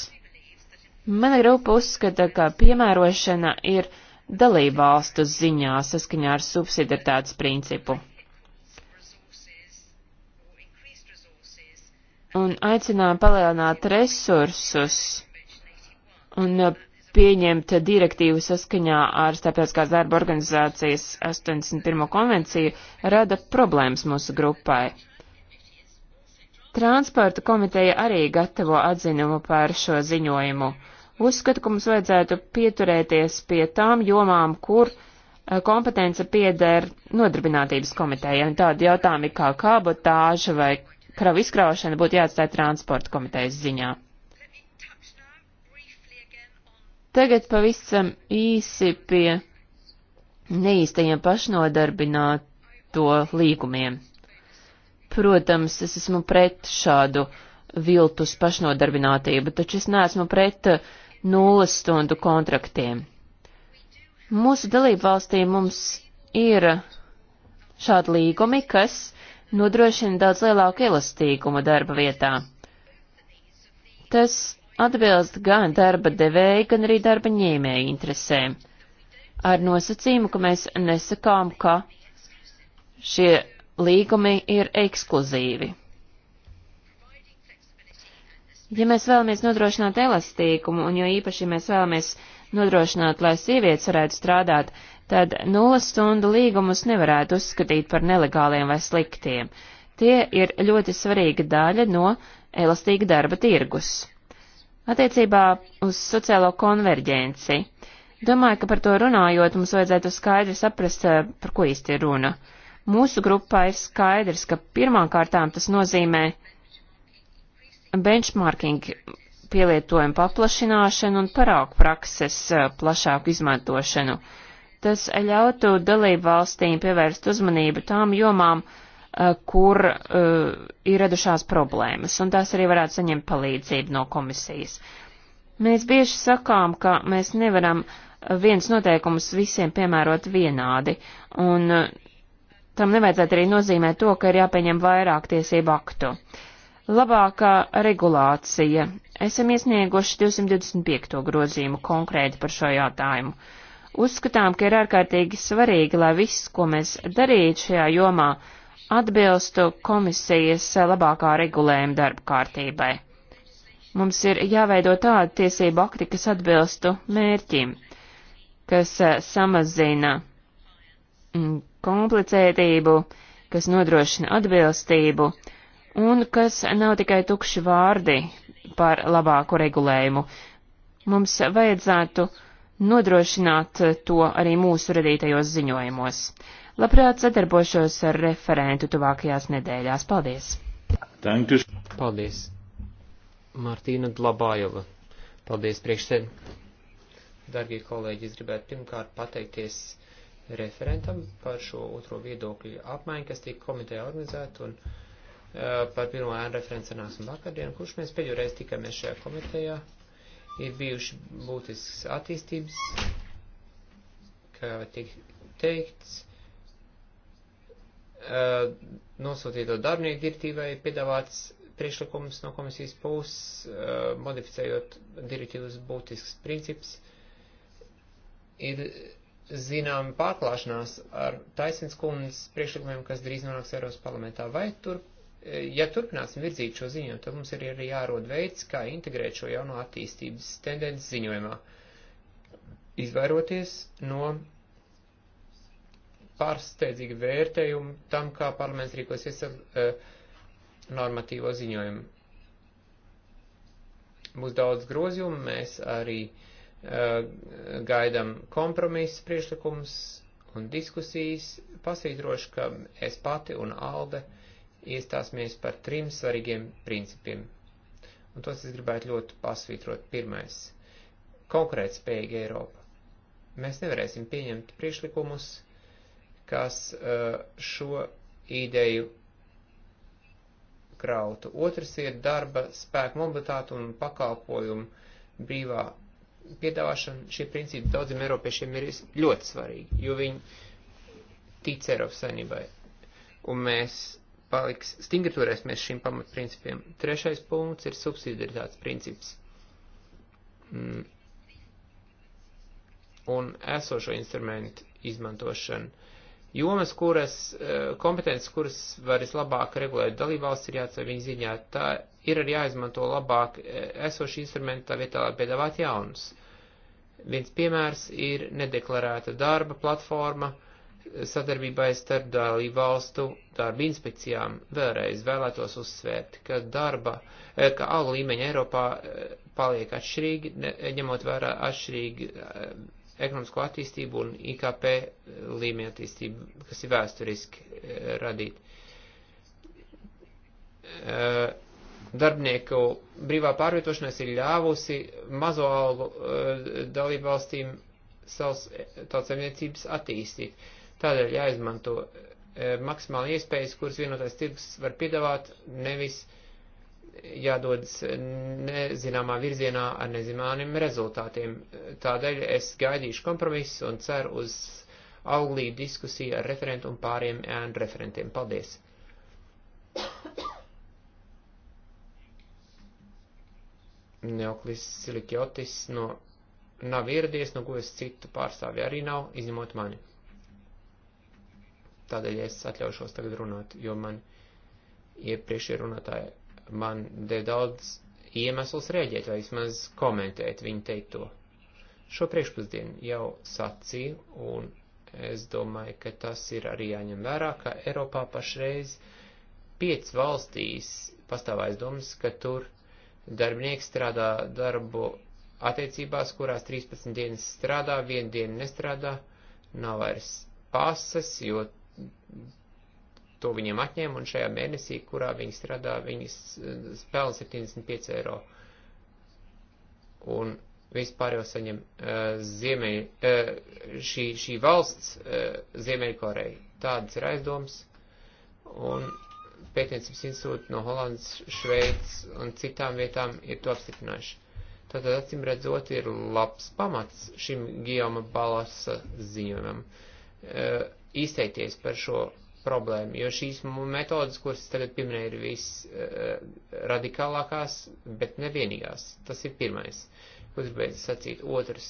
S2: Mana grupa uzskata, ka piemērošana ir dalībvalstu ziņā saskaņā ar subsidiaritātes principu. Un aicinām palielināt resursus un uh, pieņemt direktīvu saskaņā ar Starptautiskās darba organizācijas 81. konvenciju rada problēmas mūsu grupai. Transporta komiteja arī gatavo atzinumu par šo ziņojumu. Uzskatu, ka mums vajadzētu pieturēties pie tām jomām, kur uh, kompetence pieder nodarbinātības komitejai, un tādi jautājumi kā kabotāža vai kravu izkraušana būtu jāatstāja transporta komitejas ziņā. Tagad pavisam īsi pie neīstajiem pašnodarbināto līgumiem. Protams, es esmu pret šādu viltus pašnodarbinātību, taču es neesmu pret nulles stundu kontraktiem. Mūsu dalību valstī mums ir šādi līgumi, kas nodrošina daudz lielāku elastīgumu darba vietā. Tas atbilst gan darba devēja, gan arī darba ņēmēja interesēm. Ar nosacījumu, ka mēs nesakām, ka šie līgumi ir ekskluzīvi. Ja mēs vēlamies nodrošināt elastīgumu, un jo īpaši, ja mēs vēlamies nodrošināt, lai sievietes varētu strādāt, tad nulles stundu līgumus nevarētu uzskatīt par nelegāliem vai sliktiem. Tie ir ļoti svarīga daļa no elastīga darba tirgus. Attiecībā uz sociālo konverģenci. Domāju, ka par to runājot, mums vajadzētu skaidri saprast, eh, par ko īsti ir runa. Mūsu grupā ir skaidrs, ka pirmām kārtām tas nozīmē benchmarking pielietojumu paplašināšanu un paraugu prakses eh, plašāku izmantošanu. Tas ļautu dalību valstīm pievērst uzmanību tām jomām, uh, Eh, kur uh, ir radušās problēmas, un tās arī varētu saņemt palīdzību no komisijas. Mēs bieži sakām, ka mēs nevaram viens noteikumus visiem piemērot vienādi, un eh, tam nevajadzētu arī nozīmēt to, ka ir jāpieņem vairāk tiesību aktu. Labākā regulācija. Esam iesnieguši 225. grozījumu konkrēti par šo jautājumu. Uzskatām, ka ir ārkārtīgi svarīgi, lai viss, ko mēs darītu šajā jomā, uh, atbilstu komisijas labākā regulējuma darba kārtībai. Mums ir jāveido tāda tiesība akti, kas atbilstu mērķim, kas eh, samazina mm, komplicētību, kas nodrošina atbilstību un kas nav tikai tukši vārdi par labāku regulējumu. Mums vajadzētu nodrošināt to arī mūsu radītajos ziņojumos. Labprāt sadarbošos ar referentu tuvākajās nedēļās. Paldies!
S3: Tankus. Paldies! Martīna Dlabājova. Paldies priekšsēd. Dargie kolēģi, es gribētu pirmkārt pateikties referentam par šo otro viedokļu apmaiņu, kas tika komiteja organizēta un uh, par pirmo ēnu referents sanāksim vakardienu, kurš mēs pēdējo reizi tikāmies šajā komitejā. Ir bijuši būtisks attīstības, kā tik teikts, Uh, nosūtīto darbinieku direktīvai piedāvāts priekšlikums no komisijas puses, uh, modificējot direktīvas būtisks princips, ir zinām pārklāšanās ar taisnības kundas priekšlikumiem, kas drīz nonāks Eiropas parlamentā. Vai tur, uh, ja turpināsim virzīt šo ziņojumu, tad mums ir arī jārod veids, kā integrēt šo jauno attīstības tendenci ziņojumā, izvairoties no pārsteidzīga vērtējuma tam, kā parlaments rīkosies ar uh, normatīvo ziņojumu. Būs daudz grozījumu, mēs arī uh, eh, gaidam kompromisu priešlikums un diskusijas. Pasvītrošu, ka es pati un Alde iestāsimies par trim svarīgiem principiem. Un tos es gribētu ļoti pasvītrot. Pirmais - konkurētspējīga Eiropa. Mēs nevarēsim pieņemt priešlikumus, kas eh, šo ideju krautu. Otrs ir darba spēka mobilitāte un pakalpojumu brīvā piedāvāšana. Šie principi daudziem eiropiešiem ir ļoti svarīgi, jo viņi tic Eiropas saimnībai. Un mēs paliks stingri turēsimies šīm pamatprincipiem. Trešais punkts ir subsidiaritātes princips. Mm. Un esošo instrumentu izmantošana jomas, kuras eh, kompetences, kuras var vislabāk regulēt dalībvalsts, ir jāatstāj viņa ziņā. Tā ir arī jāizmanto labāk eh, esoši instrumenti, tā vietā piedāvāt jaunus. Viens piemērs ir nedeklarēta darba platforma eh, sadarbībai starp dalību valstu darba inspekcijām. Vēlreiz vēlētos uzsvērt, ka darba, ka alu līmeņa Eiropā paliek atšķirīgi, ņemot vērā atšķirīgi ekonomisko attīstību un IKP līmeņa attīstību, kas ir vēsturiski e, radīta. E, Darbinieku brīvā pārvietošanās ir ļāvusi mazo algu e, dalību valstīm savas tautsaimniecības attīstīt. Tādēļ jāizmanto maksimāli iespējas, kuras vienotais tirgus var piedāvāt, nevis uh, jādodas nezināmā virzienā ar nezināmiem rezultātiem. Tādēļ es gaidīšu kompromisu un ceru uz auglīgu diskusiju ar referentu un pāriem ēnu referentiem. Paldies! Neoklis Silikjotis no, nav ieradies, no ko es citu pārstāvi arī nav, izņemot mani. Tādēļ es atļaušos tagad runāt, jo man iepriekšējie runātāji man deva daudz iemesls rēģēt vai vismaz komentēt viņu teikto. Šo priekšpusdienu jau sacīju, un es domāju, ka tas ir arī jāņem vērā, ka Eiropā pašreiz piec valstīs pastāv aizdomas, ka tur darbinieks strādā darbu attiecībās, kurās 13 dienas strādā, vienu dienu nestrādā, nav vairs pases, jo to viņiem atņēma, un šajā mēnesī, kurā viņi strādā, viņi spēlē 75 eiro. Un vispār jau saņem uh, ziemeļ, uh, šī, šī valsts uh, Ziemeļkoreja. Tādas ir aizdomas. Un pētniecības institūti no Holandas, Šveicis un citām vietām ir to apstiprinājuši. Tātad, acīm redzot, ir labs pamats šim Gijoma Balasa ziņojumam. Uh, izteikties par šo problēma, jo šīs metodas, kuras es tagad pieminēju, ir visradikālākās, eh, uh, bet nevienīgās. Tas ir pirmais, ko gribētu sacīt. Otrs,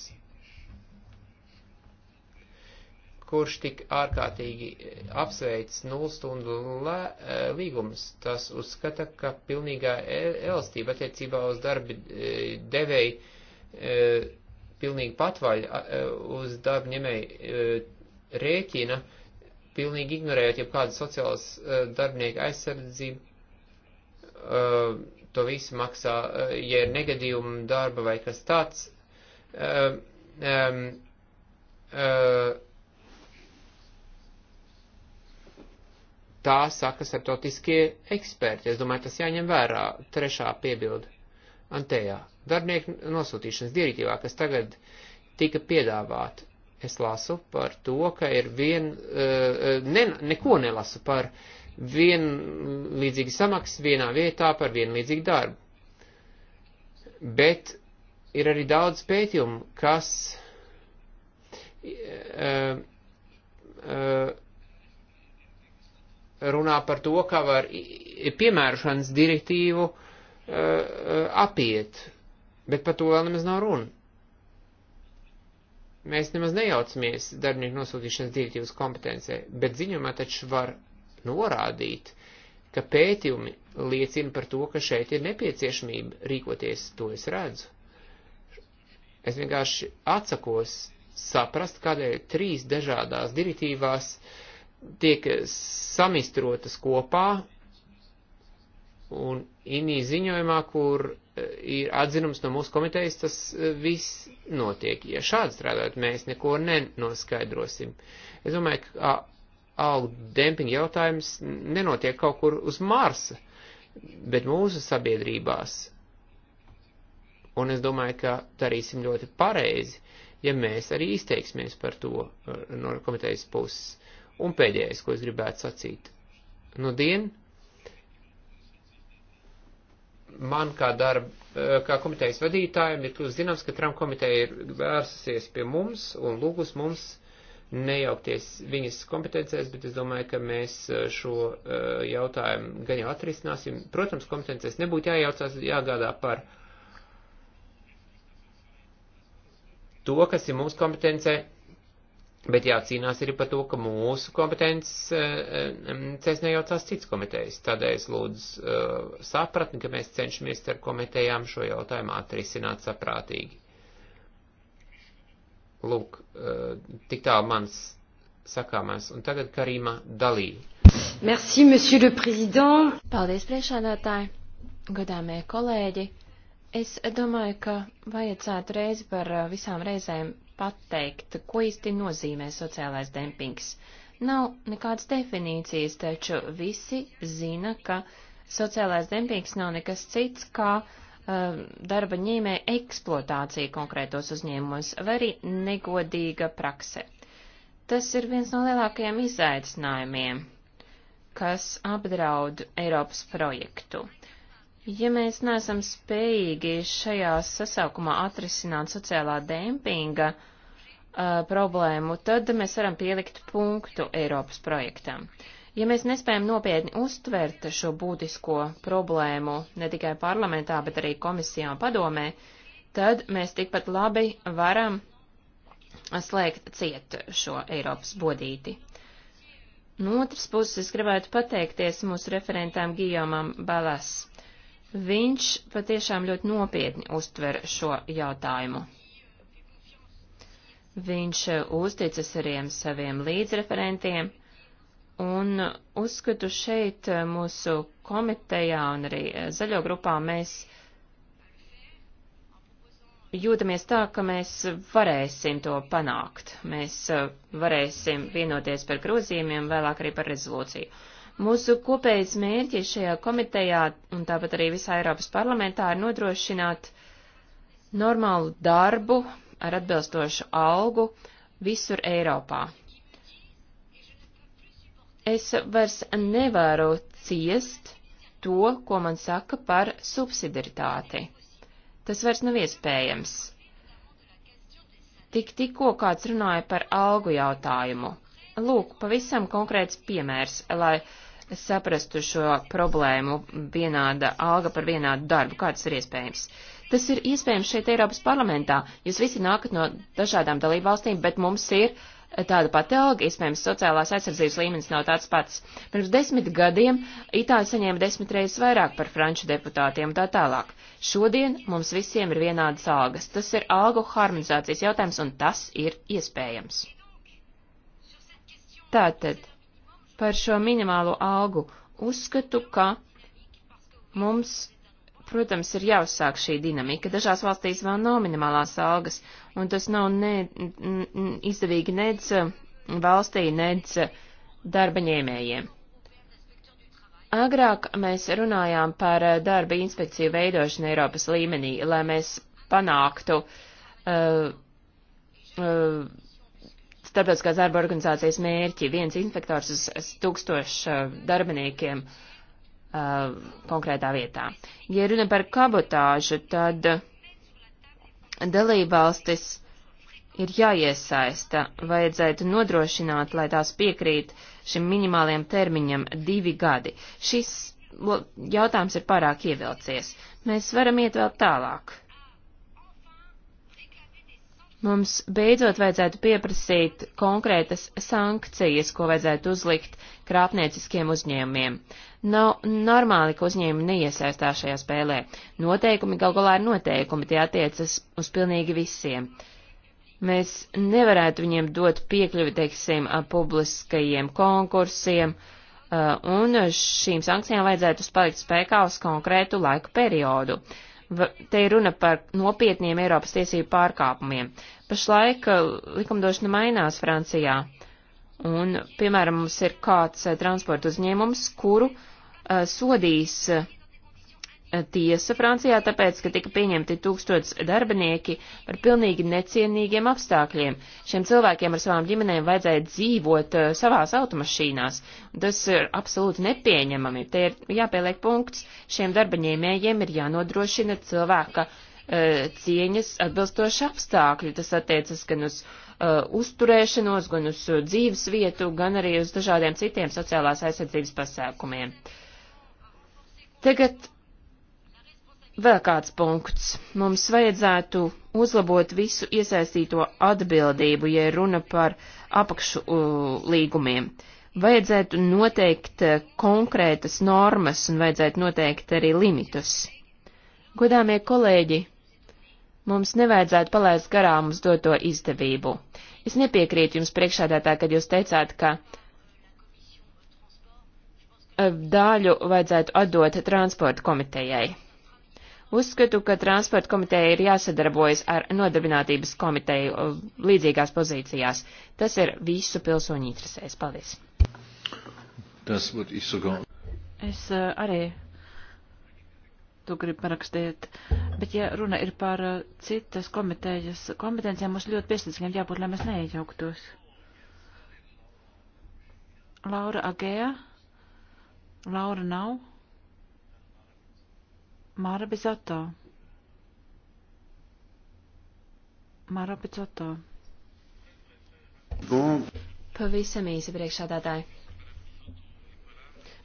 S3: kurš tik ārkārtīgi eh, apsveic nulstundu eh, līgumus, tas uzskata, ka pilnīgā e, elastība attiecībā uz darbi devēju uh, pilnīgi patvaļ uh, uz darba ņemēju rēķina, uh, pilnīgi ignorējot jau kādu sociālas uh, darbinieku aizsardzību. Uh, to visu maksā, uh, ja ir negadījumi darba vai kas tāds. Uh, um, uh, tā saka startautiskie eksperti. Es domāju, tas jāņem vērā. Trešā piebilda. Antējā. Darbinieku nosūtīšanas direktīvā, kas tagad tika piedāvāta, es lasu par to, ka ir vien, eh, eh, ne, neko nelasu par vienlīdzīgu samaksu vienā vietā par vienlīdzīgu darbu. Bet ir arī daudz pētījumu, kas eh, runā par to, ka var piemērošanas direktīvu apiet, bet par to vēl nemaz nav runa Mēs nemaz nejaucamies darbinieku nosūtīšanas direktīvas kompetencē, bet ziņojumā taču var norādīt, ka pētījumi liecina par to, ka šeit ir nepieciešamība rīkoties, to es redzu. Es vienkārši atsakos saprast, kādēļ trīs dažādās direktīvās tiek samisturotas kopā, Un inī ziņojumā, kur e, ir atzinums no mūsu komitejas, tas e, viss notiek. Ja šādi strādājot, mēs neko nenoskaidrosim. Es domāju, ka algu dempinga jautājums nenotiek kaut kur uz Marsa, bet mūsu sabiedrībās. Un es domāju, ka darīsim ļoti pareizi, ja mēs arī izteiksimies par to e, no komitejas puses. Un pēdējais, ko es gribētu sacīt. Nu, no dienu man kā darba, eh, kā komitejas vadītājiem ir kļūst zināms, ka Trump komiteja ir vērsusies pie mums un lūgus mums nejaukties viņas kompetencēs, bet es domāju, ka mēs eh, šo eh, jautājumu gan jau atrisināsim. Protams, kompetencēs nebūtu jājaucās, jāgādā par to, kas ir mūsu kompetencē, Bet jācīnās arī par to, ka mūsu kompetences eh, cēs nejaucās cits komitejas. Tādēļ es lūdzu eh, sapratni, ka mēs cenšamies ar komitejām šo jautājumu atrisināt saprātīgi. Lūk, eh, tik tālu mans sakāmais. Un tagad Karīma Dalī.
S2: Merci, monsieur le président. Paldies, priekšādātāji, godāmie kolēģi. Es domāju, ka vajadzētu reizi par visām reizēm pateikt, ko īsti nozīmē sociālais dempings. Nav nekādas definīcijas, taču visi zina, ka sociālais dempings nav nekas cits kā uh, darba ņēmē eksploatācija konkrētos uzņēmumos vai arī negodīga prakse. Tas ir viens no lielākajiem izaicinājumiem, kas apdraud Eiropas projektu. Ja mēs neesam spējīgi šajā sasaukumā atrisināt sociālā dempinga uh, problēmu, tad mēs varam pielikt punktu Eiropas projektam. Ja mēs nespējam nopietni uztvert šo būtisko problēmu ne tikai parlamentā, bet arī komisijā un padomē, tad mēs tikpat labi varam slēgt ciet šo Eiropas bodīti. No otras puses, es gribētu pateikties mūsu referentām Gijomam Balas. Viņš patiešām ļoti nopietni uztver šo jautājumu. Viņš eh, uzticas arī saviem līdzreferentiem, un uzskatu šeit eh, mūsu komitejā un arī eh, zaļo grupā mēs jūtamies tā, ka mēs varēsim to panākt. Mēs varēsim vienoties par grozījumiem, vēlāk arī par rezolūciju. Mūsu kopējais mērķis šajā komitejā un tāpat arī visā Eiropas parlamentā ir nodrošināt normālu darbu ar atbilstošu algu visur Eiropā. Es vairs nevaru ciest to, ko man saka par subsidiritāti. Tas vairs nav iespējams. Tik tikko kāds runāja par algu jautājumu. Lūk, pavisam konkrēts piemērs, lai uh, saprastu šo problēmu vienāda alga par vienādu darbu, kāds ir iespējams. Tas ir iespējams šeit Eiropas parlamentā. Jūs visi nākat no dažādām dalībvalstīm, bet mums ir tāda pati alga, iespējams, sociālās aizsardzības līmenis nav tāds pats. Pirms desmit gadiem Itāļi saņēma desmit reizes vairāk par franču deputātiem un tā tālāk. Šodien mums visiem ir vienādas algas. Tas ir algu harmonizācijas jautājums un tas ir iespējams. Tātad par šo minimālo algu. Uzskatu, ka mums, protams, ir jāuzsāk šī dinamika. Dažās valstīs vēl nav minimālās algas, un tas nav ne, izdevīgi nec uh, valstī, nec uh, darba ņēmējiem. Agrāk mēs runājām par uh, darba inspekciju veidošanu Eiropas līmenī, lai mēs panāktu uh, uh, starptautiskās darba organizācijas mērķi. Viens inspektors uz, uz tūkstošu uh, darbiniekiem uh, konkrētā vietā. Ja runa par kabotāžu, tad dalībvalstis ir jāiesaista, vajadzētu nodrošināt, lai tās piekrīt šim minimālajam termiņam divi gadi. Šis jautājums ir pārāk ievilcies. Mēs varam iet vēl tālāk. Mums beidzot vajadzētu pieprasīt konkrētas sankcijas, ko vajadzētu uzlikt krāpnieciskiem uzņēmumiem. Nav normāli, ka uzņēmumi neiesaistās šajā spēlē. Noteikumi gal galā ir noteikumi, tie attiecas uz pilnīgi visiem. Mēs nevarētu viņiem dot piekļuvi, teiksim, publiskajiem konkursiem, un šīm sankcijām vajadzētu spalikt spēkā uz konkrētu laiku periodu. Uh, te ir runa par nopietniem Eiropas tiesību pārkāpumiem. Pašlaik uh, likumdošana mainās Francijā. Un, piemēram, mums ir kāds uh, transporta uzņēmums, kuru uh, sodīs uh, tiesa Francijā, tāpēc, ka tika pieņemti tūkstots darbinieki par pilnīgi necienīgiem apstākļiem. Šiem cilvēkiem ar savām ģimenēm vajadzēja dzīvot uh, savās automašīnās. Tas ir eh, absolūti nepieņemami. Te ir jāpieliek punkts. Šiem darbaņēmējiem ir jānodrošina cilvēka uh, cieņas atbilstoši apstākļi. Tas attiecas gan uz uh, uzturēšanos, gan uz dzīves vietu, gan arī uz dažādiem citiem sociālās aizsardzības pasākumiem. Tagad Vēl kāds punkts. Mums vajadzētu uzlabot visu iesaistīto atbildību, ja runa par apakšu uh, līgumiem. Vajadzētu noteikt e, konkrētas normas un vajadzētu noteikt arī limitus. Godāmie kolēģi, mums nevajadzētu palaist garām uz doto izdevību. Es nepiekrītu jums priekšādātā, kad jūs teicāt, ka e, daļu vajadzētu atdot transporta komitejai Uzskatu, ka transporta komiteja ir jāsadarbojas ar nodarbinātības komiteju uh, līdzīgās pozīcijās. Tas ir
S1: visu pilsoņu interesēs. Paldies!
S2: Tas būtu izsaka.
S1: Es uh, arī tu gribi parakstīt, bet ja runa ir par uh, citas komitejas kompetencijām, mums ļoti piesardzīgiem jābūt, lai mēs neiejauktos. Laura Agēja? Laura nav? Mara Bizotto. Mara Bizotto. Bon.
S2: Pavisam īsi priekšādātāji.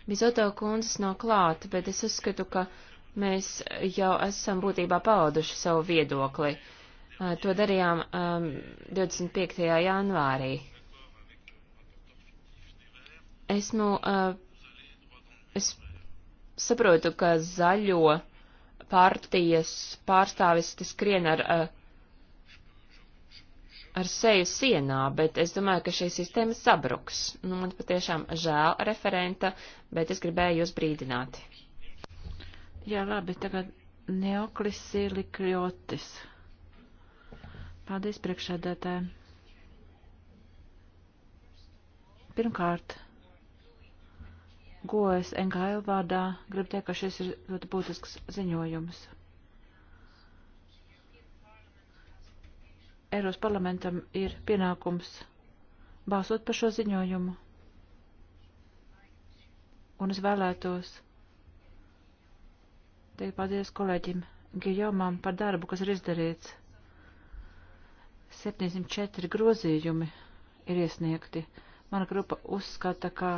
S2: Bizoto kundzes nav klāta, bet es uzskatu, ka mēs jau esam būtībā pauduši savu viedokli. To darījām um, 25. janvārī. Esmu, uh, es saprotu, ka zaļo partijas pārstāvis skrien ar, eh, ar seju sienā, bet es domāju, ka šī sistēma sabruks. Nu, man patiešām žēl referenta, bet es gribēju jūs brīdināt.
S1: Jā, labi, tagad Neoklis Silikriotis. Paldies priekšādātājiem. Pirmkārt, Gojas NKL vārdā gribu teikt, ka šis ir ļoti būtisks ziņojums. Eiros parlamentam ir pienākums balsot par šo ziņojumu, un es vēlētos teikt paldies kolēģim Gijomam par darbu, kas ir izdarīts. 704 grozījumi ir iesniegti. Mana grupa uzskata, ka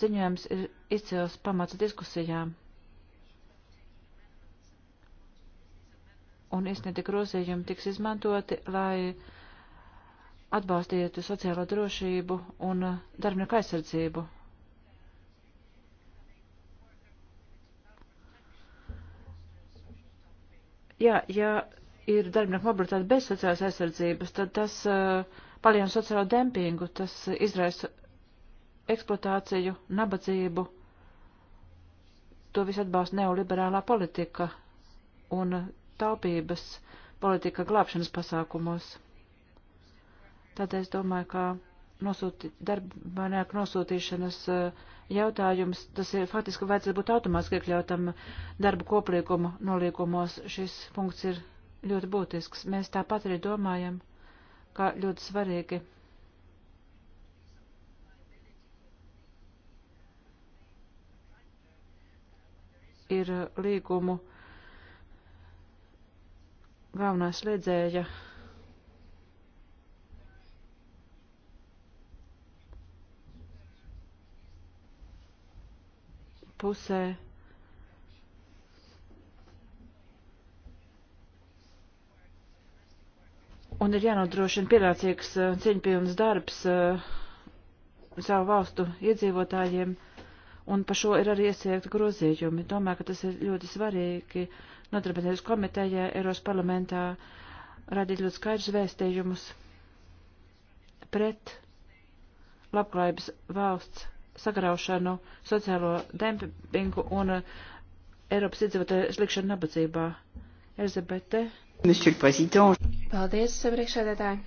S1: Ziņojums ir izcils pamats diskusijām. Un izsniegti grozījumi tiks izmantoti, lai atbalstītu sociālo drošību un darbinieku aizsardzību. Jā, ja ir darbinieku mobilitāte bez sociālās aizsardzības, tad tas uh, palielina sociālo dempingu, tas izraisa eksploatāciju, nabadzību. To visu atbalsta neoliberālā politika un taupības politika glābšanas pasākumos. Tādēļ es domāju, ka nosūti, darbinieku nosūtīšanas eh, jautājums, tas ir faktiski vajadzētu būt automātiski iekļautam darba koplīguma nolīgumos. Šis punkts ir ļoti būtisks. Mēs tāpat arī domājam, ka ļoti svarīgi ir eh, līgumu galvenā slēdzēja. Pusē un ir jānodrošina pienācīgs eh, cieņpilns darbs eh, savu valstu iedzīvotājiem. Uh, un par šo ir arī iesiekti grozījumi. Domāju, ka tas ir ļoti svarīgi nodarboties komitejā, Eiros parlamentā, radīt ļoti skaidrs vēstījumus pret labklājības valsts sagraušanu, sociālo dempingu un uh, Eiropas iedzīvotāju slikšanu nabadzībā. Elizabete. Paldies, priekšsēdētāji.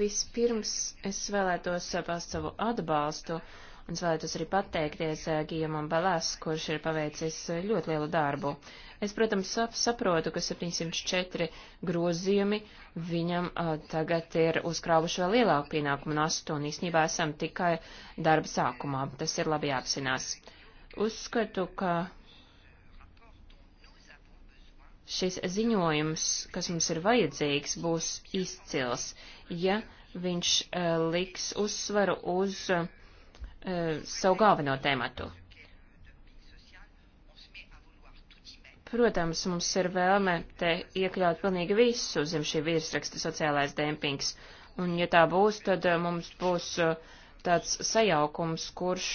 S1: Vispirms es vēlētos saprast
S2: savu atbalstu Es vēlētos arī pateikties eh, Gijamam Balas, kurš ir paveicis eh, ļoti lielu darbu. Es, protams, saprotu, ka 704 grozījumi viņam uh, tagad ir uzkrāvuši vēl lielāku pienākumu nastu, un īstenībā esam tikai darba sākumā. Tas ir labi jāapzinās. Uzskatu, ka šis ziņojums, kas mums ir vajadzīgs, būs izcils, ja viņš uh, liks uzsvaru uz. Uh, E, savu galveno tēmatu. Protams, mums ir vēlme te iekļaut pilnīgi visu zem šī virsraksta sociālais dempings, un ja tā būs, tad e, mums būs e, tāds sajaukums, kurš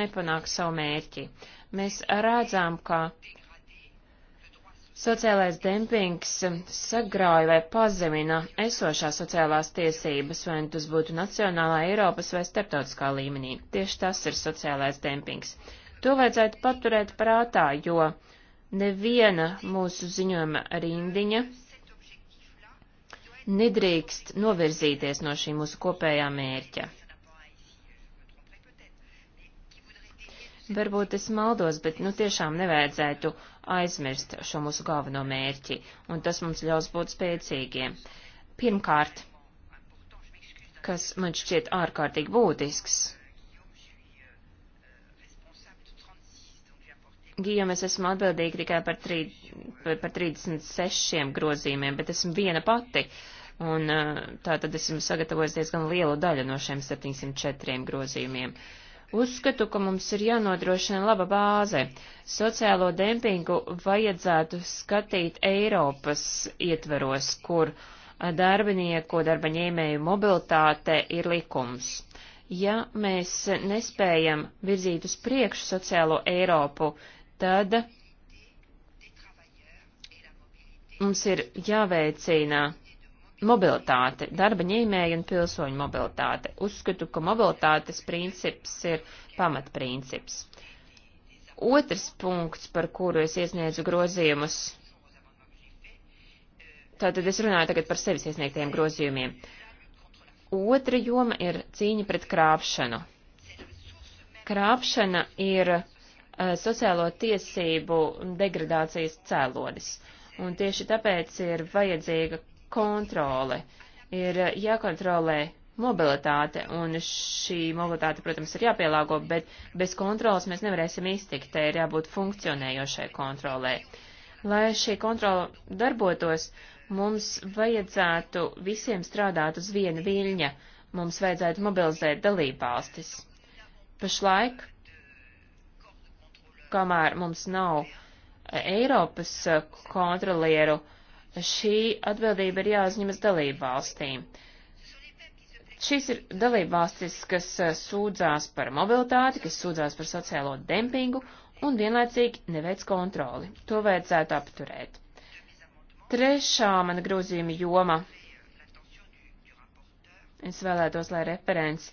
S2: nepanāk savu mērķi. Mēs redzam, ka uh, Sociālais dempings sagrauj vai pazemina esošās sociālās tiesības, vai nu tas būtu nacionālā, Eiropas vai starptautiskā līmenī. Tieši tas ir sociālais dempings. To vajadzētu paturēt prātā, jo neviena mūsu ziņojuma rindiņa nedrīkst novirzīties no šī mūsu kopējā mērķa. Varbūt es maldos, bet nu tiešām nevajadzētu aizmirst šo mūsu galveno mērķi, un tas mums ļaus būt spēcīgiem. Pirmkārt, kas man šķiet ārkārtīgi būtisks. Gijam, es esmu atbildīga tikai par, trī, par 36 grozīmiem, bet esmu viena pati, un uh, tā tad esmu sagatavojis diezgan lielu daļu no šiem 704 grozījumiem. Uh, Uzskatu, ka mums ir jānodrošina laba bāze. Sociālo dempingu vajadzētu skatīt Eiropas ietveros, kur darbinieku darba ņēmēju mobilitāte ir likums. Ja mēs nespējam virzīt uz priekšu sociālo Eiropu, tad mums ir jāveicina mobilitāte, darba ņēmēja un pilsoņu mobilitāte. Uzskatu, ka mobilitātes princips ir pamatprincips. Otrs punkts, par kuru es iesniedzu grozījumus, tātad es runāju tagad par sevis iesniegtiem grozījumiem. Otra joma ir cīņa pret krāpšanu. Krāpšana ir uh, sociālo tiesību degradācijas cēlonis, un tieši tāpēc ir vajadzīga kontrole. Ir eh, jākontrolē mobilitāte, un šī mobilitāte, protams, ir jāpielāgo, bet bez kontrolas mēs nevarēsim iztikt, te ir jābūt funkcionējošai kontrolē. Lai šī kontrola darbotos, mums vajadzētu visiem strādāt uz viena viļņa, mums vajadzētu mobilizēt dalībvalstis. Pašlaik, kamēr mums nav Eiropas kontrolieru, uh, šī atbildība ir jāuzņemas dalību valstīm. Šīs ir dalību valstis, kas eh, sūdzās par mobilitāti, kas sūdzās par sociālo dempingu un vienlaicīgi neveic kontroli. To vajadzētu apturēt. Trešā mana grozījuma joma. Es vēlētos, lai referents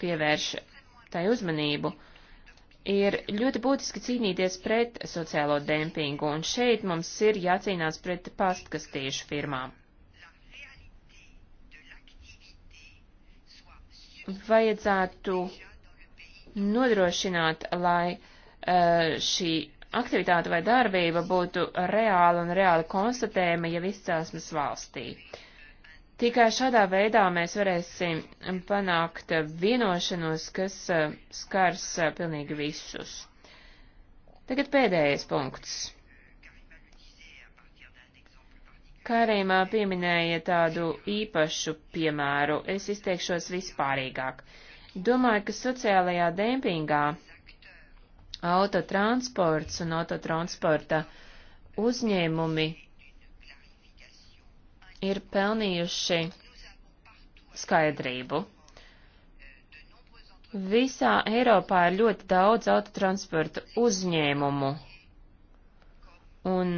S2: pievērš tai uzmanību. Uh, ir ļoti būtiski cīnīties pret sociālo dempingu, un šeit mums ir jācīnās pret pastkastīšu firmām. Vajadzētu nodrošināt, lai eh, šī aktivitāte vai darbība būtu reāla un reāli konstatējama jau izcelsmes valstī. Uh, Tikai šādā veidā mēs varēsim panākt vienošanos, kas e, skars e, pilnīgi visus. Tagad pēdējais punkts. Karīmā e, pieminēja tādu īpašu piemēru, es izteikšos vispārīgāk. Domāju, ka sociālajā dempingā autotransports un autotransporta uzņēmumi ir pelnījuši skaidrību. Visā Eiropā ir ļoti daudz autotransporta uzņēmumu, un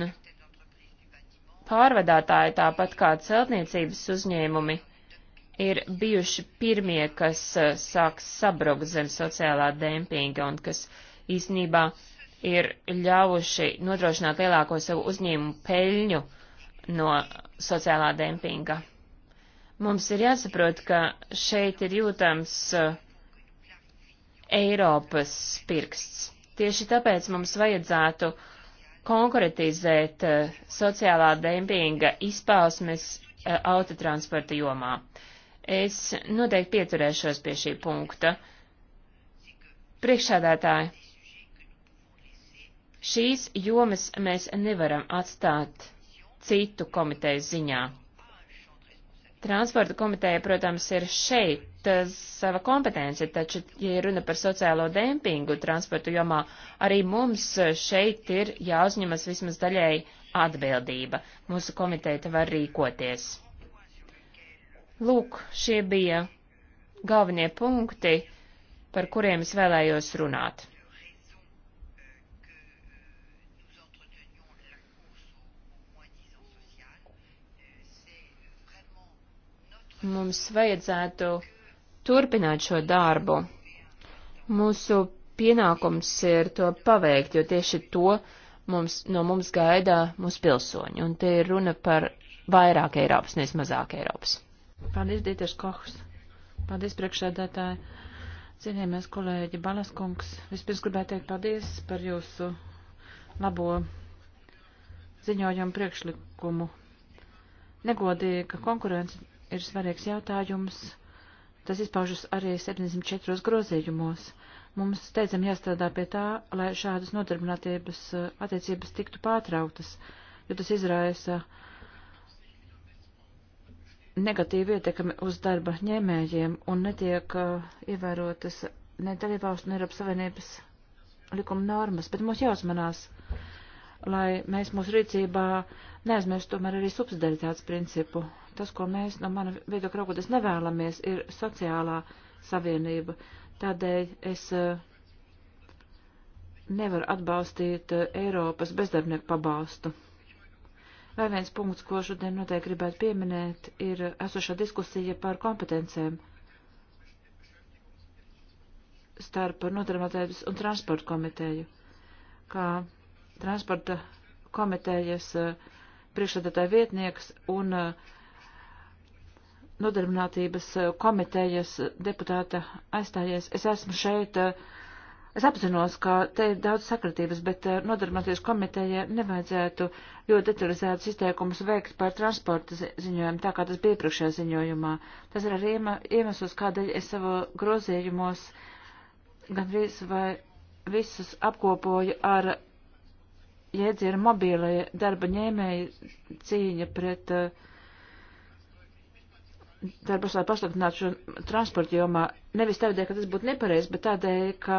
S2: pārvadātāji, tāpat kā celtniecības uzņēmumi, ir bijuši pirmie, kas eh, sāks sabrukt zem sociālā dempinga un kas īsnībā ir ļāvuši nodrošināt lielāko savu uzņēmumu peļņu no sociālā dempinga. Mums ir jāsaprot, ka šeit ir jūtams eh, Eiropas pirksts. Tieši tāpēc mums vajadzētu konkretizēt eh, sociālā dempinga izpausmes eh, autotransporta jomā. Es noteikti pieturēšos pie šī punkta. Priekšsādātāji, šīs jomas mēs nevaram atstāt citu komiteju ziņā. Transporta komiteja, protams, ir šeit eh, sava kompetence, taču, ja runa par sociālo dempingu transportu jomā, arī mums eh, šeit ir jāuzņemas vismaz daļēji atbildība. Mūsu komiteja var rīkoties. Lūk, šie bija galvenie punkti, par kuriem es vēlējos runāt. mums vajadzētu turpināt šo darbu. Mūsu pienākums ir to paveikt, jo tieši to mums, no mums gaida mūsu pilsoņi. Un te ir runa par vairāk Eiropas, nevis mazāk Eiropas.
S1: Paldies, Dīters Kohs. Paldies, priekšsēdētāji. Cienījamies kolēģi Balaskungs. Vispirms gribētu teikt paldies par jūsu labo ziņojumu priekšlikumu. Negodīga konkurence ir svarīgs jautājums. Tas izpaužas arī 74 grozījumos. Mums steidzam jāstrādā pie tā, lai šādas nodarbinātības eh, attiecības tiktu pārtrauktas, jo tas izraisa negatīvu ietekmi uz darba ņēmējiem un netiek eh, ievērotas ne dalībvalstu, ne Eiropas Savienības likuma normas, bet mums jāuzmanās, lai mēs mūsu rīcībā neaizmirstu tomēr arī subsidaritātes principu tas, ko mēs no mana viedokļa raugoties nevēlamies, ir sociālā savienība. Tādēļ es eh, nevaru atbalstīt eh, Eiropas bezdarbnieku pabalstu. Vēl viens punkts, ko šodien noteikti gribētu pieminēt, ir esošā diskusija par kompetencēm starp nodarbinātības un transporta komiteju. Kā transporta komitejas eh, priekšsēdētāja vietnieks un uh, nodarbinātības eh, komitejas deputāta aizstājies. Es esmu šeit, eh, es apzinos, ka te ir daudz sakritības, bet eh, nodarbinātības komiteja nevajadzētu ļoti detalizētus izteikumus veikt par transporta ziņojumu, tā kā tas bija priekšējā ziņojumā. Tas ir arī iemesls, kādēļ es savu grozījumos gandrīz vai visus apkopoju ar jēdzienu mobīlai darba ņēmēji cīņa pret uh, darbus, lai pasliktinātu šo transporta jomā. Nevis tādēļ, ka tas būtu nepareizi, bet tādēļ, ka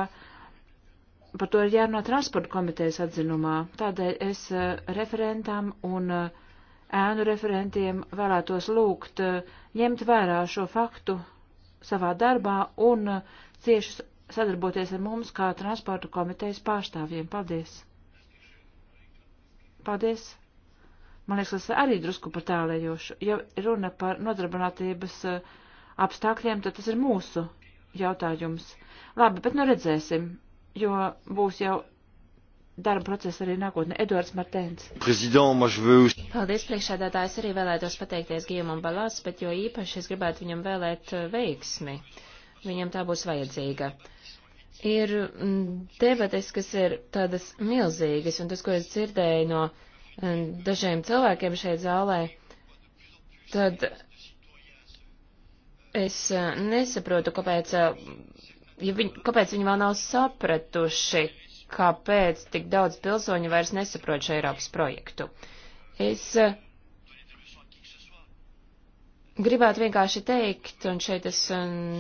S1: par to ir jārunā transporta komitejas atzinumā. Tādēļ es eh, referentam un eh, ēnu referentiem vēlētos lūgt eh, ņemt vērā šo faktu savā darbā un cieši sadarboties ar mums kā transporta komitejas pārstāvjiem. Paldies! Paldies! Man liekas, tas arī drusku par tālējošu. Ja runa par nodarbinātības eh, apstākļiem, tad tas ir mūsu jautājums. Labi, bet nu redzēsim, jo būs jau darba procesu arī nākotnē. Eduards Martēns. Veux... Paldies, priekšādātāji. Es arī vēlētos pateikties
S2: Gijumam Balās, bet jo īpaši es gribētu viņam vēlēt eh, veiksmi. Viņam tā būs vajadzīga. Ir mm, debates, kas ir tādas milzīgas, un tas, ko es dzirdēju no dažiem cilvēkiem šeit zālē, tad es eh, nesaprotu, kāpēc, eh, ja viņ, kāpēc viņi vēl nav sapratuši, kāpēc tik daudz pilsoņu vairs nesaprot šo Eiropas projektu. Es eh, gribētu vienkārši teikt, un šeit es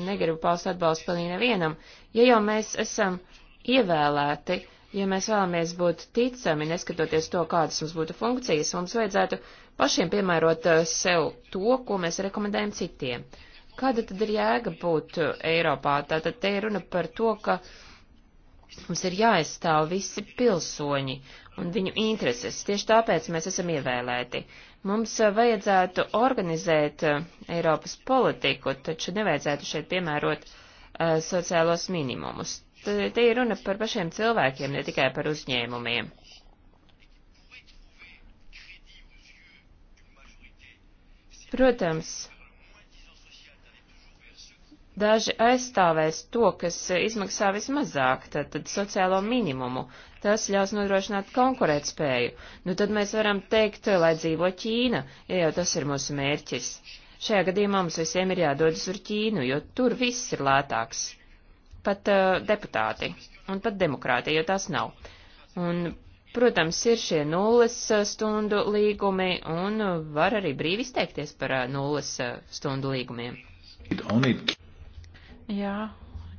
S2: negribu paust atbalstu pilnīgi nevienam, ja jau mēs esam ievēlēti, uh, Ja mēs vēlamies būt ticami, neskatoties to, kādas mums būtu funkcijas, mums vajadzētu pašiem piemērot eh, sev to, ko mēs rekomendējam citiem. Kāda tad ir jēga būt eh, Eiropā? Tātad te ir runa par to, ka mums ir jāaizstāv visi pilsoņi un viņu intereses. Tieši tāpēc mēs esam ievēlēti. Mums eh, vajadzētu organizēt Eiropas politiku, taču nevajadzētu šeit piemērot uh, sociālos minimumus. Tad eh, te ir runa par pašiem cilvēkiem, ne tikai par uzņēmumiem. Protams, daži aizstāvēs to, kas eh, izmaksā vismazāk, tad, tad sociālo minimumu. Tas ļaus nodrošināt konkurētspēju. Nu tad mēs varam teikt, eh, lai dzīvo Ķīna, ja jau tas ir mūsu mērķis. Šajā gadījumā mums visiem ir jādodas uz Ķīnu, jo tur viss ir lētāks pat uh, deputāti un pat demokrātija, jo tas nav. Un, protams, ir šie nulles eh, stundu līgumi un eh, var arī brīvi izteikties par uh, nulles stundu līgumiem.
S1: Jā,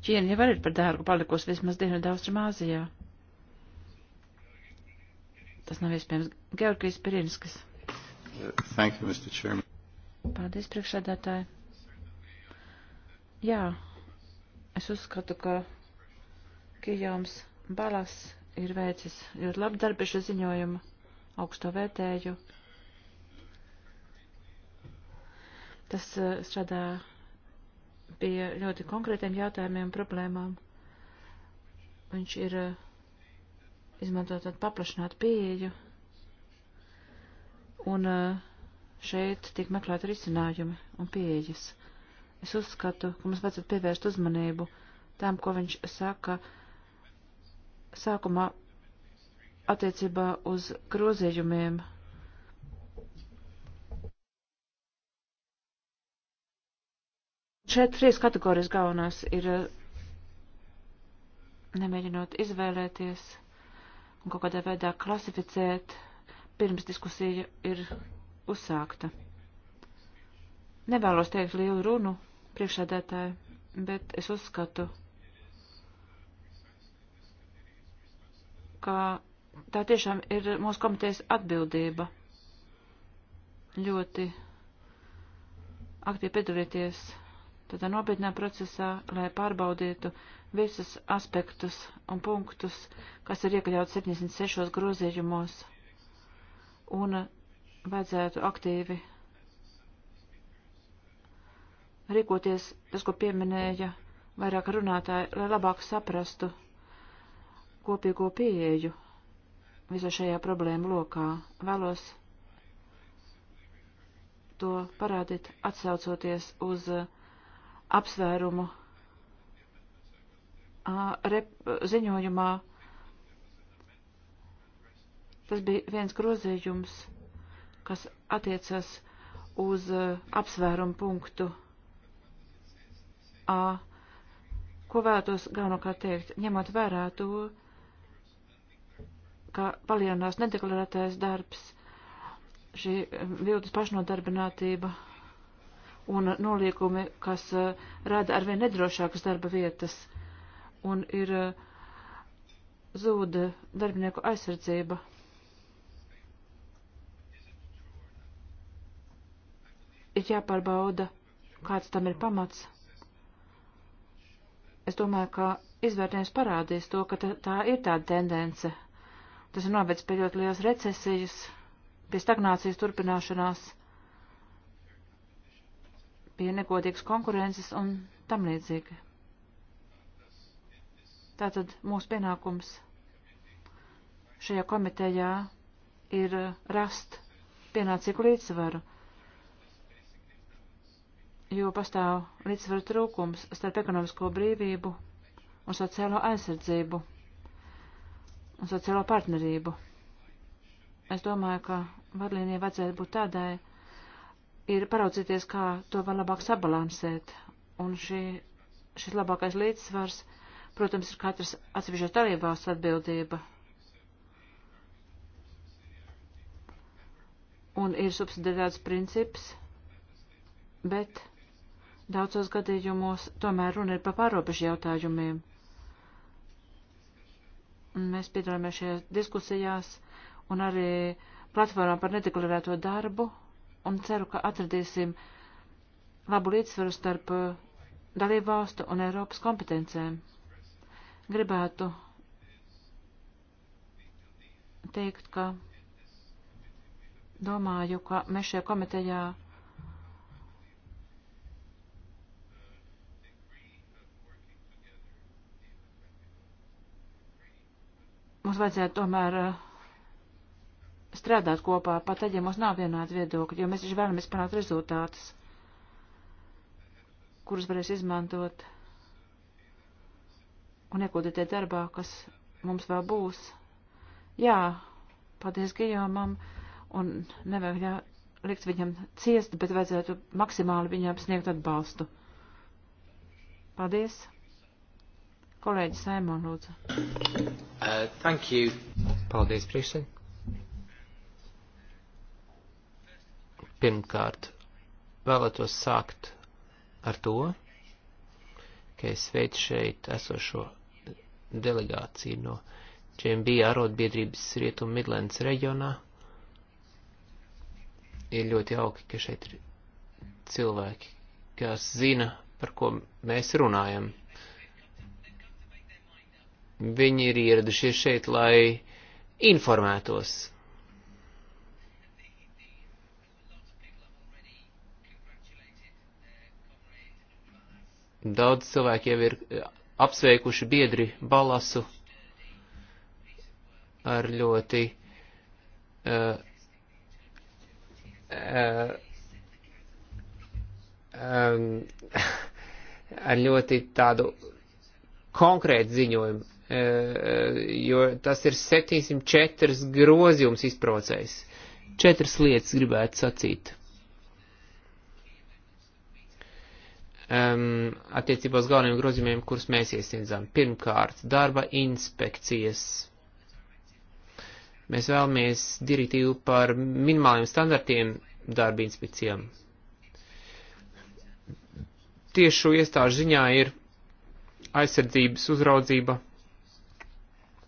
S1: Ķīna jau arī ir par dārgu palikusi vismaz Dienvidaustrumāzijā. Tas nav iespējams. Georgijas Pirinskas. Thank you, Mr. Chairman. Paldies, priekšsēdētāji. Jā, Es uzskatu, ka Kijoms Balas ir veicis ļoti labu darbu šo ziņojumu, augsto vērtēju. Tas eh, strādā pie ļoti konkrētiem jautājumiem, problēmām. Viņš ir eh, izmantot tādu paplašinātu pieeju, un eh, šeit tiek meklēt risinājumi un pieejas. Es uzskatu, ka mums vajadzētu pievērst uzmanību tām, ko viņš saka sākumā attiecībā uz grozījumiem. Šeit trīs kategorijas galvenās ir eh, nemēģinot izvēlēties un kaut kādā veidā klasificēt, pirms diskusija ir uzsākta. Nevēlos teikt lielu runu, priekšsēdētāji, bet es uzskatu, ka tā tiešām ir mūsu komitejas atbildība ļoti aktīvi piedalīties tādā nopietnā procesā, lai pārbaudītu visus aspektus un punktus, kas ir iekļauts 76 grozījumos, un vajadzētu aktīvi rīkoties, tas, ko pieminēja vairāk runātāji, lai labāk saprastu kopīgo pieeju visā šajā problēma lokā. Vēlos to parādīt atsaucoties uz uh, apsvērumu uh, rep, ziņojumā. Tas bija viens grozījums, kas attiecas uz uh, apsvērumu punktu A, ko vēlētos galvenokārt teikt, ņemot vērā to, ka palielinās nedeklarētais darbs, šī eh, viltus pašnodarbinātība un noliekumi, kas eh, rada arvien nedrošākas darba vietas un ir eh, zūda darbinieku aizsardzība. Ir jāpārbauda, kāds tam ir pamats es domāju, ka izvērtējums parādīs to, ka tā ir tāda tendence. Tas ir novedis pie ļoti lielas recesijas, pie stagnācijas turpināšanās, pie negodīgas konkurences un tam līdzīgi. Tātad mūsu pienākums šajā komitejā ir rast pienācīgu līdzsvaru jo pastāv līdzsvaru trūkums starp ekonomisko brīvību un sociālo aizsardzību un sociālo partnerību. Es domāju, ka vadlīnija vajadzētu būt tādai, ir paraudzīties, kā to var labāk sabalansēt, un šī, šis labākais līdzsvars, protams, ir katras atsevišķas dalībvalsts atbildība. Un ir subsidētāts princips, bet Daudzos gadījumos tomēr runa ir par pārobežu jautājumiem. Un mēs piedalāmies šajās diskusijās un arī platformā par nedeklarēto darbu un ceru, ka atradīsim labu līdzsvaru starp uh, dalību valstu un Eiropas kompetencēm. Gribētu teikt, ka domāju, ka mēs šajā komitejā mums vajadzētu tomēr eh, strādāt kopā, pat tad, ja mums nav vienādi viedokļi, jo mēs taču vēlamies panākt rezultātus, kurus varēs izmantot un iekodītie darbā, kas mums vēl būs. Jā, paldies Gijomam, un nevajag ļā, likt viņam ciest, bet vajadzētu maksimāli viņam sniegt atbalstu. Paldies! Kolēģi Saimon, lūdzu.
S3: Uh, thank you. Paldies, priekšsēd. Pirmkārt, vēlētos sākt ar to, ka es veicu šeit esošo delegāciju no GMB arotbiedrības Rietumu Midlands reģionā. Ir ļoti jauki, ka šeit ir cilvēki, kas zina, par ko mēs runājam. Viņi ir ieradušies šeit, lai informētos. Daudz cilvēki jau ir eh, apsveikuši biedri balasu ar ļoti uh, uh, um, ar ļoti tādu konkrētu ziņojumu. Eh, eh, jo tas ir 704 grozījums izprocējis. Četras lietas gribētu sacīt. Um, attiecībā uz galveniem grozījumiem, kurus mēs iesniedzām. Pirmkārt, darba inspekcijas. Mēs vēlamies direktīvu par minimāliem standartiem darba inspekcijām. Tiešu iestāžu ziņā ir aizsardzības uzraudzība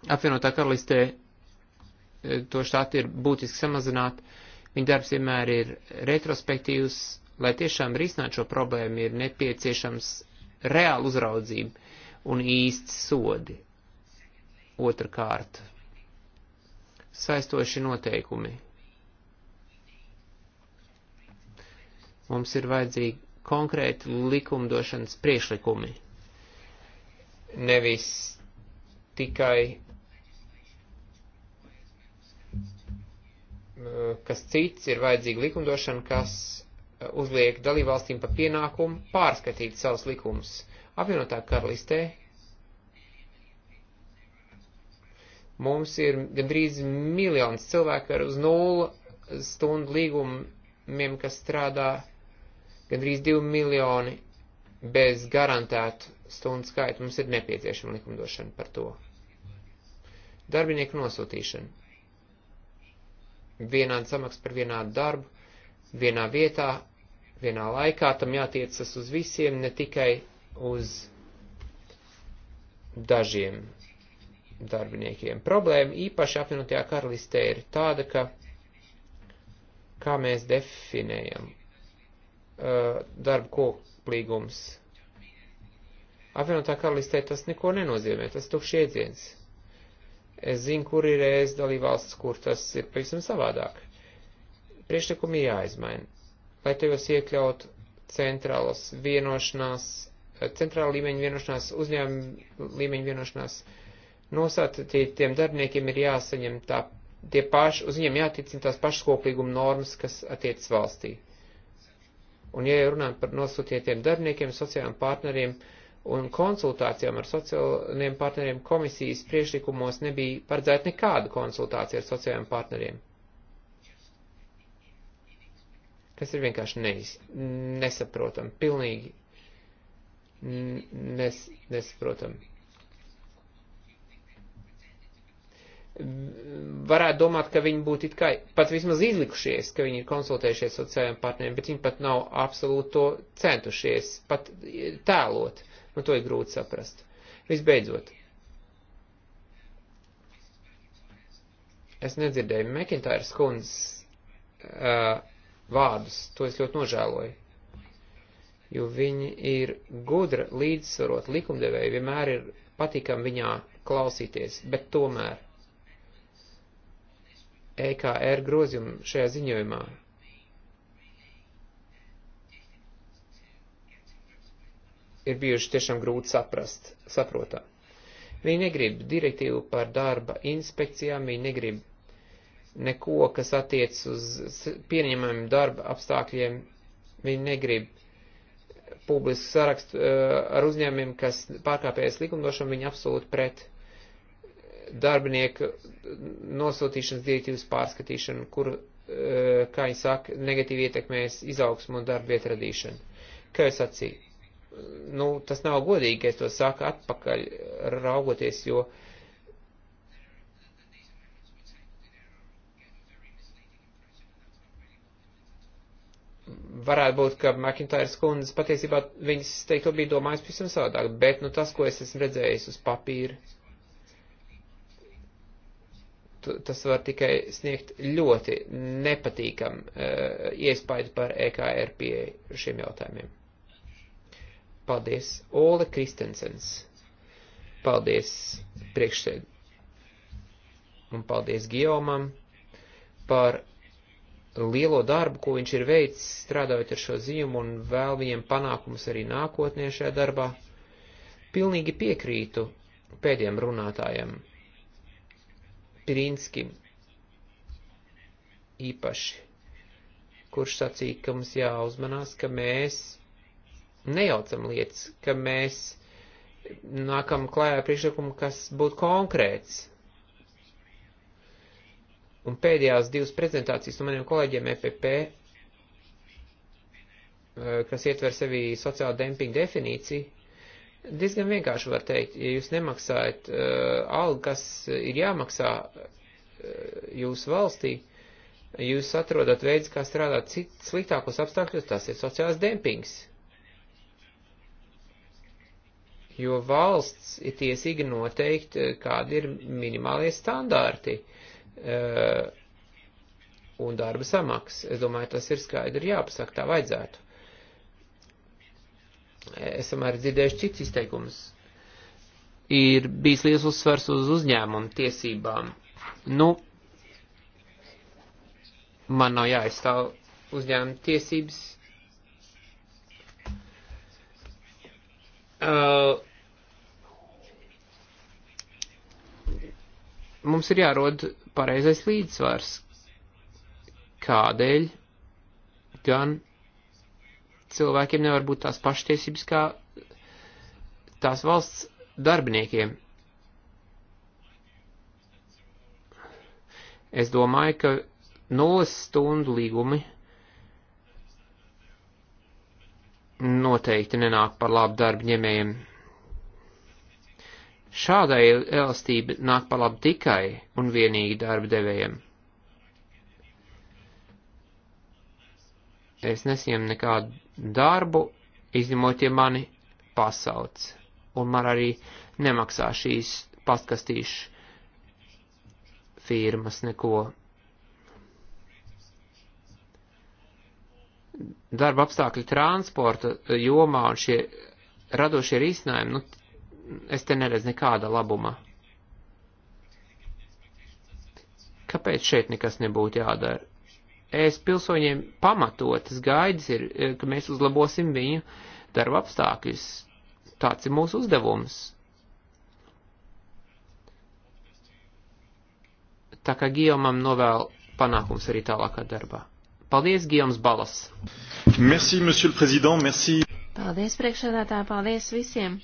S3: apvienotā karalistē e, to štātu ir būtiski samazināt. Viņa darbs vienmēr ir retrospektīvs, lai tiešām risinātu šo problēmu, ir nepieciešams reāla uzraudzība un īsts sodi. Otrakārt, saistoši noteikumi. Mums ir vajadzīgi konkrēti likumdošanas priešlikumi, nevis tikai kas cits, ir vajadzīga likumdošana, kas eh, uzliek dalībvalstīm pa pienākumu pārskatīt savus likumus. Apvienotā karalistē mums ir gandrīz miljons cilvēku ar uz nulli stundu līgumiem, kas strādā gandrīz divi miljoni bez garantētu stundu skaitu. Mums ir nepieciešama likumdošana par to. Darbinieku nosūtīšana vienāda samaksa par vienādu darbu, vienā vietā, vienā laikā, tam jātiecas uz visiem, ne tikai uz dažiem darbiniekiem. Problēma īpaši apvienotajā karalistē ir tāda, ka kā mēs definējam uh, darbu koplīgums. Apvienotā karalistē tas neko nenozīmē, tas tukšs iedziens. Es zinu, kur ir ES dalībvalsts, kur tas ir pavisam savādāk. Priekšlikumi jāizmaina, lai tajos iekļaut centrālas vienošanās, centrāla līmeņa vienošanās, uzņēmuma līmeņa vienošanās. Nosacītiem darbiniekiem ir jāsaņem tā, tie paši, uz viņiem jāticina tās pašas koplīguma normas, kas attiecas valstī. Un, ja runājam par nosūtītiem darbiniekiem, sociālajiem partneriem, uh, un konsultācijām ar sociālajiem partneriem komisijas priešlikumos nebija paredzēta nekāda konsultācija ar sociālajiem partneriem. Kas ir vienkārši neiz, nesaprotam, pilnīgi nes, nesaprotam. Varētu domāt, ka viņi būtu it kā pat vismaz izlikušies, ka viņi ir konsultējušies sociālajiem partneriem, bet viņi pat nav absolūti to centušies pat tēlot. Uh, Un to ir grūti saprast. Visbeidzot, es nedzirdēju Mekintāras kundzes uh, vārdus, to es ļoti nožēloju, jo viņi ir gudra līdzsvarot likumdevēju, vienmēr ir patīkam viņā klausīties, bet tomēr EKR grozījumi šajā ziņojumā ir bijuši tiešām grūti saprast, saprotam. Viņi negrib direktīvu par darba inspekcijām, viņi negrib neko, kas attiec uz pieņemamiem darba apstākļiem, viņi negrib publisku sarakstu eh, ar uzņēmumiem, kas pārkāpējas likumdošanu, viņi absolūti pret darbinieku nosūtīšanas direktīvas pārskatīšanu, kur, eh, kā viņi saka, negatīvi ietekmēs izaugsmu un darba vietu radīšanu. Kā es atsīju? nu, tas nav godīgi, ka es to saku atpakaļ raugoties, jo. Varētu būt, ka McIntyre skundas patiesībā viņas teikto bija domājis pavisam savādāk, bet nu, tas, ko es esmu redzējis uz papīra, tas var tikai sniegt ļoti nepatīkam uh, iespaidu par EKR pieeju šiem jautājumiem. Paldies, Ole Kristensens. Paldies priekšsēd. Un paldies Gijomam par lielo darbu, ko viņš ir veicis strādājot ar šo zīmu un vēl viņiem panākumus arī nākotnē šajā darbā. Pilnīgi piekrītu pēdējiem runātājiem. Pirinski īpaši, kurš sacīja, ka mums jāuzmanās, ka mēs nejaucam lietas, ka mēs nākam klājā priekšlikumu, kas būtu konkrēts. Un pēdējās divas prezentācijas no maniem kolēģiem FFP, eh, kas ietver sevī sociāla dempinga definīciju, diezgan vienkārši var teikt, ja jūs nemaksājat uh, algu, kas ir jāmaksā uh, jūsu valstī, jūs atrodat veids, kā strādāt cit, sliktākos apstākļos, tas ir sociāls dempings. Uh, jo valsts ir tiesīga noteikt, eh, kādi ir minimālie standārti uh, eh, un darba samaks. Es domāju, tas ir skaidri jāpasaka, tā vajadzētu. Esam arī dzirdējuši cits izteikums. Ir bijis liels uzsvars uz uzņēmumu tiesībām. Nu, man nav jāizstāv uzņēmuma tiesības. Uh, mums ir jārod pareizais līdzsvars, kādēļ gan cilvēkiem nevar būt tās paštiesības kā tās valsts darbiniekiem. Es domāju, ka nulles stundu līgumi noteikti nenāk par labu darbu ņemējiem Šādai elastība nāk pa labu tikai un vienīgi darba devējiem. Es nesiem nekādu darbu, izņemot, ja mani pasauc, un man arī nemaksā šīs pastkastīšu firmas neko. Darba apstākļi transporta jomā un šie radošie risinājumi, nu, es te neredzu nekāda labuma. Kāpēc šeit nekas nebūtu jādara? Es pilsoņiem pamatotas gaidas ir, eh, ka mēs uzlabosim viņu darba apstākļus. Tāds ir mūsu uzdevums. Tā kā Gijomam novēl panākums arī tālākā darbā. Paldies, Gijoms Balas!
S1: Merci,
S2: monsieur le président, merci! Paldies, priekšsēdētāji, paldies visiem!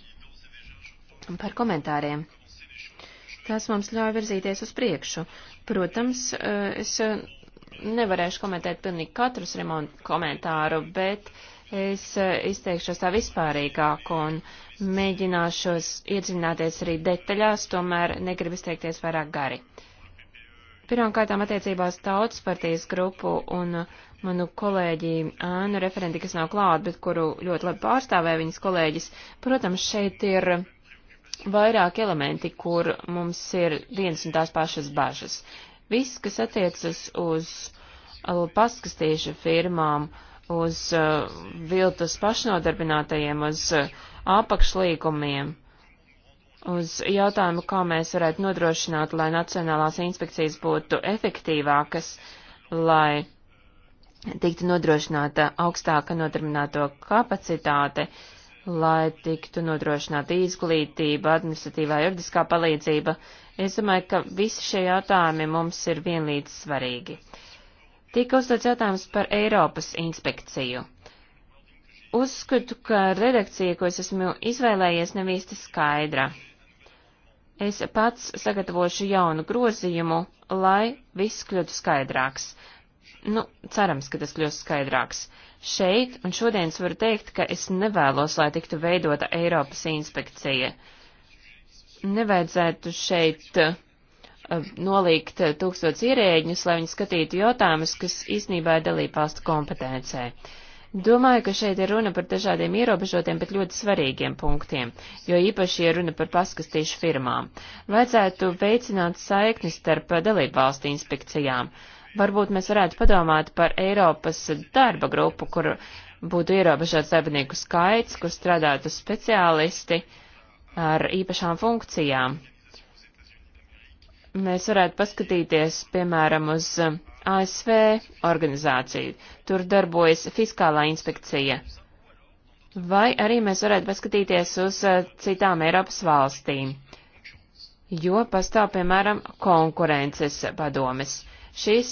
S2: par komentāriem. Tas mums ļauj virzīties uz priekšu. Protams, eh, es eh, nevarēšu komentēt pilnīgi katrus remontu komentāru, bet es eh, izteikšos tā vispārīgāk un mēģināšos iedziļināties arī detaļās, tomēr negribu izteikties vairāk gari. Pirmkārtām attiecībās tautas partijas grupu un manu kolēģi Ānu referenti, kas nav klāt, bet kuru ļoti labi pārstāvē viņas kolēģis. Protams, šeit ir vairāk elementi, kur mums ir viens un tās pašas bažas. Viss, kas attiecas uz uh, paskastīšu firmām, uz uh, viltus pašnodarbinātajiem, uz uh, apakšlīgumiem, uz jautājumu, kā mēs varētu nodrošināt, lai nacionālās inspekcijas būtu efektīvākas, lai tiktu nodrošināta augstāka nodarbināto kapacitāte. Uh, lai tiktu nodrošināta izglītība, administratīvā juridiskā palīdzība. Es domāju, ka visi šie jautājumi mums ir vienlīdz svarīgi. Tika uzdots jautājums par Eiropas inspekciju. Uzskatu, ka redakcija, ko es esmu izvēlējies, nav īsti skaidra. Es pats sagatavošu jaunu grozījumu, lai viss kļūtu skaidrāks. Nu, cerams, ka tas kļūs skaidrāks. Šeit un šodien es varu teikt, ka es nevēlos, lai tiktu veidota Eiropas inspekcija. Nevajadzētu šeit uh, nolikt uh, tūkstots ierēģņus, lai viņi skatītu jautājumus, kas īsnībā ir dalībvalstu kompetencē. Domāju, ka šeit ir runa par dažādiem ierobežotiem, bet ļoti svarīgiem punktiem, jo īpaši ir runa par paskastīšu firmām. Vajadzētu veicināt saiknis starp dalībvalstu inspekcijām. Varbūt mēs varētu padomāt par Eiropas darba grupu, kur būtu ierobežots darbinieku skaits, kur strādātu speciālisti ar īpašām funkcijām. Mēs varētu paskatīties, piemēram, uz ASV organizāciju. Tur darbojas fiskālā inspekcija. Vai arī mēs varētu paskatīties uz eh, citām Eiropas valstīm, jo pastāv, piemēram, konkurences padomes. Šis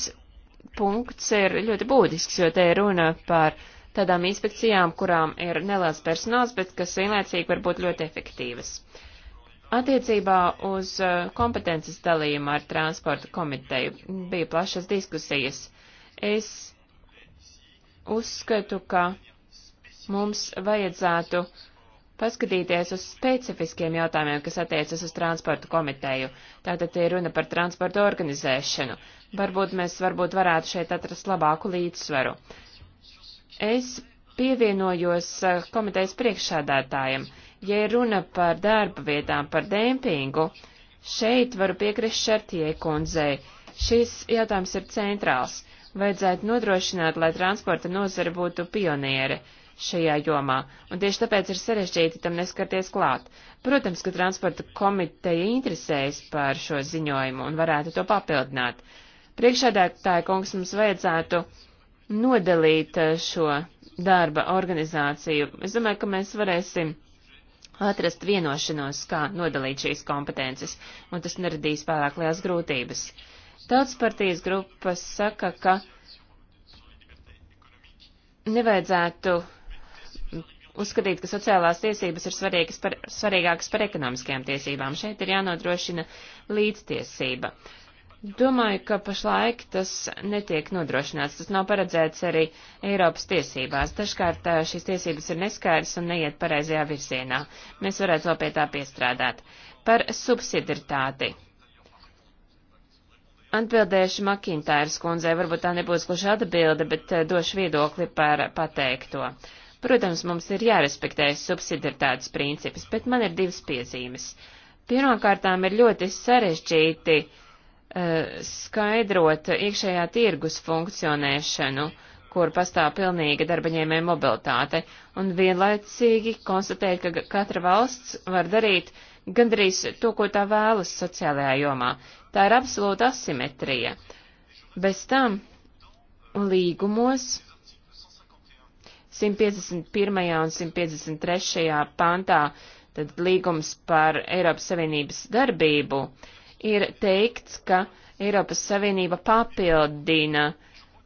S2: punkts ir ļoti būtisks, jo te ir runa par tādām inspekcijām, kurām ir neliels personāls, bet kas vienlaicīgi var būt ļoti efektīvas. Attiecībā uz uh, kompetences dalījumu ar transporta komiteju bija plašas diskusijas. Es uzskatu, ka mums vajadzētu uh, paskatīties uz specifiskiem jautājumiem, kas attiecas uz transportu komiteju. Tātad ir runa par transportu organizēšanu. Varbūt mēs varbūt varētu šeit atrast labāku līdzsvaru. Es pievienojos eh, komitejas priekšsādātājiem. Ja ir runa par darba vietām, par dēmpingu, šeit varu piekrist Šartie kundzei. Šis jautājums ir centrāls. Vajadzētu nodrošināt, lai transporta nozara būtu pionieri šajā jomā, un tieši tāpēc ir sarežģīti tam neskarties klāt. Protams, ka transporta komiteja interesējas par šo ziņojumu un varētu to papildināt. Priekšādātāja kungs mums vajadzētu nodalīt eh, šo darba organizāciju. Es domāju, ka mēs varēsim atrast vienošanos, kā nodalīt šīs kompetences, un tas neradīs pārāk liels grūtības. Tautas partijas grupas saka, ka nevajadzētu uzskatīt, ka sociālās tiesības ir svarīgas par, svarīgākas par ekonomiskajām tiesībām. Šeit ir jānodrošina līdztiesība. Domāju, ka pašlaik tas netiek nodrošināts, tas nav paredzēts arī Eiropas tiesībās. Dažkārt šīs tiesības ir neskaidrs un neiet pareizajā virzienā. Mēs varētu vēl pie tā piestrādāt. Par subsidiritāti. Atbildēšu Makintāras kundzei, varbūt tā nebūs kluša atbilde, bet došu viedokli par pateikto. Uh, Protams, mums ir jārespektē subsidiaritātes princips, bet man ir divas piezīmes. Pirmkārtām ir ļoti sarežģīti uh, skaidrot iekšējā tirgus funkcionēšanu, kur pastāv pilnīga darbaņēmē mobilitāte, un vienlaicīgi konstatēt, ka katra valsts var darīt gandrīz to, ko tā vēlas sociālajā jomā. Tā ir absolūta asimetrija. Bez tam līgumos 151. un 153. pantā, tad līgums par Eiropas Savienības darbību, ir teikts, ka Eiropas Savienība papildina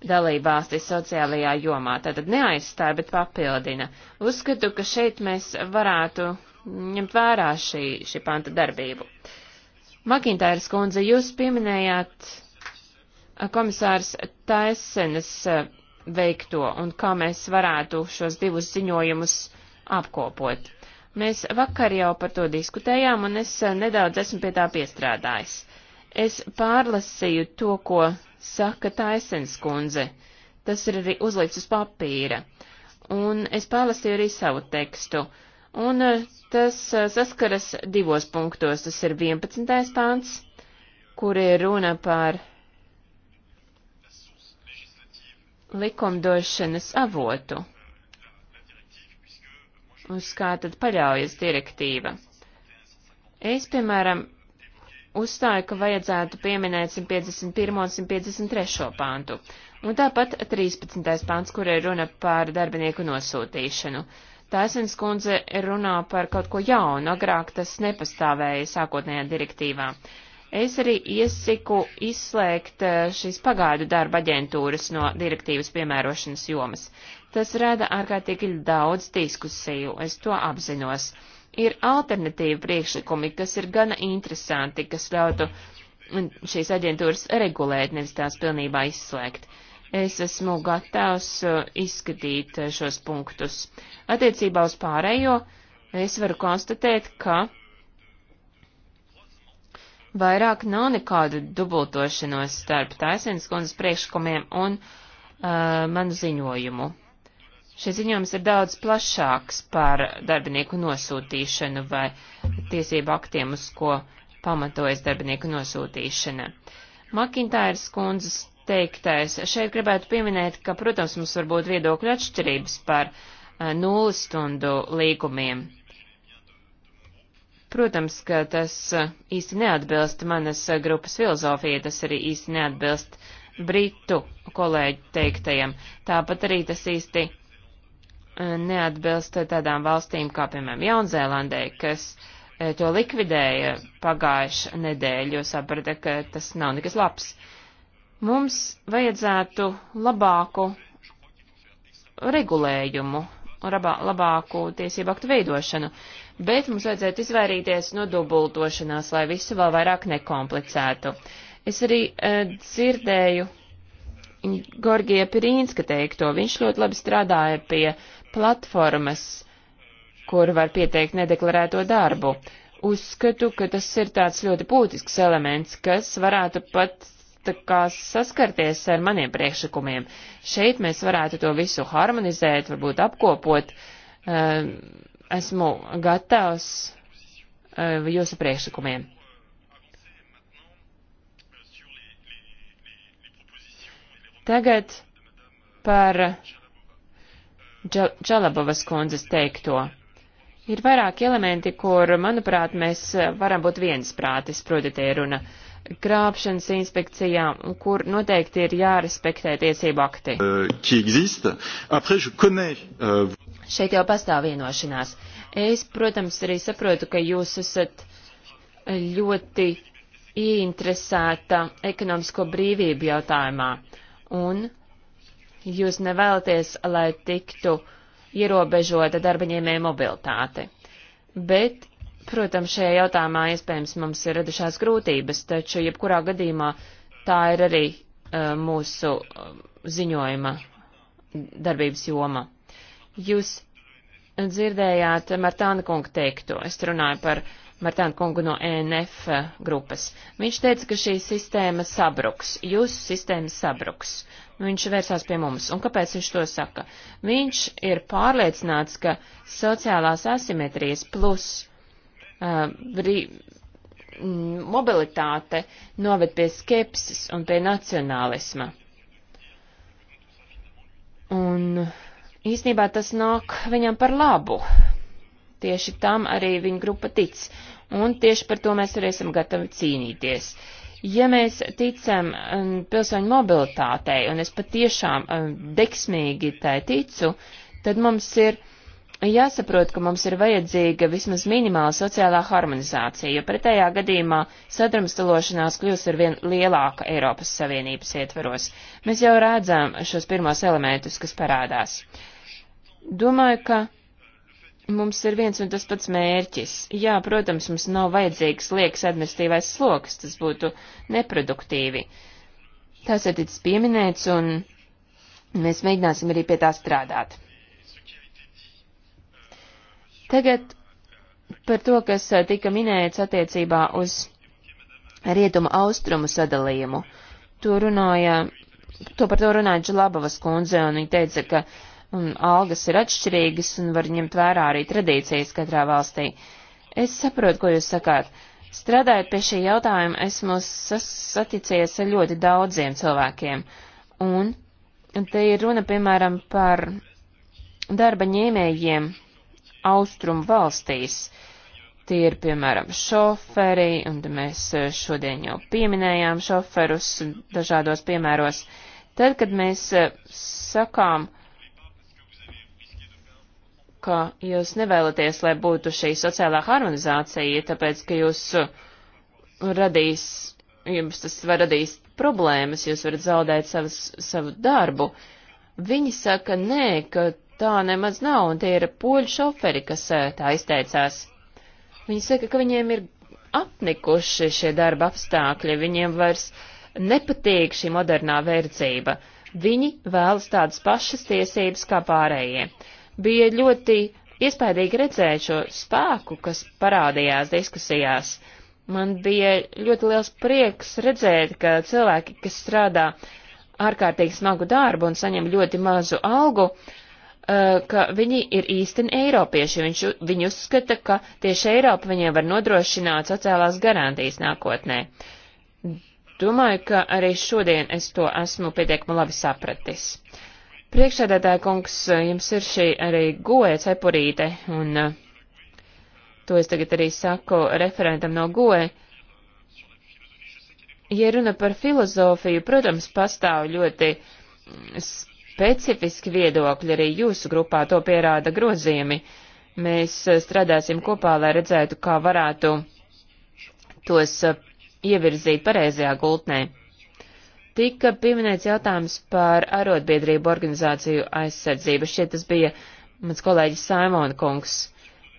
S2: dalībvalstis sociālajā jomā. Tātad neaizstāja, bet papildina. Uzskatu, ka šeit mēs varētu ņemt vērā šī, šī panta darbību. Makintājas kundze, jūs pieminējāt komisārs Taisenes veikto un kā mēs varētu šos divus ziņojumus apkopot. Mēs vakar jau par to diskutējām, un es eh, nedaudz esmu pie tā piestrādājis. Es pārlasīju to, ko saka Taisens kundze. Tas ir arī uzlikts uz papīra. Un es pārlasīju arī savu tekstu. Un eh, tas eh, saskaras divos punktos. Tas ir 11. pāns, kur ir runa par likumdošanas avotu, uz kā tad paļaujas direktīva. Es, piemēram, uzstāju, ka vajadzētu pieminēt 151. un 153. pāntu, un tāpat 13. pāns, kur ir runa par darbinieku nosūtīšanu. Taisins kundze runā par kaut ko jaunu, agrāk tas nepastāvēja sākotnējā direktīvā. Es arī iesaku izslēgt eh, šīs pagaidu darba aģentūras no direktīvas piemērošanas jomas. Tas rada ārkārtīgi daudz diskusiju, es to apzinos. Ir alternatīvi priekšlikumi, kas ir gana interesanti, kas ļautu šīs aģentūras regulēt, nevis tās pilnībā izslēgt. Es esmu gatavs eh, izskatīt eh, šos punktus. Attiecībā uz pārējo es varu konstatēt, ka Vairāk nav nekādu dubultošanos starp taisnības kundzes priekšlikumiem un uh, manu ziņojumu. Šis ziņojums ir daudz plašāks par darbinieku nosūtīšanu vai tiesību aktiem, uz ko pamatojas darbinieku nosūtīšana. Makintājas kundzes teiktais. Šeit gribētu pieminēt, ka, protams, mums var būt viedokļu atšķirības par uh, nulles stundu līgumiem. Protams, ka tas īsti neatbilst manas grupas filozofijai, tas arī īsti neatbilst britu kolēģu teiktajam. Tāpat arī tas īsti eh, neatbilst tādām valstīm kā, piemēram, Jaunzēlandē, kas eh, to likvidēja pagājušā nedēļa, jo saprata, ka tas nav nekas labs. Mums vajadzētu labāku regulējumu, labāku tiesību aktu veidošanu bet mums vajadzētu izvairīties no dubultošanās, lai visu vēl vairāk nekomplicētu. Es arī uh, dzirdēju Gorgie Pirīnska teikto, viņš ļoti labi strādāja pie platformas, kur var pieteikt nedeklarēto darbu. Uzskatu, ka tas ir tāds ļoti būtisks elements, kas varētu pat kā saskarties ar maniem priekšlikumiem. Šeit mēs varētu to visu harmonizēt, varbūt apkopot, um, esmu gatavs uh, jūsu priekšlikumiem. Tagad par Čalabovas kundzes teikto. Ir vairāki elementi, kur, manuprāt, mēs varam būt viensprātis, proti, te ir runa krāpšanas inspekcijām, kur noteikti ir jārespektē tiesību akti.
S1: Uh, uh,
S2: Šeit jau pastāv vienošanās. Es, protams, arī saprotu, ka jūs esat ļoti ieinteresēta ekonomisko brīvību jautājumā, un jūs nevēlaties, lai tiktu ierobežota darbaņēmēja mobilitāte. Bet Protams, šajā jautājumā iespējams mums ir radušās grūtības, taču jebkurā gadījumā tā ir arī uh, mūsu um, ziņojuma darbības joma. Jūs dzirdējāt Martāna kunga teikto, es runāju par Martāna kungu no ENF grupas. Viņš teica, ka šī sistēma sabruks, jūsu sistēma sabruks. Viņš vērsās pie mums. Un kāpēc viņš to saka? Viņš ir pārliecināts, ka sociālās asimetrijas plus brī, uh, mm, mobilitāte noved pie skepses un pie nacionālisma. Un īsnībā tas nāk viņam par labu. Tieši tam arī viņa grupa tic, un tieši par to mēs arī esam gatavi cīnīties. Ja mēs ticam um, pilsoņu mobilitātei, un es patiešām um, deksmīgi tai ticu, tad mums ir uh, jāsaprot, ka mums ir vajadzīga vismaz minimāla sociālā harmonizācija, jo pretējā gadījumā sadrumstalošanās kļūs ar vien lielāka Eiropas Savienības ietveros. Mēs jau redzam šos pirmos elementus, kas parādās. Domāju, ka mums ir viens un tas pats mērķis. Jā, protams, mums nav vajadzīgs liekas administratīvais sloks, tas būtu neproduktīvi. Tas ir ticis pieminēts, un mēs mēģināsim arī pie tā strādāt. Tagad par to, kas eh, tika minēts attiecībā uz rietumu austrumu sadalījumu. To runāja, to par to runāja Džalabavas kundze, un viņa teica, ka un, algas ir atšķirīgas un var ņemt vērā arī tradīcijas katrā valstī. Es saprotu, ko jūs sakāt. Strādājot pie šī jautājuma, esmu saticies ar ļoti daudziem cilvēkiem, un te ir runa, piemēram, par darba ņēmējiem austrumu valstīs. Tie ir, piemēram, šoferi, un mēs e, šodien jau pieminējām šoferus dažādos piemēros. Tad, kad mēs e, sakām, ka jūs nevēlaties, lai būtu šī sociālā harmonizācija, tāpēc, ka jūs e, radīs, jums tas var radīs problēmas, jūs varat zaudēt savas, savu darbu. Viņi saka, nē, ka tā nemaz nav, un tie ir poļu šoferi, kas tā izteicās. Viņi saka, ka viņiem ir apnikuši šie darba apstākļi, viņiem vairs nepatīk šī modernā verdzība. Viņi vēlas tādas pašas tiesības kā pārējie. Bija ļoti iespaidīgi redzēt šo spēku, kas parādījās diskusijās. Man bija ļoti liels prieks redzēt, ka cilvēki, kas strādā ārkārtīgi smagu darbu un saņem ļoti mazu algu, uh, Eh, ka viņi ir īsten eiropieši. Viņš, viņi uzskata, ka tieši Eiropa viņiem var nodrošināt sociālās garantijas nākotnē. Domāju, ka arī šodien es to esmu pietiekami labi sapratis. Priekšsēdētāja kungs, eh, jums ir šī arī goja cepurīte, un eh, to es tagad arī saku referentam no goja. Ja runa par filozofiju, protams, pastāv ļoti mm, specifiski viedokļi, arī jūsu grupā to pierāda grozījumi. Mēs eh, strādāsim kopā, lai redzētu, kā varētu tos eh, ievirzīt pareizajā gultnē. Tika pieminēts jautājums par arotbiedrību organizāciju aizsardzību. Šķiet, tas bija mans kolēģis Saimona kungs.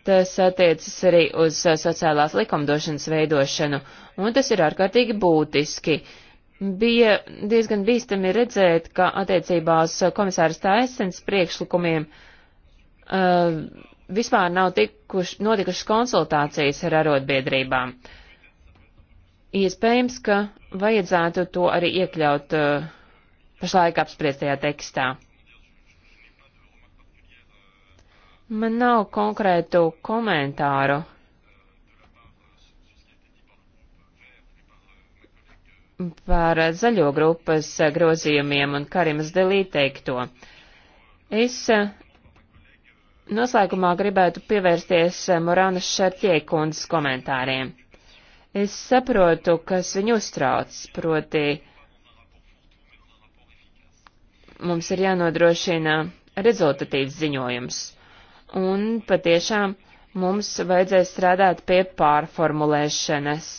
S2: Tas attiecas arī uz eh, sociālās likumdošanas veidošanu, un tas ir ārkārtīgi būtiski. Uh, bija diezgan bīstami redzēt, ka attiecībās komisāras Taisens priekšlikumiem uh, vispār nav tikuš, notikušas konsultācijas ar arotbiedrībām. Iespējams, ka vajadzētu to arī iekļaut uh, pašlaik apspriestajā tekstā. Man nav konkrētu komentāru par zaļo grupas grozījumiem un Karimas Delī teikto. Es eh, noslēgumā gribētu pievērsties eh, Morānas Šarķie kundzes komentāriem. Es saprotu, kas viņu uztrauc, proti mums ir jānodrošina rezultatīvs ziņojums. Un patiešām mums vajadzēs strādāt pie pārformulēšanas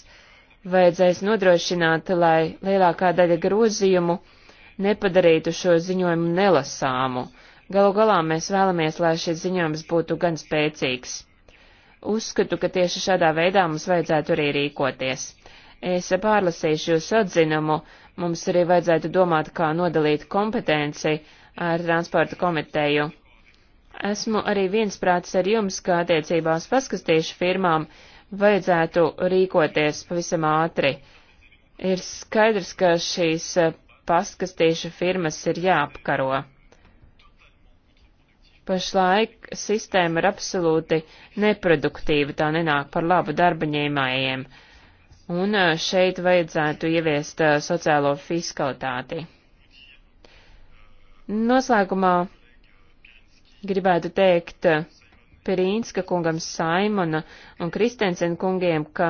S2: vajadzēs nodrošināt, lai lielākā daļa grozījumu nepadarītu šo ziņojumu nelasāmu. Galu galā mēs vēlamies, lai šis ziņojums būtu gan spēcīgs. Uzskatu, ka tieši šādā veidā mums vajadzētu arī rīkoties. Es pārlasīšu jūs atzinumu, mums arī vajadzētu domāt, kā nodalīt kompetenci ar transporta komiteju. Esmu arī viensprāts ar jums, ka attiecībās paskastīšu firmām vajadzētu rīkoties pavisam ātri. Ir skaidrs, ka šīs eh, paskastīšu firmas ir jāapkaro. Pašlaik sistēma ir absolūti neproduktīva, tā nenāk par labu darbaņēmējiem, un eh, šeit vajadzētu ieviest eh, sociālo fiskalitāti. Noslēgumā gribētu teikt, Pirīnska kungam Saimona un Kristensen kungiem, ka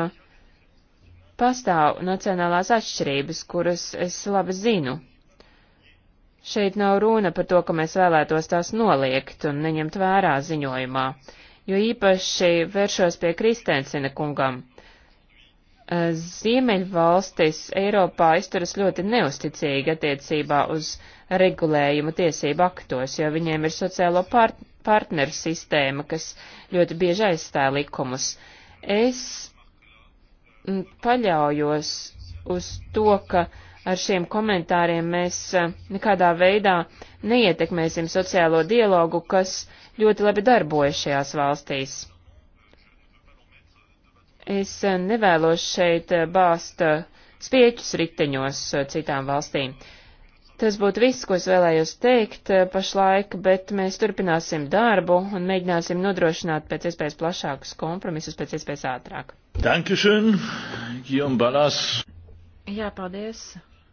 S2: pastāv nacionālās atšķirības, kuras es labi zinu. Šeit nav runa par to, ka mēs vēlētos tās noliegt un neņemt vērā ziņojumā, jo īpaši vēršos pie Kristensena kungam. Eh, Ziemeļvalstis Eiropā izturas ļoti neusticīgi attiecībā uz regulējumu tiesību aktos, jo viņiem ir sociālo part partneru sistēma, kas ļoti bieži aizstāja likumus. Es mm, paļaujos uz to, ka ar šiem komentāriem mēs eh, nekādā veidā neietekmēsim sociālo dialogu, kas ļoti labi darbojas šajās valstīs. Es eh, nevēlos šeit eh, bāst spieķus riteņos citām valstīm. Uh, Tas būtu viss, ko es vēlējos teikt eh, pašlaik, bet mēs turpināsim darbu un mēģināsim nodrošināt pēc iespējas plašākus kompromisus pēc iespējas ātrāk. Dankeschön, Gijom Balas.
S1: Jā, paldies,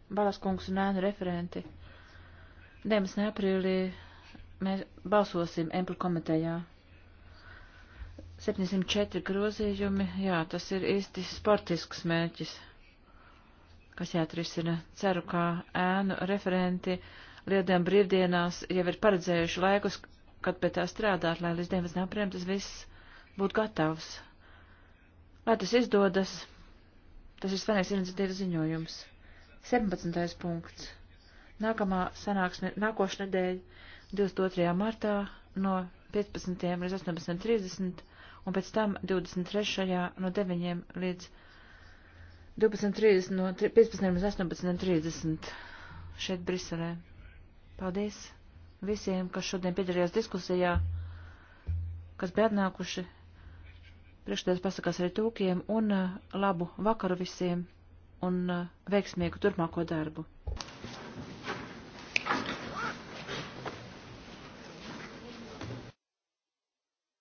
S1: Balas kungs un ēnu referenti. 19. aprīlī mēs balsosim Emplu komitejā. 704 grozījumi, jā, tas ir īsti sportisks mērķis kas jāatrisina. Ceru, ka ēnu referenti lieldienu brīvdienās jau ir paredzējuši laikus, kad pie tā strādāt, lai līdz 19. aprīlim tas viss būtu gatavs. Lai tas izdodas, tas ir svarīgs iniciatīvas ziņojums. 17. punkts. Nākamā sanāksme nākošais nedēļa 22. martā no 15. līdz 18.30 un pēc tam 23. no 9. līdz 18.30. 12.30 no 15. līdz 18.30 šeit Briselē. Paldies visiem, kas šodien piedalījās diskusijā, kas bija atnākuši. Priekšstādās pasakās arī tūkiem un uh, labu vakaru visiem un uh, veiksmīgu turpmāko darbu.